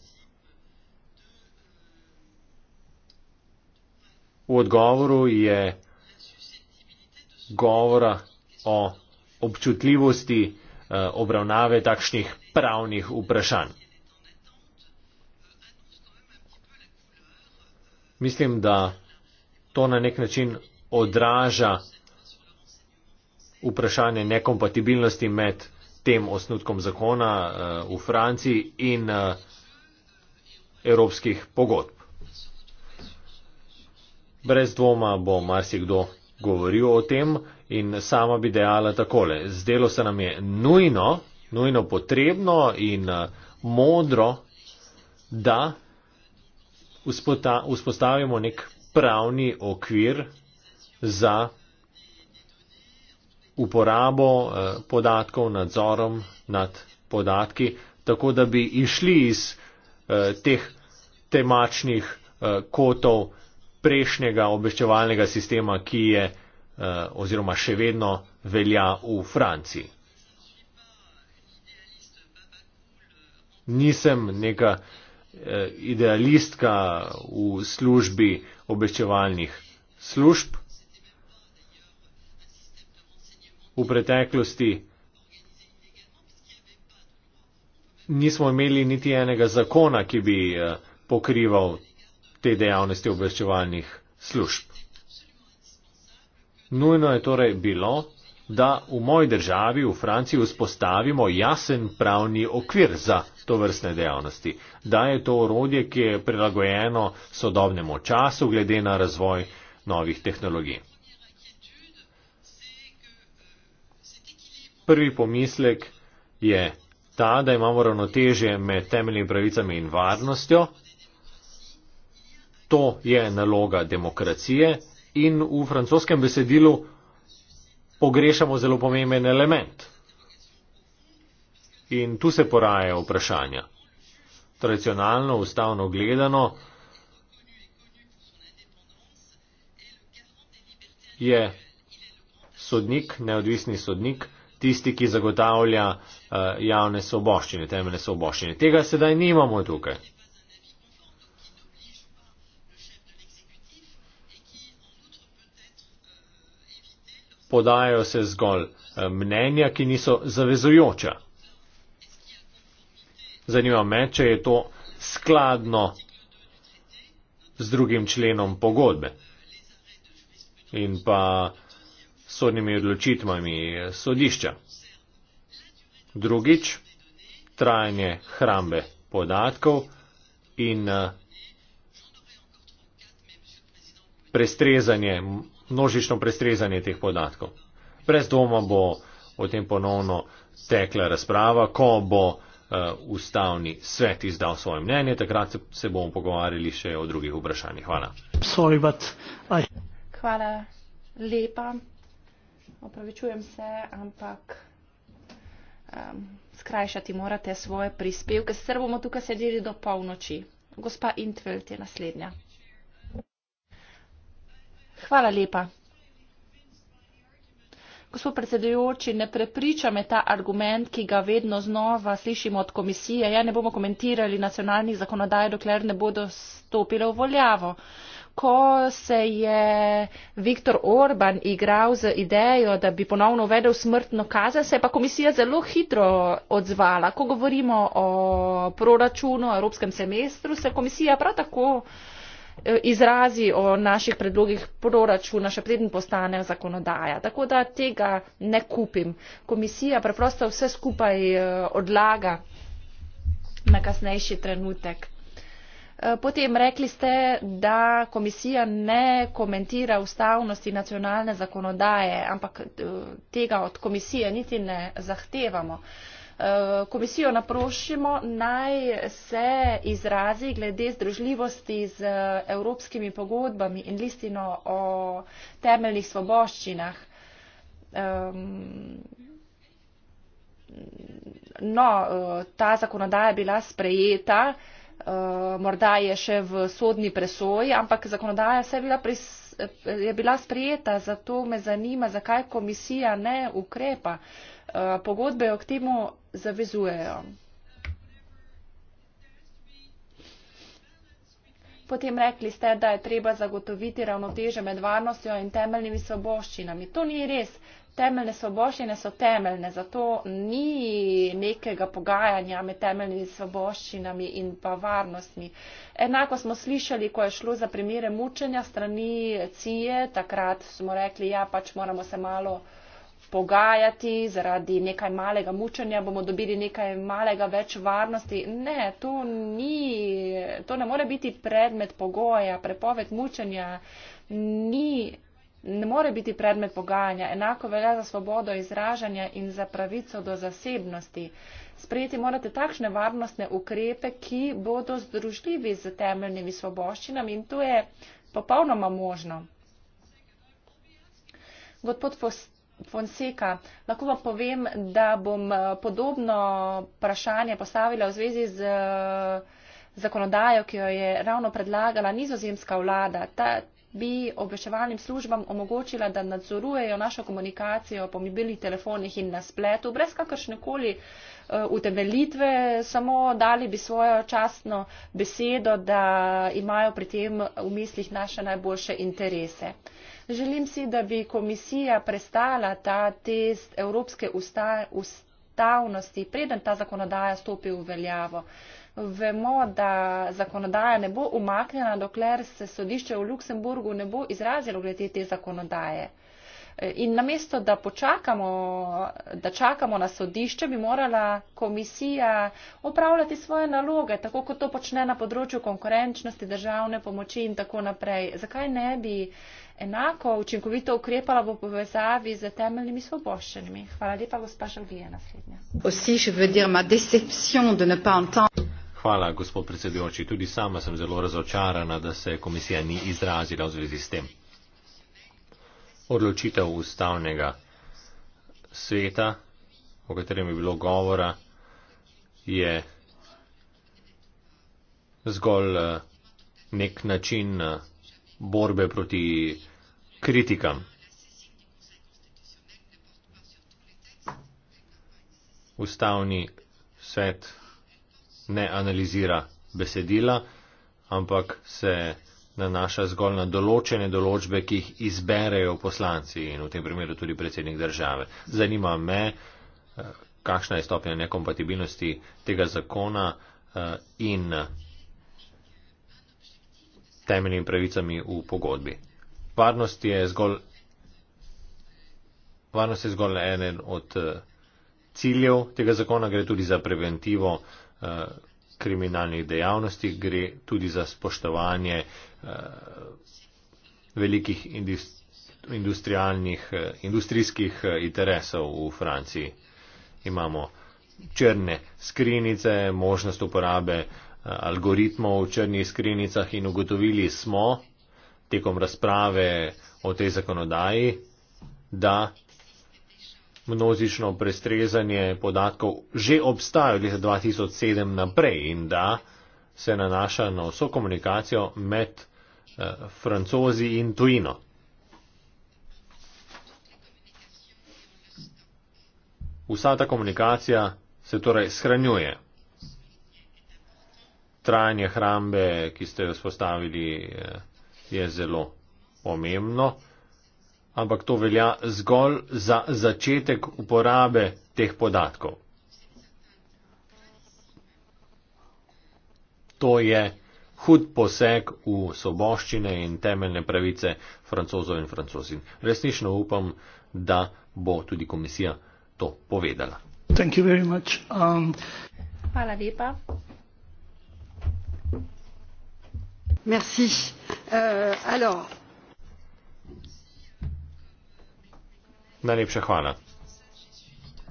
V odgovoru je govora o občutljivosti eh, obravnave takšnih pravnih vprašanj. Mislim, da to na nek način odraža vprašanje nekompatibilnosti med tem osnutkom zakona eh, v Franciji in eh, evropskih pogodb. Brez dvoma bo marsikdo govoril o tem in sama bi dejala takole. Zdelo se nam je nujno, nujno potrebno in eh, modro, da uspostavimo nek pravni okvir za uporabo eh, podatkov, nadzorom nad podatki, tako da bi išli iz eh, teh temačnih eh, kotov prejšnjega obveščevalnega sistema, ki je oziroma še vedno velja v Franciji. Nisem neka idealistka v službi obveščevalnih služb. v preteklosti nismo imeli niti enega zakona, ki bi eh, pokrival te dejavnosti obveščevalnih služb. Nujno je torej bilo, da v moji državi, v Franciji, vzpostavimo jasen pravni okvir za to vrstne dejavnosti, da je to orodje, ki je prilagojeno sodobnemu času glede na razvoj novih tehnologij. prvi pomislek je ta, da imamo ravnotežje med temeljnimi pravicami in varnostjo. To je naloga demokracije in v francoskem besedilu pogrešamo zelo pomemben element. In tu se porajajo vprašanja. Tradicionalno, ustavno gledano, je sodnik, neodvisni sodnik, tisti, ki zagotavlja eh, javne soboščine, temeljne soboščine. Tega sedaj nimamo tukaj. Podajajo se zgolj eh, mnenja, ki niso zavezujoča. Zanima me, če je to skladno z drugim členom pogodbe. In pa sodnimi odločitvami sodišča. Drugič, trajanje hrambe podatkov in eh, prestrezanje, množično prestrezanje teh podatkov. Brez dvoma bo o tem ponovno tekla razprava, ko bo uh, ustavni svet izdal svoje mnenje, takrat se bomo pogovarjali še o drugih vprašanjih. Hvala. Sorry, but I... Hvala lepa opravičujem se, ampak um, skrajšati morate svoje prispevke. Sr bomo tukaj sedeli do polnoči. Gospa Intveld je naslednja. Hvala lepa. Gospod predsedujoči, ne prepriča me ta argument, ki ga vedno znova slišimo od komisije. Ja, ne bomo komentirali nacionalnih zakonodaj, dokler ne bodo stopile v voljavo ko se je Viktor Orban igral z idejo, da bi ponovno uvedel smrtno kazen, se je pa komisija zelo hitro odzvala. Ko govorimo o proračunu, evropskem semestru, se komisija prav tako e, izrazi o naših predlogih proračuna, še preden postane zakonodaja. Tako da tega ne kupim. Komisija preprosto vse skupaj e, odlaga na kasnejši trenutek. Eh, potem rekli ste, da komisija ne komentira ustavnosti nacionalne zakonodaje, ampak eh, tega od komisije niti ne zahtevamo. Eh, komisijo naprošimo, naj se izrazi glede združljivosti z evropskimi pogodbami in listino o temeljnih svoboščinah. Ehm, no, ta zakonodaja je bila sprejeta. Eh, morda je še v sodni presoji, ampak zakonodaja je bila, je bila sprijeta, zato me zanima, zakaj komisija ne ukrepa. Eh, pogodbe jo k temu zavezujejo. Potem rekli ste, da je treba zagotoviti ravnoteže med varnostjo in temeljnimi svoboščinami. To ni res. Uh, temeljne svoboščine so temeljne, zato ni nekega pogajanja med temeljnimi svoboščinami in pa varnostmi. Enako smo slišali, ko je šlo za primere mučenja strani CIE, takrat smo rekli, ja, pač moramo se malo pogajati, zaradi nekaj malega mučenja bomo dobili nekaj malega več varnosti. Ne, to, ni, to ne more biti predmet pogoja, prepoved mučenja ni ne more biti predmet pogajanja. Enako velja za svobodo izražanja in za pravico do zasebnosti. Sprejeti morate takšne varnostne ukrepe, ki bodo združljivi z temeljnimi svoboščinami in to je popolnoma možno. Gospod Fonseka, lahko vam povem, da bom eh, podobno vprašanje postavila v zvezi z eh, zakonodajo, ki jo je ravno predlagala nizozemska vlada. Ta, bi obveščevalnim službam omogočila, da nadzorujejo našo komunikacijo po mobilnih telefonih in na spletu, brez kakršnekoli eh, utemeljitve, samo dali bi svojo častno besedo, da imajo pri tem v mislih naše najboljše interese. Želim si, da bi komisija prestala ta test Evropske ustavnosti, preden ta zakonodaja stopi v veljavo. Vemo, da zakonodaja ne bo umaknjena, dokler se sodišče v Luksemburgu ne bo izrazilo glede te zakonodaje. In namesto, da počakamo, da čakamo na sodišče, bi morala komisija opravljati svoje naloge, tako kot to počne na področju konkurenčnosti, državne pomoči in tako naprej. Zakaj ne bi enako učinkovito ukrepala v povezavi z temeljnimi svoboščenimi? Hvala lepa, gospa Žalvija, naslednja. Hvala, gospod predsedujoči. Tudi sama sem zelo razočarana, da se komisija ni izrazila v zvezi s tem. Odločitev ustavnega sveta, o katerem je bilo govora, je zgolj eh, nek način eh, borbe proti kritikam. Ustavni svet ne analizira besedila, ampak se nanaša zgolj na določene določbe, ki jih izberejo poslanci in v tem primeru tudi predsednik države. Zanima me, eh, kakšna je stopnja nekompatibilnosti tega zakona eh, in temeljnim pravicami v pogodbi. Varnost je zgolj, varnost je zgolj eden od eh, ciljev tega zakona, gre tudi za preventivo. Eh, kriminalnih dejavnosti, gre tudi za spoštovanje eh, velikih eh, industrijskih, industrijskih interesov v Franciji. Imamo črne skrinice, možnost uporabe algoritmov v črnih skrinicah in ugotovili smo tekom razprave o tej zakonodaji, da množično prestrezanje podatkov že obstaja od leta 2007 naprej in da se nanaša na vso komunikacijo med eh, francozi in tujino. Vsa ta komunikacija se torej shranjuje. Trajanje hrambe, ki ste jo spostavili, eh, je zelo pomembno ampak to velja zgolj za začetek uporabe teh podatkov. To je hud poseg v soboščine in temeljne pravice francozov in francozin. Resnično upam, da bo tudi komisija to povedala. Um... Hvala lepa. Merci. Uh, alors. Najlepša hvala.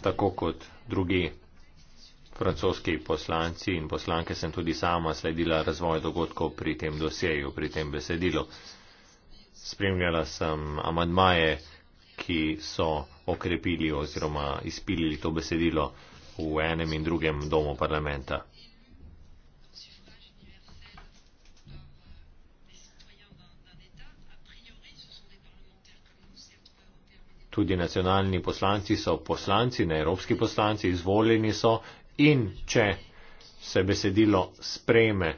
Tako kot drugi francoski poslanci in poslanke sem tudi sama sledila razvoj dogodkov pri tem doseju, pri tem besedilu. Spremljala sem amadmaje, ki so okrepili oziroma izpilili to besedilo v enem in drugem domu parlamenta. Tudi nacionalni poslanci so poslanci, ne evropski poslanci, izvoljeni so in če se besedilo sprejme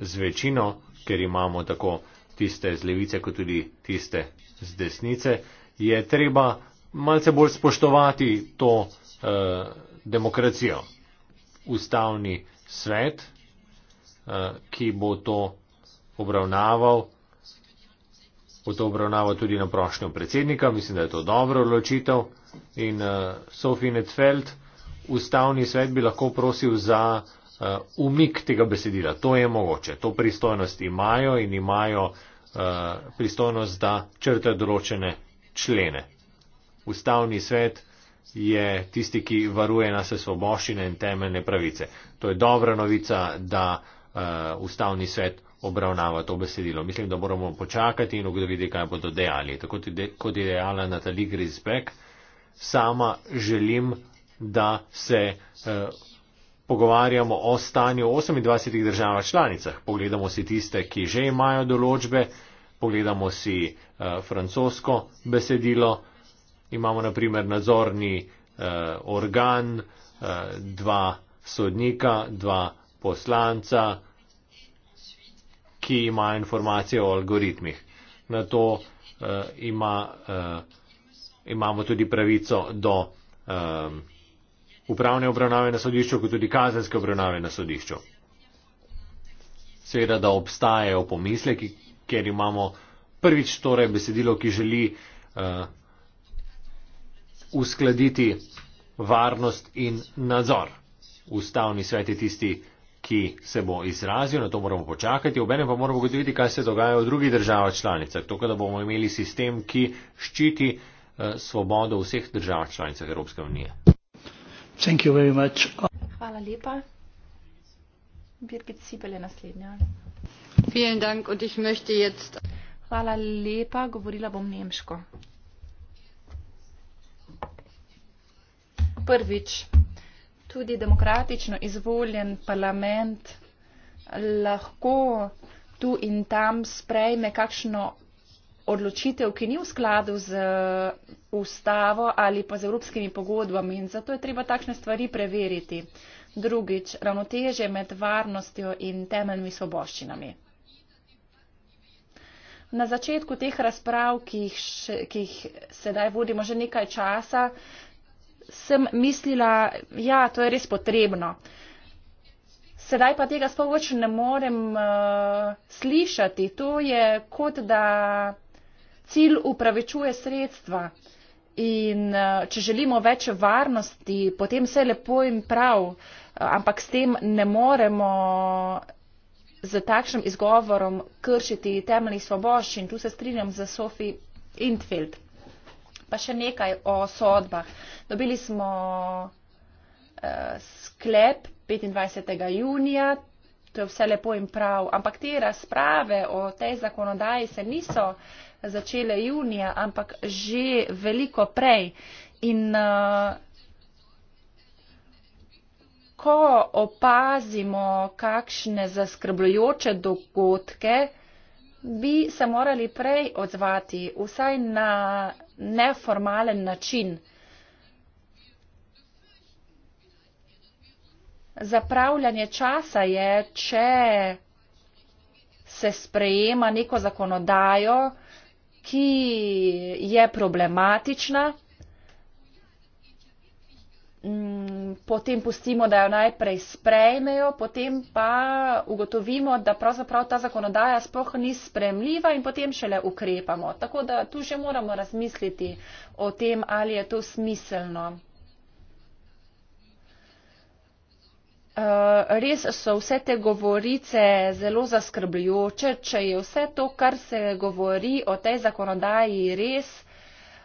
z večino, ker imamo tako tiste z levice, kot tudi tiste z desnice, je treba malce bolj spoštovati to eh, demokracijo. Ustavni svet, eh, ki bo to obravnaval, v to obravnavo tudi na prošnjo predsednika. Mislim, da je to dobro odločitev. In uh, eh, Sofie Netfeld, ustavni svet bi lahko prosil za uh, umik tega besedila. To je mogoče. To pristojnost imajo in imajo uh, pristojnost, da črtajo določene člene. Ustavni svet je tisti, ki varuje nas svoboščine in temeljne pravice. To je dobra novica, da uh, ustavni svet obravnava to besedilo. Mislim, da moramo počakati in ugotoviti, kaj bodo dejali. Tako kot je dejala Natalie Grisbeck, sama želim, da se eh, pogovarjamo o stanju 28 državah članicah. Pogledamo si tiste, ki že imajo določbe, pogledamo si eh, francosko besedilo, imamo na primer nadzorni eh, organ, eh, dva sodnika, dva poslanca, eh, ki ima informacije o algoritmih. Na to uh, ima, uh, imamo tudi pravico do um, upravne obravnave na sodišču, kot tudi kazenske obravnave na sodišču. Seveda, da obstajajo pomisleki, ker imamo prvič torej besedilo, ki želi uh, uskladiti varnost in nadzor. Ustavni svet je tisti, uh, ki se bo izrazil, na to moramo počakati, obenem pa moramo ugotoviti, kaj se dogaja v drugih državah članicah. To, da bomo imeli sistem, ki ščiti eh, svobodo vseh držav članicah Evropske unije. Hvala lepa. Birgit Sipel je naslednja. Dank, jetzt... Hvala lepa, govorila bom nemško. Prvič tudi demokratično izvoljen parlament lahko tu in tam sprejme kakšno odločitev, ki ni v skladu z uh, ustavo ali pa z evropskimi pogodbami in zato je treba takšne stvari preveriti. Drugič, ravnoteže med varnostjo in temeljnimi svoboščinami. Na začetku teh razprav, ki jih, še, ki jih sedaj vodimo že nekaj časa, sem mislila, ja, to je res potrebno. Sedaj pa tega sploh več ne morem uh, slišati. To je kot da cilj upravičuje sredstva. In uh, če želimo več varnosti, potem vse lepo in prav, uh, ampak s tem ne moremo z takšnim izgovorom kršiti temeljnih svoboščin. Tu se strinjam za Sofi Intfeld pa še nekaj o sodbah. Dobili smo uh, sklep 25. junija, to je vse lepo in prav, ampak te razprave o tej zakonodaji se niso začele junija, ampak že veliko prej. In uh, ko opazimo kakšne zaskrbljujoče dogodke, bi se morali prej odzvati, vsaj na neformalen način. Zapravljanje časa je, če se sprejema neko zakonodajo, ki je problematična. Mm, potem pustimo, da jo najprej sprejmejo, potem pa ugotovimo, da pravzaprav ta zakonodaja sploh ni spremljiva in potem šele ukrepamo. Tako da tu že moramo razmisliti o tem, ali je to smiselno. Eh, res so vse te govorice zelo zaskrbljujoče, če je vse to, kar se govori o tej zakonodaji res,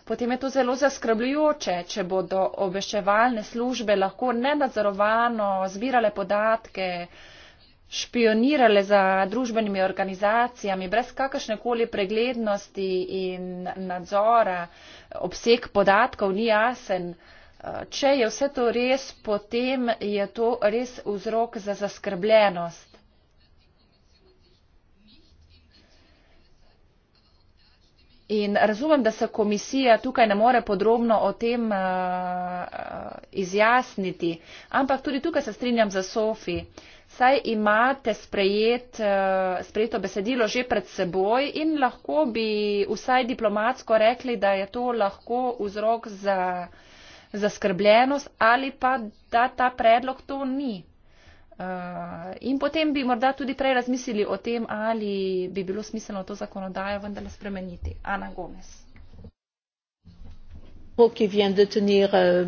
potem je to zelo zaskrbljujoče, če bodo obveščevalne službe lahko nenadzorovano zbirale podatke, špionirale za družbenimi organizacijami brez kakršnekoli preglednosti in nadzora, obseg podatkov ni jasen. Če je vse to res, potem je to res vzrok za zaskrbljenost. In razumem, da se komisija tukaj ne more podrobno o tem uh, izjasniti, ampak tudi tukaj se strinjam za Sofi. Saj imate sprejet, uh, sprejeto besedilo že pred seboj in lahko bi vsaj diplomatsko rekli, da je to lahko vzrok za zaskrbljenost ali pa da ta predlog to ni. Eh, in potem bi morda tudi prej razmislili o tem, ali bi bilo smiselno to zakonodajo vendarle spremeniti. Ana Gomez. Eh,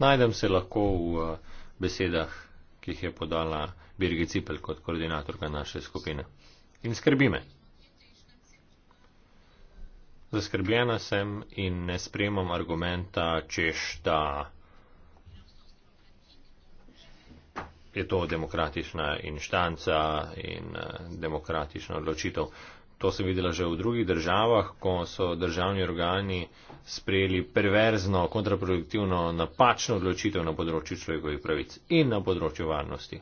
Najdem se lahko v eh, besedah, ki jih je podala Birgit Cipel kot koordinatorka naše skupine. In skrbi me. Zaskrbljena sem in ne spremam argumenta, češ da je to demokratična inštanca in eh, demokratična odločitev. To sem videla že v drugih državah, ko so državni organi sprejeli perverzno, kontraproduktivno, napačno odločitev na področju človekovih pravic in na področju varnosti.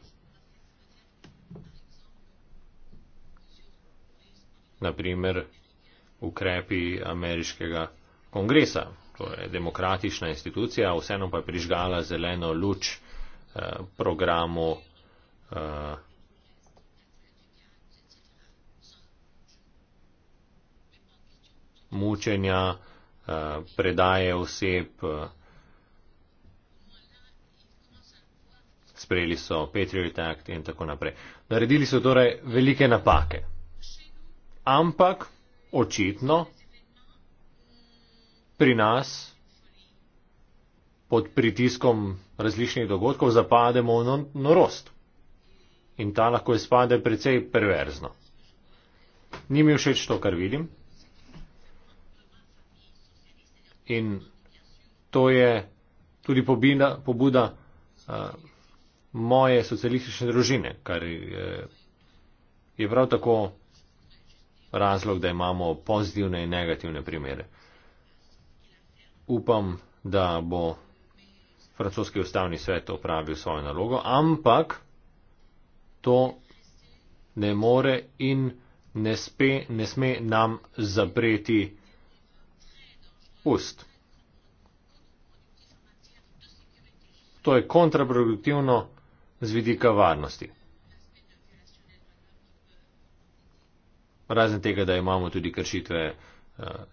Naprimer, ukrepi ameriškega kongresa, to je demokratična institucija, vseeno pa je prižgala zeleno luč programu eh, mučenja, eh, predaje oseb. Eh, sprejeli so Patriot Act in tako naprej. Naredili so torej velike napake. Ampak očitno pri nas pod pritiskom različnih dogodkov zapademo v norost. In ta lahko izpade precej perverzno. Ni mi všeč to, kar vidim. In to je tudi pobina, pobuda uh, moje socialistične družine, kar je, eh, je prav tako razlog, da imamo pozitivne in negativne primere. Upam, da bo francoski ustavni svet opravil svojo nalogo, ampak to ne more in ne, spe, ne sme nam zapreti ust. To je kontraproduktivno z vidika varnosti. Razen tega, da imamo tudi kršitve eh,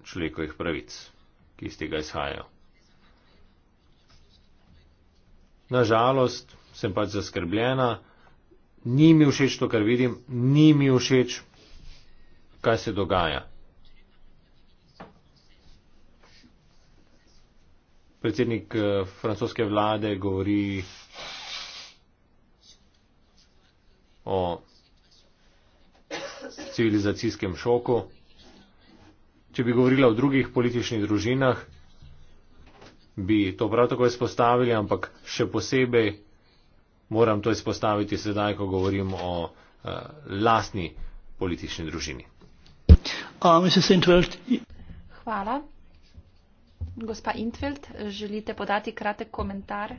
človekovih pravic, ki iz tega izhajajo. Nažalost, sem pač zaskrbljena, ni mi všeč to, kar vidim, ni mi všeč, kaj se dogaja. Predsednik eh, francoske vlade govori o civilizacijskem šoku. Če bi govorila o drugih političnih družinah, bi to prav tako izpostavili, ampak še posebej moram to izpostaviti sedaj, ko govorim o uh, lastni politični družini. Hvala. Gospa Intveld, želite podati kratek komentar?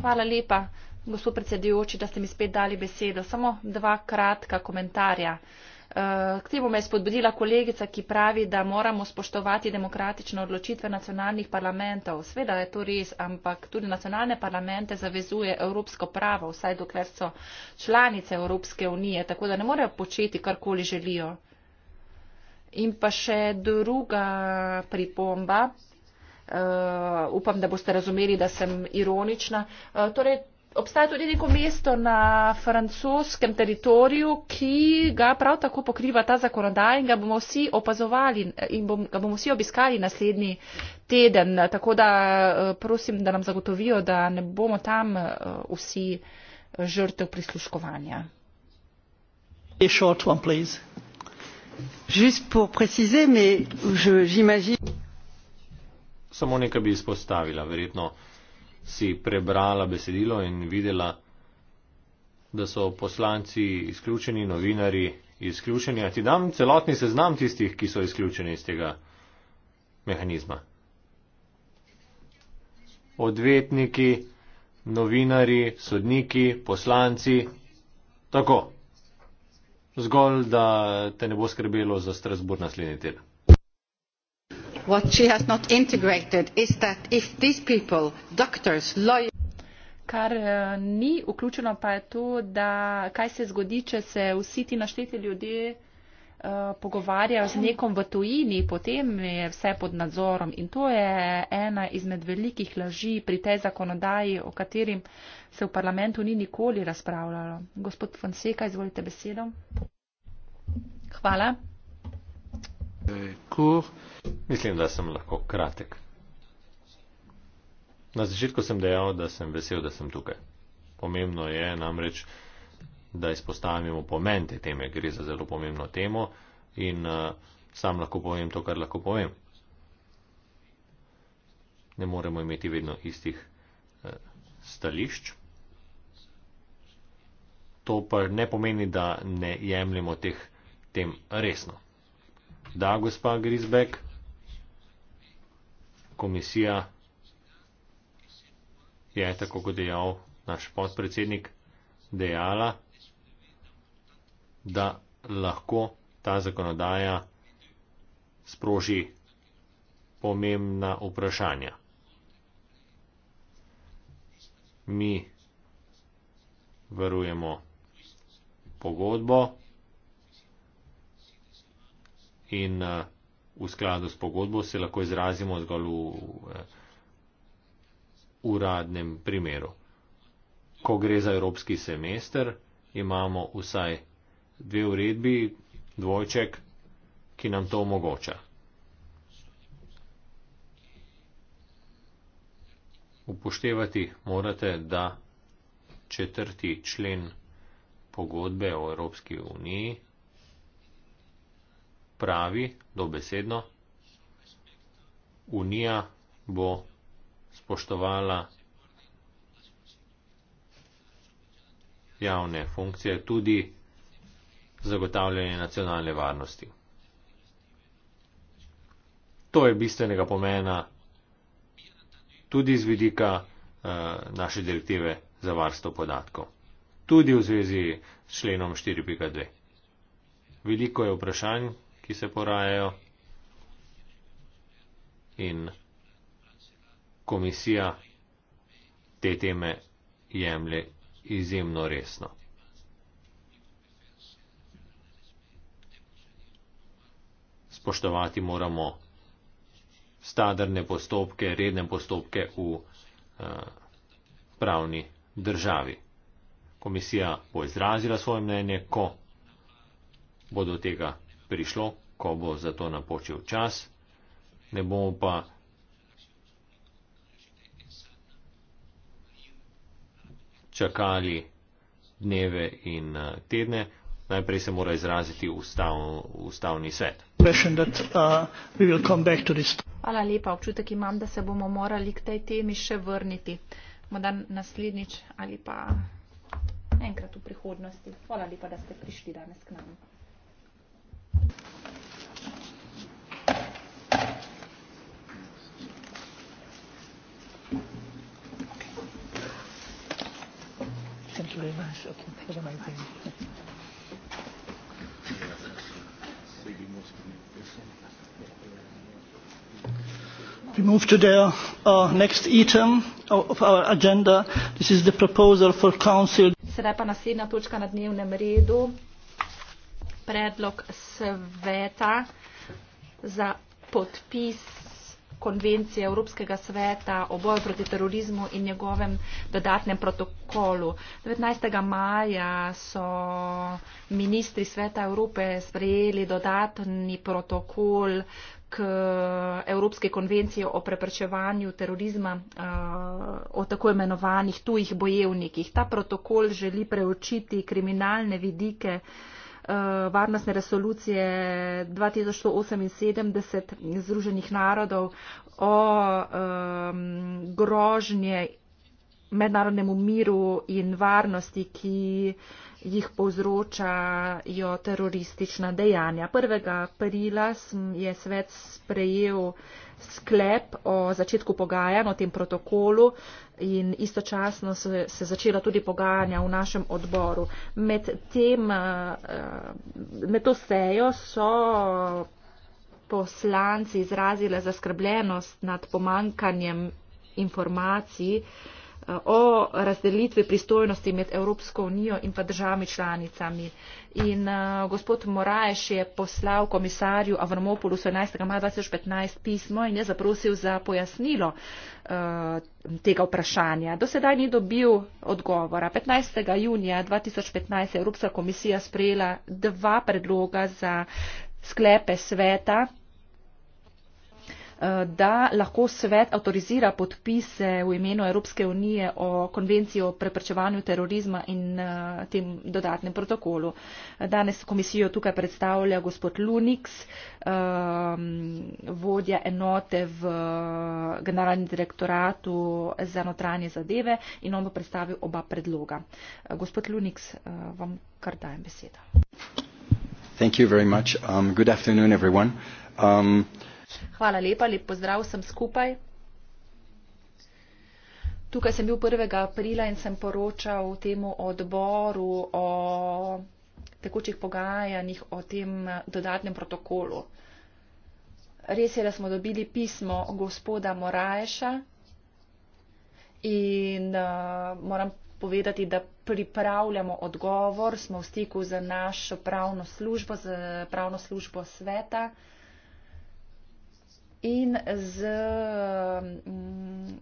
Hvala lepa, gospod predsedujoči, da ste mi spet dali besedo. Samo dva kratka komentarja. Uh, Eh, k temu me je spodbudila kolegica, ki pravi, da moramo spoštovati demokratične odločitve nacionalnih parlamentov. Sveda je to res, ampak tudi nacionalne parlamente zavezuje evropsko pravo, vsaj dokler so članice Evropske unije, tako da ne morejo početi, karkoli želijo. In pa še druga pripomba. Uh, upam, da boste razumeli, da sem ironična. Uh, torej, obstaja tudi neko mesto na francoskem teritoriju, ki ga prav tako pokriva ta zakonodaj in ga bomo vsi opazovali in bom, ga bomo vsi obiskali naslednji teden. Tako da eh, prosim, da nam zagotovijo, da ne bomo tam eh, vsi eh, žrtev prisluškovanja. Samo nekaj bi izpostavila, verjetno si prebrala besedilo in videla, da so poslanci izključeni, novinari izključeni. Ti dam celotni seznam tistih, ki so izključeni iz tega mehanizma. Odvetniki, novinari, sodniki, poslanci. Tako. Zgolj, da te ne bo skrbelo za Strasbourg naslednji teden what she has not integrated is that if these people doctors lawyers kar eh, ni vključeno pa je to da kaj se zgodi če se vsi ti našteti ljudje Uh, pogovarjajo z nekom v tujini, potem je vse pod nadzorom. In to je ena izmed velikih laži pri tej zakonodaji, o katerim se v parlamentu ni nikoli razpravljalo. Gospod Fonseka, izvolite besedo. Hvala. Mislim, da sem lahko kratek. Na začetku sem dejal, da sem vesel, da sem tukaj. Pomembno je namreč, da izpostavimo pomen te teme. Gre za zelo pomembno temo in uh, sam lahko povem to, kar lahko povem. Ne moremo imeti vedno istih uh, stališč. To pa ne pomeni, da ne jemljemo teh tem resno. Da, gospa Grisbeck. Komisija je, tako kot je dejal naš podpredsednik, dejala, da lahko ta zakonodaja sproži pomembna vprašanja. Mi verujemo pogodbo, in eh, v skladu s pogodbo se lahko izrazimo zgolj v eh, uradnem primeru. Ko gre za evropski semester, imamo vsaj dve uredbi, dvojček, ki nam to omogoča. Upoštevati morate, da četrti člen pogodbe o Evropski uniji pravi dobesedno, Unija bo spoštovala javne funkcije, tudi zagotavljanje nacionalne varnosti. To je bistvenega pomena tudi z vidika uh, naše direktive za varstvo podatkov, tudi v zvezi s členom 4.2. Veliko je vprašanj, ki se porajajo. In komisija te teme jemlje izjemno resno. Spoštovati moramo standardne postopke, redne postopke v uh, pravni državi. Komisija bo izrazila svoje mnenje, ko bo do tega prišlo prišlo, ko bo za to napočil čas, ne bomo pa čakali dneve in eh, tedne. Najprej se mora izraziti ustav, ustavni svet. Uh, Hvala lepa, občutek imam, da se bomo morali k tej temi še vrniti. Morda naslednjič ali pa enkrat v prihodnosti. Hvala lepa, da ste prišli danes k nam. Thank you very much. Okay, thank you, my friend. We move to the uh, next item of our agenda. This is the proposal for Council. Sedaj pa naslednja točka na dnevnem redu predlog sveta za podpis konvencije Evropskega sveta o boju proti terorizmu in njegovem dodatnem protokolu. 19. maja so ministri sveta Evrope sprejeli dodatni protokol k Evropske konvencije o preprečevanju terorizma eh, o tako imenovanih tujih bojevnikih. Ta protokol želi preučiti kriminalne vidike Eh, varnostne resolucije 2178 Združenih narodov o um, grožnje mednarodnemu miru in varnosti, ki jih povzročajo teroristična dejanja. 1. aprila je svet sprejel sklep o začetku pogajanj o tem protokolu, uh, in istočasno se, se začela tudi pogajanja v našem odboru. Med, tem, eh, eh, med to sejo so poslanci izrazili zaskrbljenost nad pomankanjem informacij, o razdelitvi pristojnosti med Evropsko unijo in pa državami članicami. In uh, gospod Moraes je poslal komisarju Avramopolu 17. maja 2015 pismo in je zaprosil za pojasnilo uh, tega vprašanja. Do sedaj ni dobil odgovora. 15. junija 2015 je Evropska komisija sprejela dva predloga za sklepe sveta Eh, da lahko svet avtorizira podpise v imenu Evropske unije o konvenciji o preprečevanju terorizma in eh, tem dodatnem protokolu. Danes komisijo tukaj predstavlja gospod Lunix, ehm, vodja enote v eh, generalnem direktoratu za notranje zadeve in on bo predstavil oba predloga. Gospod Lunix, vam kar dajem besedo. Thank you very much. Um, good afternoon, everyone. Um, Hvala lepa, lep pozdrav sem skupaj. Tukaj sem bil 1. aprila in sem poročal temu odboru o tekočih pogajanjih o tem eh, dodatnem protokolu. Res je, da smo dobili pismo gospoda Morajša in uh, moram povedati, da pripravljamo odgovor, smo v stiku z našo pravno službo, z pravno službo sveta. Uh, in z mm,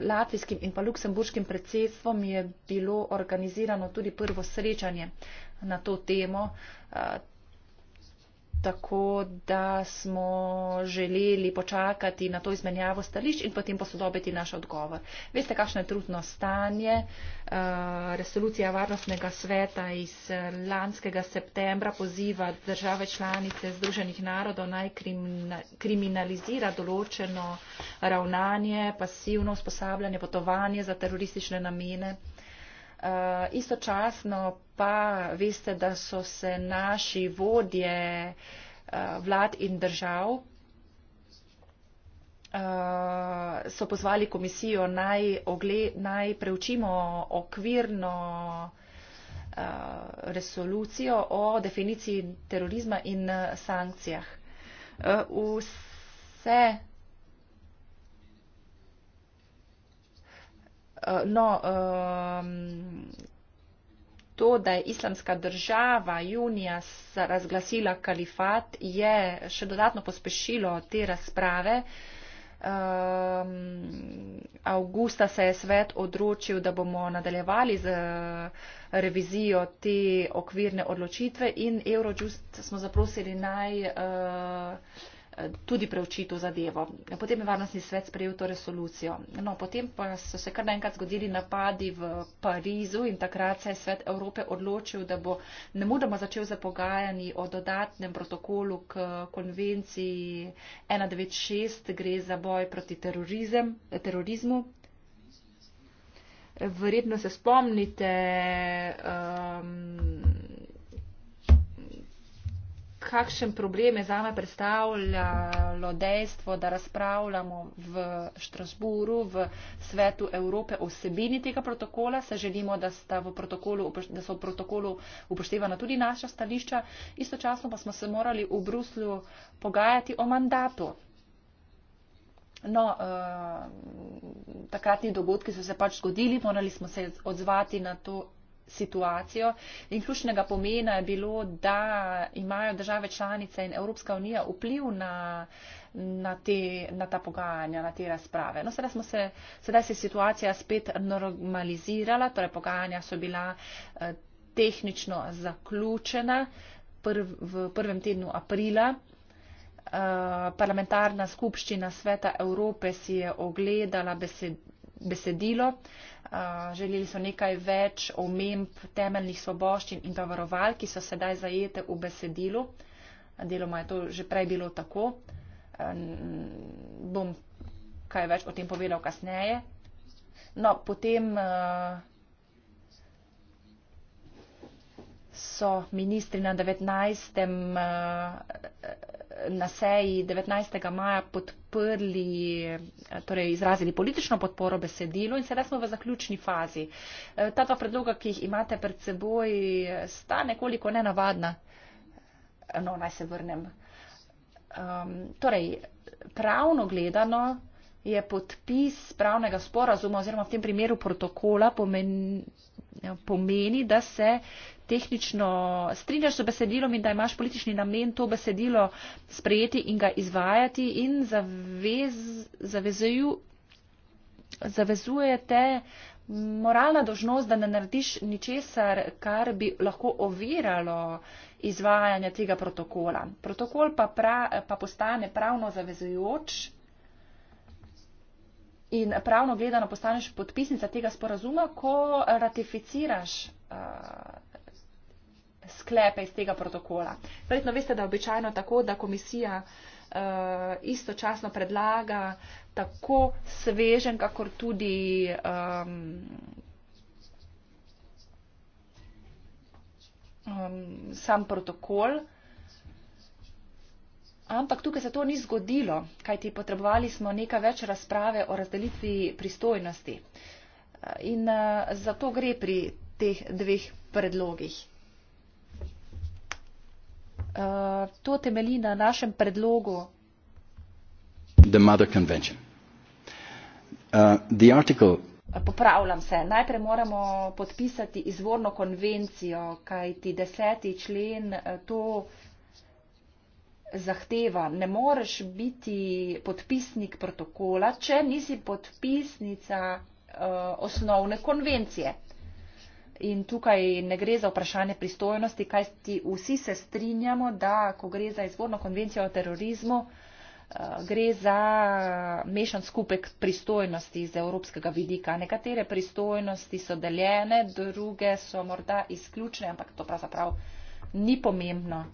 latvijskim in pa luksemburškim predsedstvom je bilo organizirano tudi prvo srečanje na to temo tako da smo želeli počakati na to izmenjavo stališč in potem posodobiti naš odgovor. Veste, kakšno je trudno stanje. Eh, resolucija Varnostnega sveta iz eh, lanskega septembra poziva države članice Združenih narodov naj kriminalizira določeno ravnanje, pasivno usposabljanje, potovanje za teroristične namene. Eh, istočasno pa veste, da so se naši vodje eh, vlad in držav eh, so pozvali komisijo naj, naj preučimo okvirno resolucijo o definiciji terorizma in sankcijah. Vse Eh, no, um, to, da je islamska država junija razglasila kalifat, je še dodatno pospešilo te razprave. Um, avgusta se je svet odročil, da bomo nadaljevali z eh, revizijo te okvirne odločitve in Eurojust smo zaprosili naj. Uh, tudi preuči to zadevo. Potem je varnostni svet sprejel to resolucijo. No, potem pa so se kar naenkrat zgodili napadi v Parizu in takrat se je svet Evrope odločil, da bo ne mudoma začel za pogajanji o dodatnem protokolu k konvenciji 196, gre za boj proti terorizem, terorizmu. Verjetno se spomnite. Um, kakšen problem je zame predstavljalo dejstvo, da razpravljamo v Štrasburu, v svetu Evrope o vsebini tega protokola. Se želimo, da, v da so v protokolu upoštevana tudi naša stališča. Istočasno pa smo se morali v Bruslju pogajati o mandatu. No, eh, takratni dogodki so se pač zgodili, morali smo se odzvati na to situacijo in ključnega pomena je bilo, da imajo države članice in Evropska unija vpliv na, na, te, na ta pogajanja, na te razprave. No, sedaj, se, sedaj se je situacija spet normalizirala, torej pogajanja so bila eh, tehnično zaključena prv, v prvem tednu aprila. Eh, parlamentarna skupščina Sveta Evrope si je ogledala besed, besedilo. Uh, želeli so nekaj več omemb temeljnih svoboščin in pa varoval, ki so sedaj zajete v besedilu. Deloma je to že prej bilo tako. Um, bom kaj več o tem povedal kasneje. No, potem uh, so ministri na 19. Uh, na seji 19. maja podprli, eh, torej izrazili politično podporo besedilu in sedaj smo v zaključni fazi. Eh, ta dva predloga, ki jih imate pred seboj, sta nekoliko nenavadna. Eh, no, naj se vrnem. Um, torej, pravno gledano je podpis pravnega sporazuma oziroma v tem primeru protokola pomeni, pomeni da se tehnično strinjaš s besedilom in da imaš politični namen to besedilo sprejeti in ga izvajati in zavez, zavezuju, zavezuje te moralna dožnost, da ne narediš ničesar, kar bi lahko oviralo izvajanje tega protokola. Protokol pa, pra, pa postane pravno zavezujoč. In pravno gledano postaneš podpisnica tega sporazuma, ko ratificiraš eh, sklepe iz tega protokola. Verjetno veste, da je običajno tako, da komisija uh, istočasno predlaga tako svežen, kakor tudi um, um, sam protokol. Ampak tukaj se to ni zgodilo, kajti potrebovali smo nekaj več razprave o razdelitvi pristojnosti. In uh, zato gre pri teh dveh predlogih. Eh, to temelji na našem predlogu. The mother convention. Uh, the article... Popravljam se. Najprej moramo podpisati izvorno konvencijo, kajti deseti člen eh, to zahteva. Ne moreš biti podpisnik protokola, če nisi podpisnica uh, osnovne konvencije in tukaj ne gre za vprašanje pristojnosti, kajti vsi se strinjamo, da ko gre za izvorno konvencijo o terorizmu, eh, gre za mešan skupek pristojnosti iz evropskega vidika. Nekatere pristojnosti so deljene, druge so morda izključne, ampak to pravzaprav ni pomembno.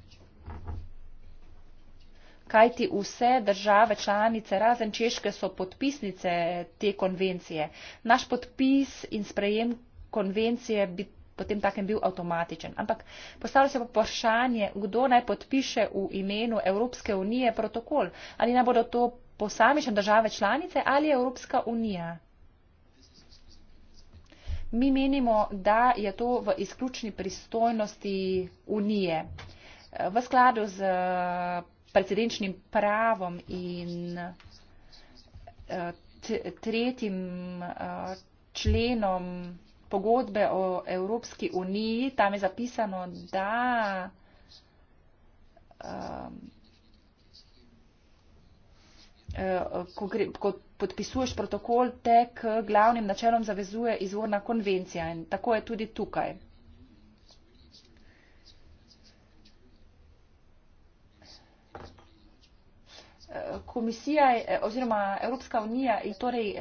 Kajti vse države članice, razen Češke, so podpisnice te konvencije. Naš podpis in sprejem konvencije bi potem takem bil avtomatičen. Ampak postavlja se pa vprašanje, kdo naj podpiše v imenu Evropske unije protokol. Ali naj bodo to posamične države članice ali Evropska unija. Mi menimo, da je to v izključni pristojnosti unije. V skladu z eh, predsedenčnim pravom in eh, tretjim eh, členom pogodbe o Evropski uniji, tam je zapisano, da um, eh, ko, gre, ko podpisuješ protokol, te k glavnim načelom zavezuje izvorna konvencija in tako je tudi tukaj. komisija eh, oziroma Evropska unija in torej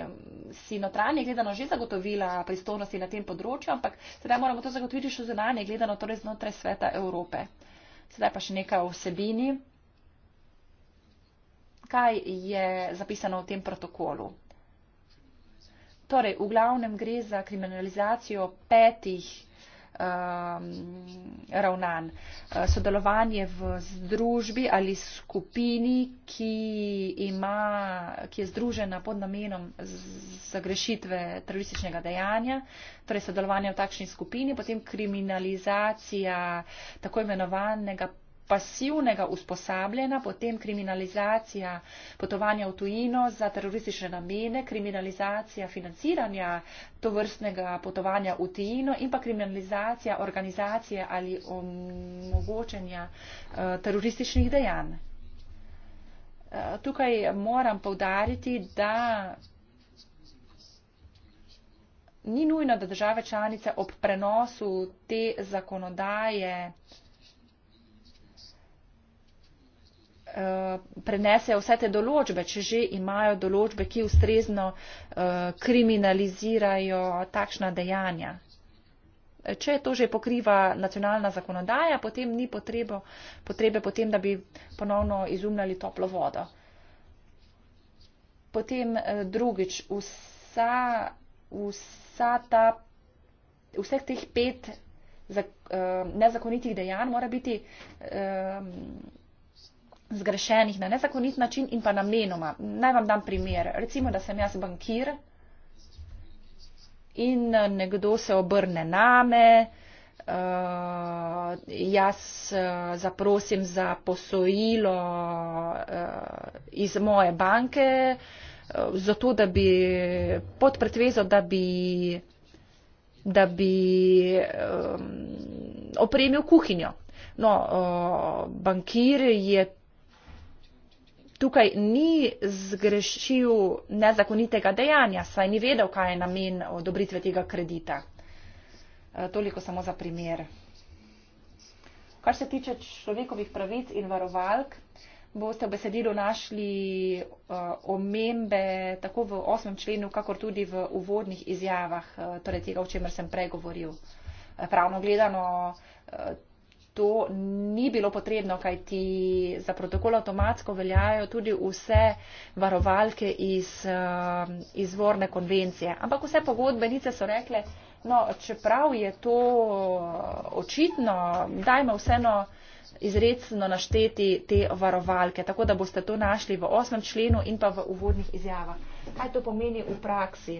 si notranje gledano že zagotovila pristojnosti na tem področju, ampak sedaj moramo to zagotoviti še zunanje gledano, torej znotraj sveta Evrope. Sedaj pa še nekaj o vsebini. Kaj je zapisano v tem protokolu? Torej, v glavnem gre za kriminalizacijo petih Um, ravnanj. Uh, sodelovanje v združbi ali skupini, ki, ima, ki je združena pod namenom zagrešitve terorističnega dejanja, torej sodelovanje v takšni skupini, potem kriminalizacija tako imenovanega pasivnega usposabljanja, potem kriminalizacija potovanja v tujino za teroristične namene, kriminalizacija financiranja to vrstnega potovanja v tujino in pa kriminalizacija organizacije ali omogočanja eh, terorističnih dejanj. Eh, tukaj moram povdariti, da ni nujno, da države članice ob prenosu te zakonodaje Eh, prenesejo vse te določbe, če že imajo določbe, ki ustrezno eh, kriminalizirajo takšna dejanja. Če to že pokriva nacionalna zakonodaja, potem ni potrebo, potrebe potem, da bi ponovno izumljali toplo vodo. Potem eh, drugič, vsa, vsa ta, vseh teh pet nezakonitih dejanj mora biti zgrešenih na nezakonit način in pa namenoma. Naj vam dam primer. Recimo, da sem jaz bankir in eh, nekdo se obrne name, eh, jaz eh, zaprosim za posojilo iz moje banke, zato da bi pod pretvezo, da bi da bi um, opremil kuhinjo. No, uh, bankir je tukaj ni zgrešil nezakonitega dejanja, saj ni vedel, kaj je namen odobritve tega kredita. Eh, toliko samo za primer. Kar se tiče človekovih pravic in varovalk, boste v besedilu našli eh, omembe tako v osmem členu, kakor tudi v uvodnih izjavah, eh, torej tega, o čemer sem pregovoril. Pravno gledano, to ni bilo potrebno, kaj ti za protokol avtomatsko veljajo tudi vse varovalke iz uh, izvorne konvencije. Ampak vse pogodbenice so rekle, no, čeprav je to očitno, dajme vseeno izredno našteti te varovalke, tako da boste to našli v osmem členu in pa v uvodnih izjavah. Kaj to pomeni v praksi?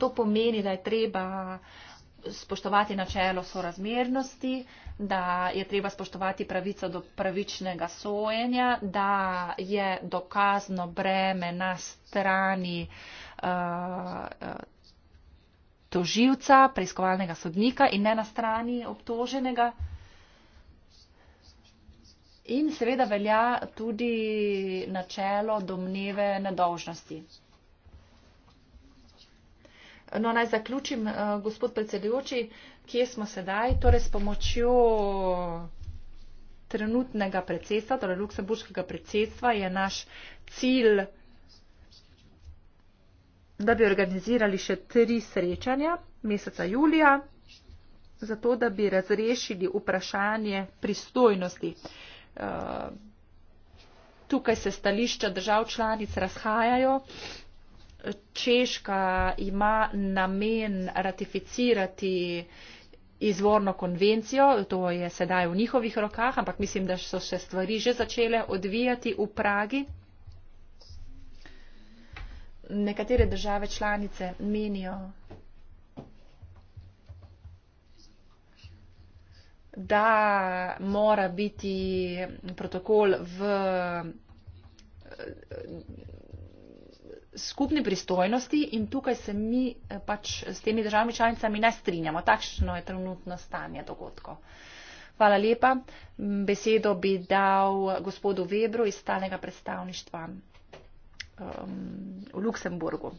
To pomeni, da je treba uh, spoštovati načelo sorazmernosti, da je treba spoštovati pravico do pravičnega sojenja, da je dokazno breme na strani uh, eh, eh, toživca, preiskovalnega sodnika in ne na strani obtoženega. In seveda velja tudi načelo domneve nedolžnosti. No, naj zaključim, eh, gospod predsedujoči, kje smo sedaj? Torej, s pomočjo trenutnega predsedstva, torej luksemburškega predsedstva, je naš cilj, da bi organizirali še tri srečanja meseca julija, zato da bi razrešili vprašanje pristojnosti. Eh, tukaj se stališča držav članic razhajajo. Češka ima namen ratificirati izvorno konvencijo, to je sedaj v njihovih rokah, ampak mislim, da so se stvari že začele odvijati v Pragi. Nekatere države članice menijo, da mora biti protokol v skupni pristojnosti in tukaj se mi eh, pač s temi državami članicami ne strinjamo. Takšno je trenutno stanje dogodkov. Hvala lepa. Besedo bi dal gospodu Webru iz stalnega predstavništva um, v Luksemburgu.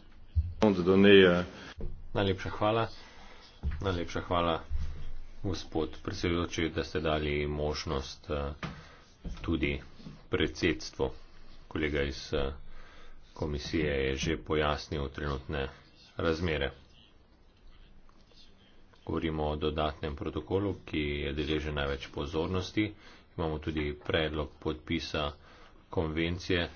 Najlepša hvala. Najlepša hvala, gospod predsedujoči, da ste dali možnost eh, tudi predsedstvu kolega iz eh, komisije je že pojasnil trenutne razmere. Govorimo o dodatnem protokolu, ki je deležen največ pozornosti. Imamo tudi predlog podpisa konvencije.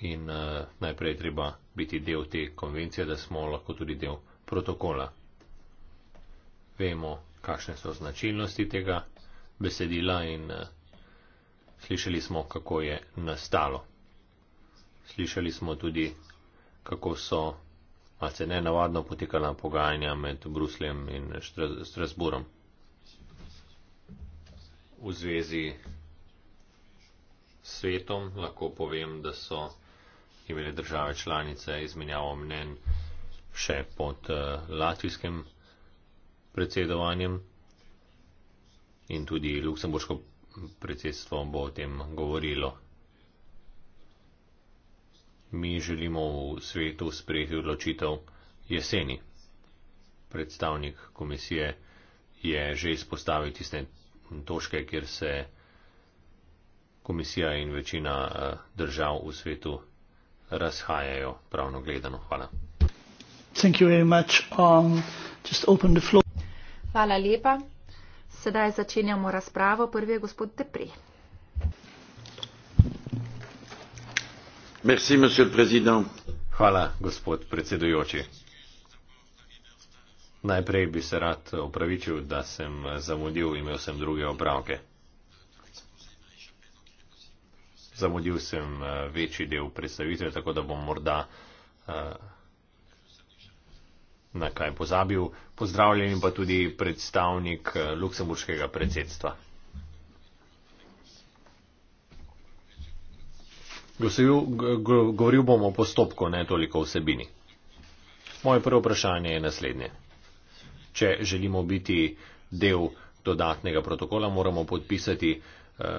In uh, najprej treba biti del te konvencije, da smo lahko tudi del protokola. Vemo, kakšne so značilnosti tega besedila in uh, Slišali smo, kako je nastalo. Slišali smo tudi, kako so, malce ne navadno, potekala pogajanja med Brusljem in Strasburom v zvezi s svetom. Lahko povem, da so imeli države članice izmenjavo mnen še pod eh, latvijskim predsedovanjem in tudi luksemburško predsedstvo bo o tem govorilo. Mi želimo v svetu sprejeti odločitev jeseni. Predstavnik komisije je že izpostavil tiste točke, kjer se komisija in večina eh, držav v svetu razhajajo, pravno gledano. Hvala. Um, Hvala lepa. Sedaj začenjamo razpravo. Prvi je gospod Depri. Merci, monsieur president. Hvala, gospod predsedujoči. Najprej bi se rad opravičil, da sem zamudil, imel sem druge opravke. Zamudil sem eh, večji del predstavitve, tako da bom morda uh, na kaj pozabil pozdravljeni pa tudi predstavnik eh, luksemburškega predsedstva. Govoril, govoril bom o postopku, ne toliko o vsebini. Moje prvo vprašanje je naslednje. Če želimo biti del dodatnega protokola, moramo podpisati eh,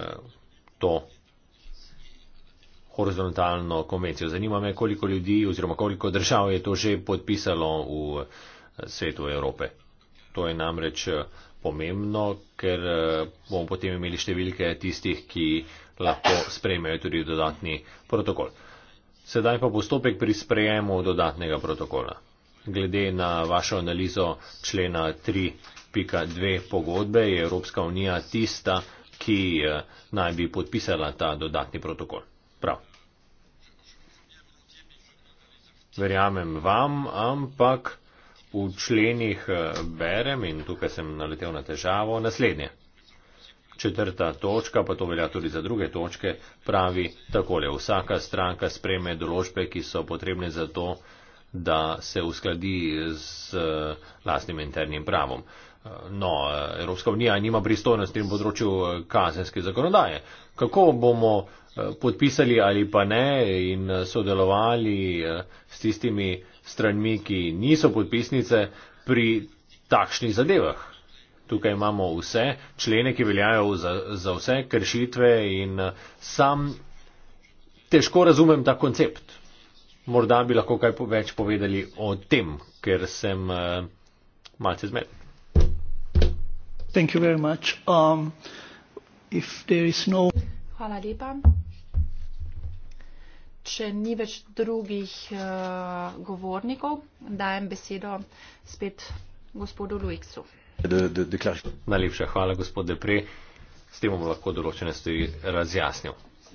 to horizontalno konvencijo. Zanima me, koliko ljudi oziroma koliko držav je to že podpisalo v. Eh, svetu Evrope. To je namreč eh, pomembno, ker eh, bomo potem imeli številke tistih, ki lahko sprejmejo tudi dodatni protokol. Sedaj pa postopek pri sprejemu dodatnega protokola. Glede na vašo analizo člena 3.2 pogodbe je Evropska unija tista, ki eh, naj bi podpisala ta dodatni protokol. Prav. Verjamem vam, ampak v členih eh, berem in tukaj sem naletel na težavo. Naslednje. Četrta točka, pa to velja tudi za druge točke, pravi takole. Vsaka stranka spreme določbe, ki so potrebne za to, da se uskladi z eh, lastnim internim pravom. Eh, no, Evropska unija nima pristojnosti na področju kazenske zakonodaje. Kako bomo podpisali ali pa ne in sodelovali s tistimi stranmi, ki niso podpisnice pri takšnih zadevah. Tukaj imamo vse člene, ki veljajo za, za vse kršitve in eh, sam težko razumem ta koncept. Morda bi lahko kaj več povedali o tem, ker sem uh, malce zmeden. Um, no... Hvala lepa če ni več drugih uh, govornikov, dajem besedo spet gospodu Luiksu. Najlepša hvala, gospod Depre. S tem bom lahko določene stvari razjasnil.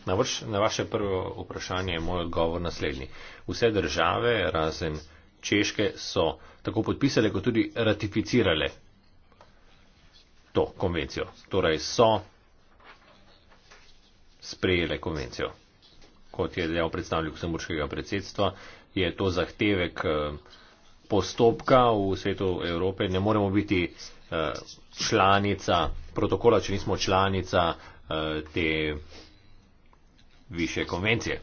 Na, vrš, na vaše prvo vprašanje je moj odgovor naslednji. Vse države, razen Češke, so tako podpisale, kot tudi ratificirale to konvencijo. Torej so sprejele konvencijo kot je dejal predstavnik luksemburškega predsedstva, je to zahtevek eh, postopka v svetu Evrope. Ne moremo biti eh, članica protokola, če nismo članica eh, te više konvencije.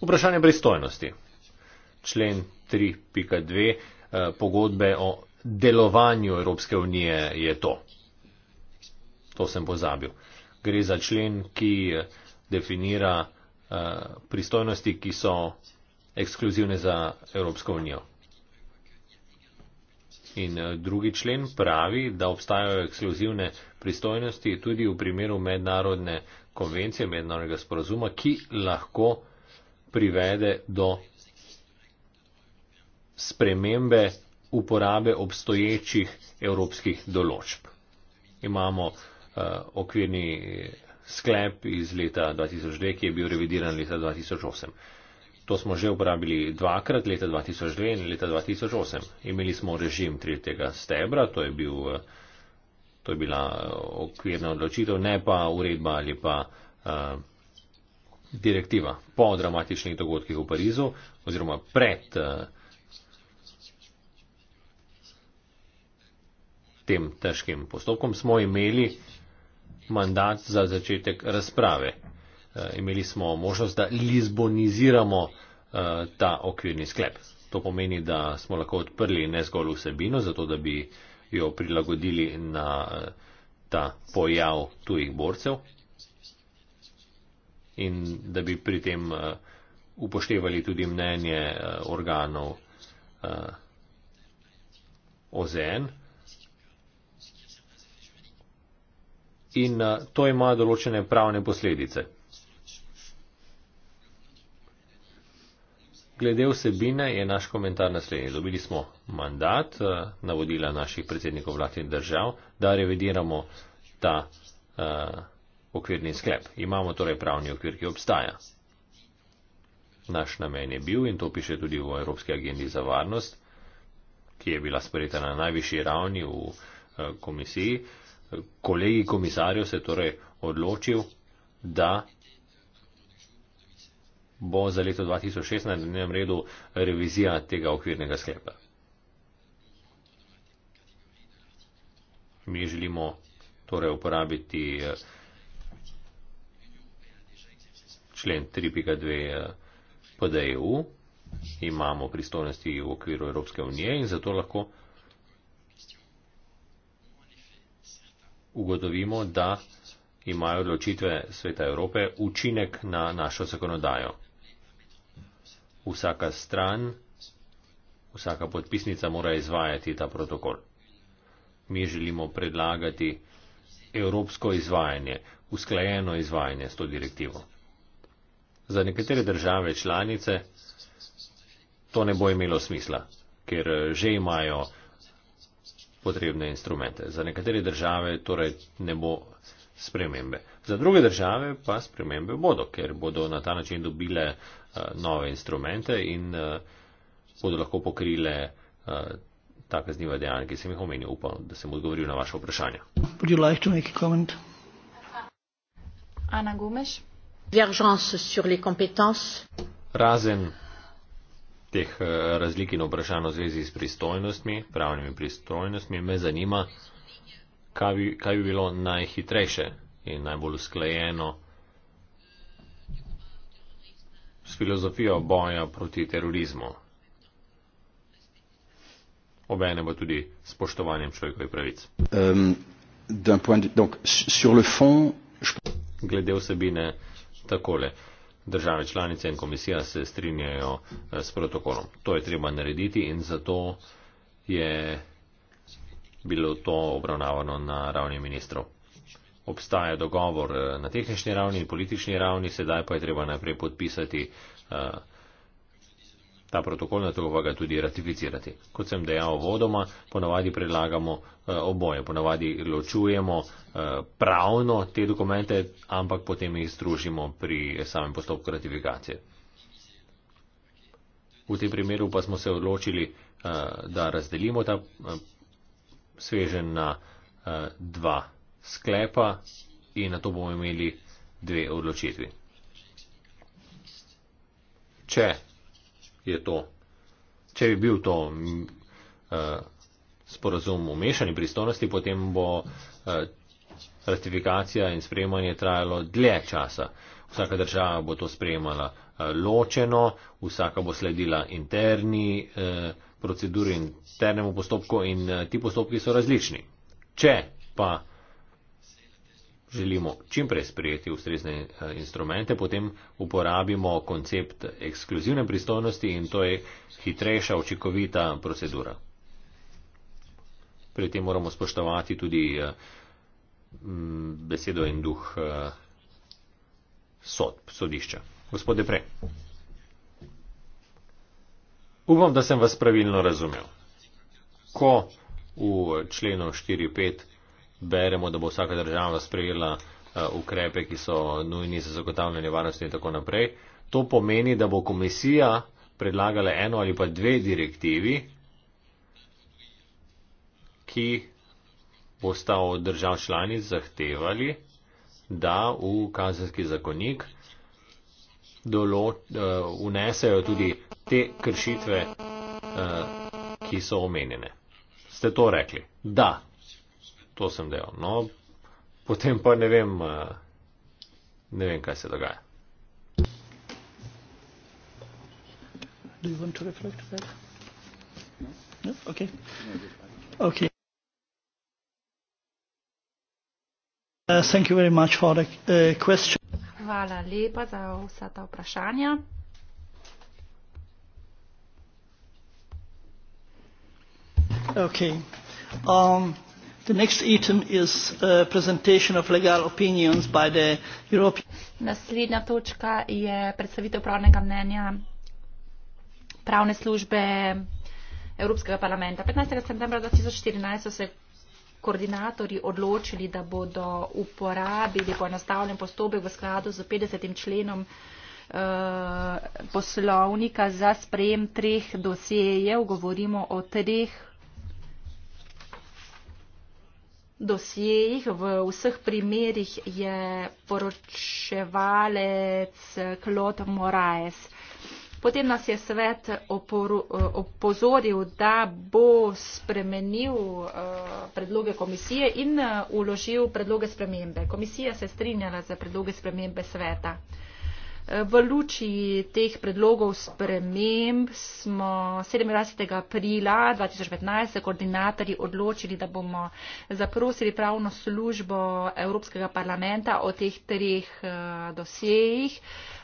Vprašanje pristojnosti. Člen 3.2 pogodbe o delovanju Evropske unije je to. To sem pozabil. Gre za člen, ki definira eh, pristojnosti, ki so ekskluzivne za Evropsko unijo. In eh, drugi člen pravi, da obstajajo ekskluzivne pristojnosti tudi v primeru mednarodne konvencije, mednarodnega sporazuma, ki lahko privede do spremembe uporabe obstoječih evropskih določb. Imamo uh, okvirni sklep iz leta 2002, ki je bil revidiran leta 2008. To smo že uporabili dvakrat, leta 2002 in leta 2008. Imeli smo režim tretjega stebra, to je, bil, to je bila eh, okvirna odločitev, ne pa uredba ali pa uh, direktiva. Po dramatičnih dogodkih v Parizu oziroma pred uh, tem težkim postopkom smo imeli uh, mandat za začetek razprave. Eh, imeli smo možnost, da lizboniziramo eh, ta okvirni sklep. To pomeni, da smo lahko odprli ne zgolj vsebino, zato da bi jo prilagodili na eh, ta pojav tujih borcev in da bi pri tem upoštevali tudi mnenje organov OZN, in eh, to ima določene pravne posledice. Glede vsebine je naš komentar naslednji. Dobili smo mandat eh, na vodila naših predsednikov vlad in držav, da revidiramo ta uh, okvirni sklep. Imamo torej pravni okvir, ki obstaja. Naš namen je bil, in to piše tudi v Evropski agendi za varnost, ki je bila sprejeta na najvišji ravni v uh, komisiji, uh, kolegi komisarju se je torej odločil, da bo za leto 2016 na dnevnem redu revizija tega okvirnega sklepa. Mi želimo torej uporabiti eh, člen 3.2 PDEU, eh, e imamo pristojnosti v okviru Evropske unije in zato lahko ugotovimo, da imajo odločitve Sveta Evrope učinek na našo zakonodajo. Vsaka stran, vsaka podpisnica mora izvajati ta protokol. Mi želimo predlagati evropsko izvajanje, usklajeno izvajanje s to direktivo. Za nekatere države članice to ne bo imelo smisla, ker že imajo potrebne instrumente. Za nekatere države torej ne bo spremembe. Za druge države pa spremembe bodo, ker bodo na ta način dobile uh, nove instrumente in uh, bodo lahko pokrile uh, ta kazniva dejanja, ki sem jih omenil. Upam, da sem odgovoril na vaše vprašanje. Ana Gomes. Razen teh eh, razlik in vprašanj v zvezi s pristojnostmi, pravnimi pristojnostmi, me zanima, kaj bi, kaj bi bilo najhitrejše in najbolj usklajeno s filozofijo boja proti terorizmu. Obene bo tudi spoštovanjem človekovih pravic. Um, point, donc, fond, je... Glede vsebine takole države članice in komisija se strinjajo eh, s protokolom. To je treba narediti in zato je bilo to obravnavano na ravni ministrov. Obstaja dogovor eh, na tehnični ravni in politični ravni, sedaj pa je treba najprej podpisati uh, ta protokol, na to pa ga tudi ratificirati. Kot sem dejal vodoma, ponavadi predlagamo eh, oboje, ponavadi ločujemo eh, pravno te dokumente, ampak potem jih združimo pri samem postopku ratifikacije. V tem primeru pa smo se odločili, eh, da razdelimo ta svežen na dva sklepa in na to bomo imeli dve odločitvi. Če je to. Če bi bil to mm, eh, sporazum o mešani pristojnosti, potem bo eh, ratifikacija in sprejemanje trajalo dlje časa. Vsaka država bo to sprejemala eh, ločeno, vsaka bo sledila interni eh, proceduri in internemu postopku in eh, ti postopki so različni. Če pa želimo čim prej sprejeti ustrezne eh, instrumente, potem uporabimo koncept ekskluzivne pristojnosti in to je hitrejša, očekovita procedura. Pri tem moramo spoštovati tudi eh, besedo in duh eh, sod, sodišča. Gospode Pre, upam, da sem vas pravilno razumel. Ko v členu 4.5 beremo, da bo vsaka država sprejela eh, ukrepe, ki so nujni za zagotavljanje varnosti in tako naprej. To pomeni, da bo komisija predlagala eno ali pa dve direktivi, ki bosta od držav članic zahtevali, da v kazenski zakonik dolo, uh, eh, unesejo tudi te kršitve, uh, ki so omenjene. Ste to rekli? Da to sem delal. No, potem pa ne vem, eh, ne vem, kaj se dogaja. Do you want to reflect on that? No. No? Okay. Okay. Uh, thank you very much for the uh, question. Hvala lepa za vsa ta vprašanja. Okay. Um, Uh, Naslednja točka je predstavitev pravnega mnenja pravne službe Evropskega parlamenta. 15. septembra 2014 so se koordinatorji odločili, da bodo uporabili poenostavljen postopek v skladu z 50. členom uh, poslovnika za sprejem treh dosejev, govorimo o treh dosjejih, v vseh primerjih je poročevalec Klot Moraes. Potem nas je svet opozoril, da bo spremenil eh, predloge komisije in uložil eh, predloge spremembe. Komisija se strinjala za predloge spremembe sveta. V luči teh predlogov sprememb smo 27. aprila 2015 koordinatorji odločili, da bomo zaprosili pravno službo Evropskega parlamenta o teh treh eh, dosejih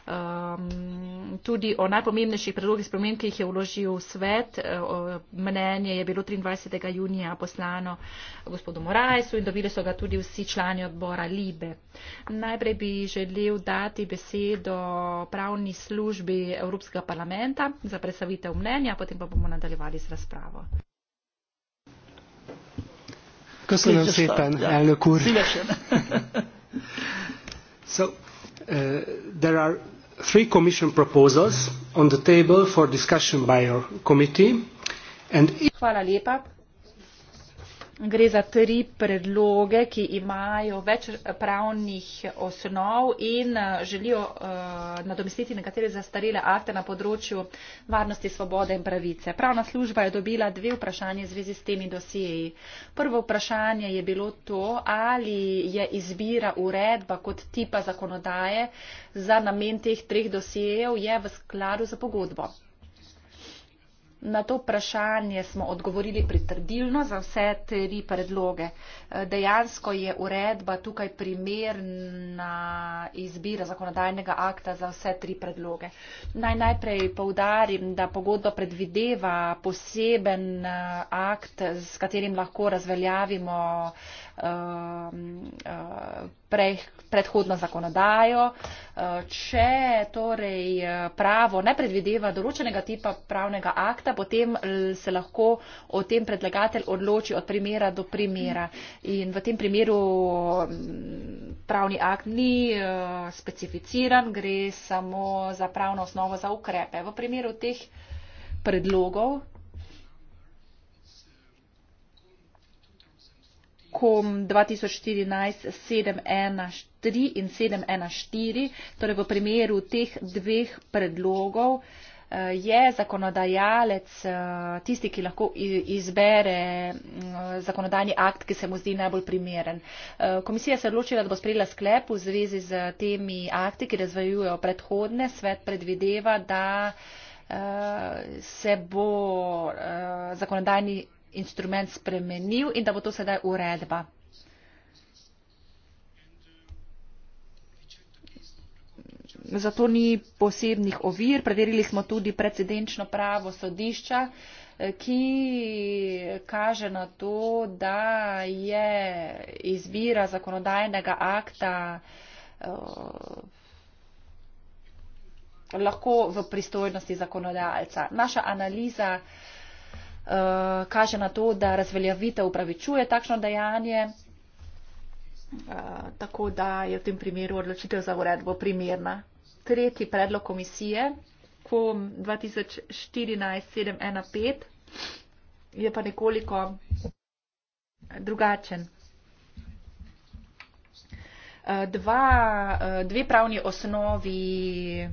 um, tudi o najpomembnejših predlogih spremen, ki jih je vložil svet. Eh, mnenje je bilo 23. junija poslano gospodu Morajsu in dobili so ga tudi vsi člani odbora Libe. Najprej bi želel dati besedo pravni službi Evropskega parlamenta za predstavitev mnenja, potem pa bomo nadaljevali z razpravo. Kusunam sveten, ja. Elnök úr. Szívesen. so, Uh, there are three commission proposals on the table for discussion by your committee and gre za tri predloge, ki imajo več pravnih osnov in eh, želijo eh, nadomestiti nekatere zastarele akte na področju varnosti, svobode in pravice. Pravna služba je dobila dve vprašanje zvezi s temi dosijeji. Prvo vprašanje je bilo to, ali je izbira uredba kot tipa zakonodaje za namen teh treh dosijejev je v skladu z pogodbo na to vprašanje smo odgovorili pritrdilno za vse tri predloge dejansko je uredba tukaj primerna izbira zakonodajnega akta za vse tri predloge. Naj najprej povdarim, da pogodba predvideva poseben eh, akt, s katerim lahko razveljavimo ehm, eh, Pre, predhodno zakonodajo. Eh, če torej pravo ne predvideva določenega tipa pravnega akta, potem se lahko o tem predlagatelj odloči od primera do primera. In v tem primeru mm, pravni akt ni eh, specificiran, gre samo za pravno osnovo za ukrepe. V primeru teh predlogov, kom 2014 7.1.3 in 7.1.4, torej v primeru teh dveh predlogov, Eh, je zakonodajalec eh, tisti, ki lahko izbere mm, zakonodajni akt, ki se mu zdi najbolj primeren. Eh, komisija se je odločila, da bo sprejela sklep v zvezi z temi akti, ki razvajujejo predhodne. Svet predvideva, da se bo zakonodajni instrument spremenil in da bo to sedaj uredba. zato ni posebnih ovir. Preverili smo tudi precedenčno pravo sodišča, eh, ki kaže na to, da je izbira zakonodajnega akta eh, lahko v pristojnosti zakonodajalca. Naša analiza eh, kaže na to, da razveljavitev upravičuje takšno dejanje. Uh, tako da je v tem primeru odločitev za uredbo primerna tretji predlog komisije, kom 2014-715, je pa nekoliko drugačen. Eh, dva, eh, dve pravni osnovi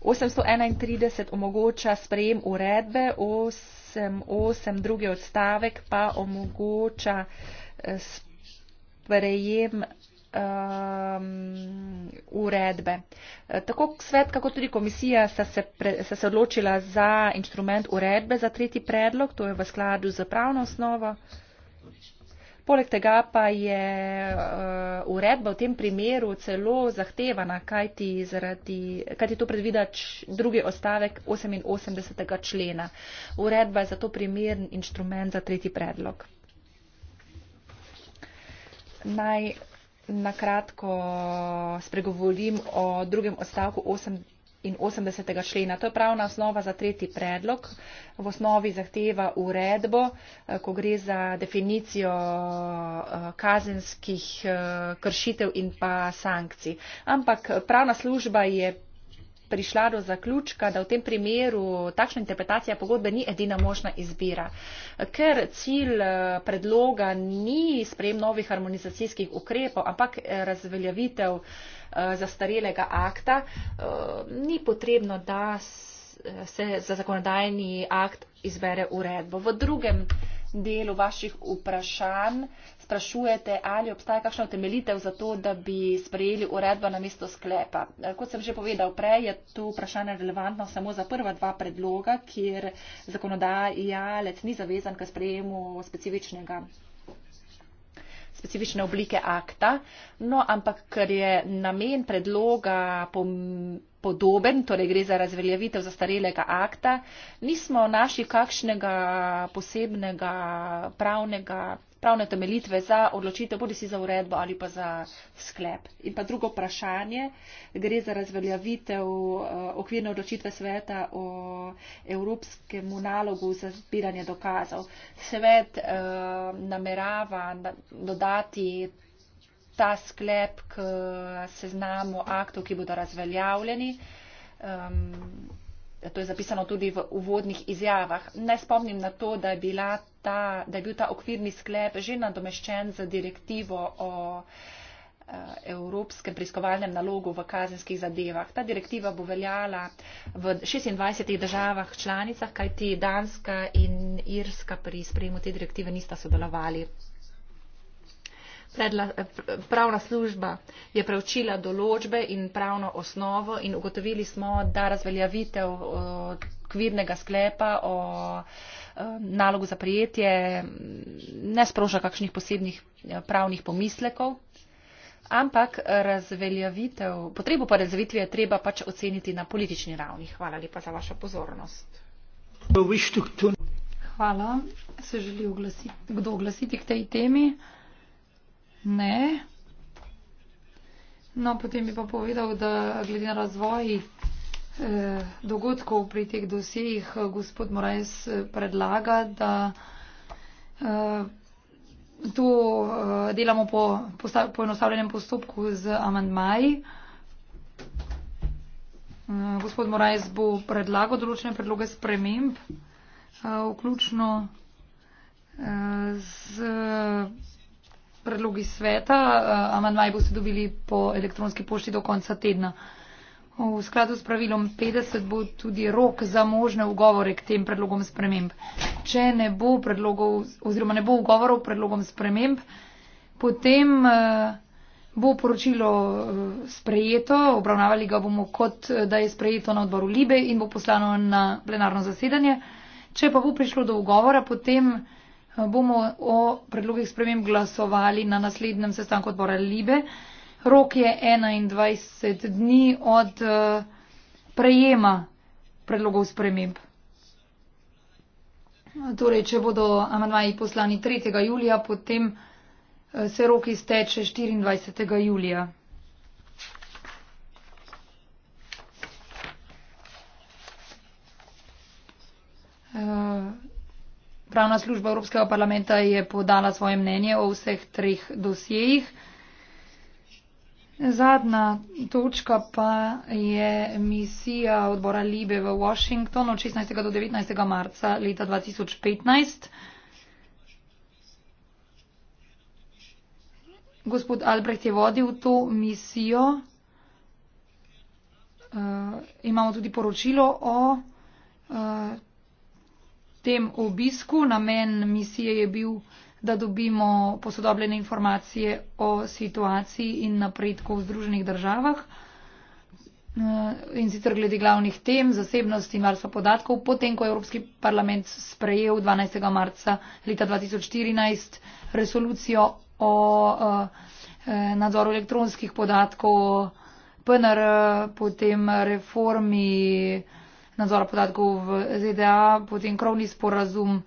831 omogoča sprejem uredbe, 88 drugi odstavek pa omogoča eh, sprejem um, uredbe. E, tako svet, kako tudi komisija sta se, pre, sta se odločila za instrument uredbe za tretji predlog, to je v skladu z pravno osnovo. Poleg tega pa je uh, uredba v tem primeru celo zahtevana, kajti, zaradi, kajti to predvida č, drugi ostavek 88. člena. Uredba je zato primern inštrument za tretji predlog. Naj na kratko spregovorim o drugem odstavku 88. člena. To je pravna osnova za tretji predlog. V osnovi zahteva uredbo, eh, ko gre za definicijo eh, kazenskih eh, kršitev in pa sankcij. Ampak pravna služba je prišla do zaključka, da v tem primeru takšna interpretacija pogodbe ni edina možna izbira, ker cilj eh, predloga ni sprejem novih harmonizacijskih ukrepov, ampak eh, razveljavitev eh, zastarelega akta. Ni potrebno, da se za zakonodajni akt izbere uredbo. V drugem delu vaših vprašanj sprašujete, ali obstaja kakšna utemelitev za to, da bi sprejeli uredba na mesto sklepa. Eh, kot sem že povedal prej, je to vprašanje relevantno samo za prva dva predloga, kjer zakonodajalec ni zavezan k sprejemu specifičnega specifične oblike akta, no ampak ker je namen predloga pomemben, podoben, torej gre za razveljavitev zastarelega akta. Nismo našli kakšnega posebnega pravnega, pravne temeljitve za odločitev, bodi si za uredbo ali pa za sklep. In pa drugo vprašanje, gre za razveljavitev eh, okvirne odločitve sveta o evropskem nalogu za zbiranje dokazov. Svet eh, namerava dodati ta sklep k seznamu aktov, ki bodo razveljavljeni. Um, to je zapisano tudi v uvodnih izjavah. Naj spomnim na to, da je, ta, da je bil ta okvirni sklep že nadomeščen z direktivo o eh, evropskem preiskovalnem nalogu v kazenskih zadevah. Ta direktiva bo veljala v 26 državah članicah, kajti Danska in Irska pri sprejemu te direktive nista sodelovali predla, pravna služba je preučila določbe in pravno osnovo in ugotovili smo, da razveljavitev kvirnega sklepa o e, nalogu za prijetje ne sproža kakšnih posebnih e, pravnih pomislekov, ampak potrebo po razveljavitvi je treba pač oceniti na politični ravni. Hvala lepa za vašo pozornost. Hvala. Se želi oglasiti, kdo oglasiti k tej temi? Ne. No, potem bi pa povedal, da glede na razvoj eh, dogodkov pri teh dosejih, eh, gospod Morajs eh, predlaga, da eh, to eh, delamo po poenostavljenem postopku z amandmaji. Eh, gospod Morajs bo predlagal določene predloge sprememb, vključno z predlogi sveta, uh, amandmaji boste dobili po elektronski pošti do konca tedna. V skladu s pravilom 50 bo tudi rok za možne ugovore k tem predlogom sprememb. Če ne bo predlogov oziroma ne bo ugovorov predlogom sprememb, potem uh, bo poročilo uh, sprejeto, obravnavali ga bomo kot da je sprejeto na odboru Libe in bo poslano na plenarno zasedanje. Če pa bo prišlo do ugovora, potem bomo o predlogih sprememb glasovali na naslednjem sestanku odbora Libe. Rok je 21 dni od eh, prejema predlogov sprememb. Torej, če bodo amandmaji poslani 3. julija, potem eh, se rok izteče 24. julija. Uh, Pravna služba Evropskega parlamenta je podala svoje mnenje o vseh treh dosjejih. Zadnja točka pa je misija odbora Libe v Washingtonu od 16. do 19. marca leta 2015. Gospod Albrecht je vodil to misijo. Uh, imamo tudi poročilo o. Uh, tem obisku. Namen misije je bil, da dobimo posodobljene informacije o situaciji in napredku v Združenih državah eh, in sicer glede glavnih tem, zasebnosti in varstva podatkov, potem ko je Evropski parlament sprejel 12. marca leta 2014 resolucijo o eh, eh, nadzoru elektronskih podatkov, PNR, potem reformi nadzora podatkov v ZDA, potem krovni sporazum.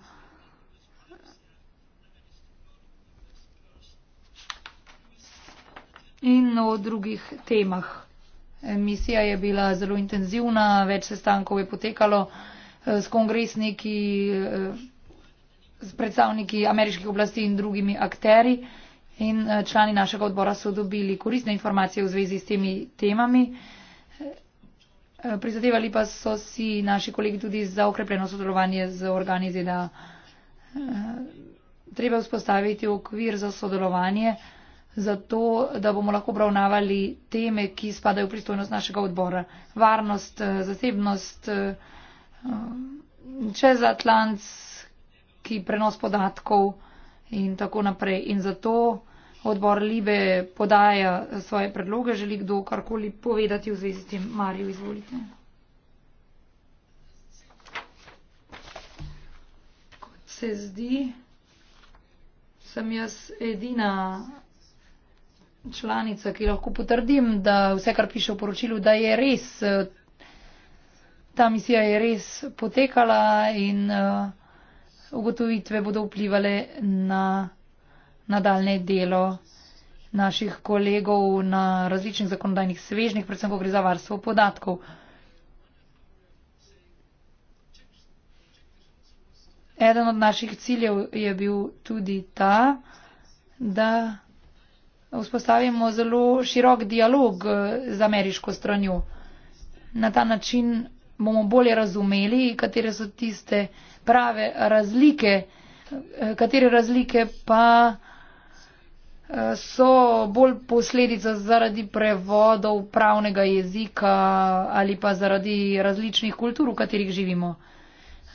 In o drugih temah. Misija je bila zelo intenzivna, več sestankov je potekalo eh, s kongresniki, eh, s predstavniki ameriških oblasti in drugimi akteri. In eh, člani našega odbora so dobili koristne informacije v zvezi s temi temami. Eh, prizadevali pa so si naši kolegi tudi za okrepljeno sodelovanje z organi ZDA. Eh, treba vzpostaviti okvir za sodelovanje, zato da bomo lahko obravnavali teme, ki spadajo v pristojnost našega odbora. Varnost, eh, zasebnost, čezatlantski prenos podatkov in tako naprej. In zato, odbor Libe podaja svoje predloge. Želi kdo karkoli povedati v zvezi s tem? Marijo, izvolite. Kot se zdi, sem jaz edina članica, ki lahko potrdim, da vse, kar piše v poročilu, da je res, ta misija je res potekala in eh, ugotovitve bodo vplivali na nadaljne delo naših kolegov na različnih zakonodajnih svežnih, predvsem ko gre za varstvo podatkov. Eden od naših ciljev je bil tudi ta, da vzpostavimo zelo širok dialog z ameriško stranjo. Na ta način bomo bolje razumeli, katere so tiste prave razlike, katere razlike pa so bolj posledica zaradi prevodov pravnega jezika ali pa zaradi različnih kultur, v katerih živimo.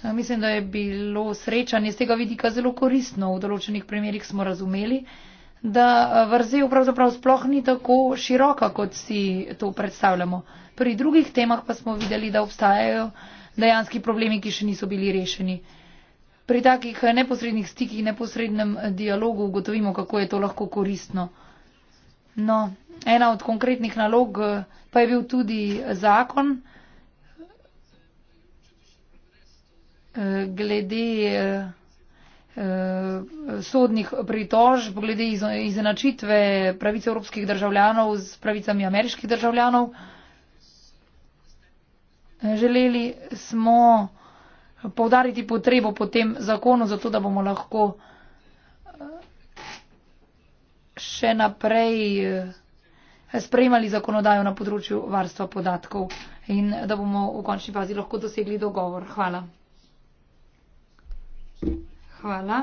Eh, mislim, da je bilo srečanje z tega vidika zelo koristno. V določenih primerjih smo razumeli, da eh, vrzel pravzaprav sploh ni tako široka, kot si to predstavljamo. Pri drugih temah pa smo videli, da obstajajo dejanski problemi, ki še niso bili rešeni pri takih eh, neposrednih stikih, neposrednem eh, dialogu ugotovimo, kako je to lahko koristno. No, ena od konkretnih nalog eh, pa je bil tudi zakon glede sodnih pritožb, glede izenačitve pravice evropskih državljanov z pravicami ameriških državljanov. Želeli smo povdariti potrebo po tem zakonu, zato da bomo lahko eh, še naprej eh, sprejemali zakonodajo na področju varstva podatkov in da bomo v končni fazi lahko dosegli dogovor. Hvala. Hvala.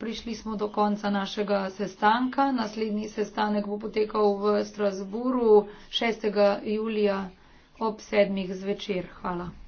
Prišli smo do konca našega sestanka. Naslednji sestanek bo potekal v Strasburu 6. julija ob 7. zvečer. Hvala.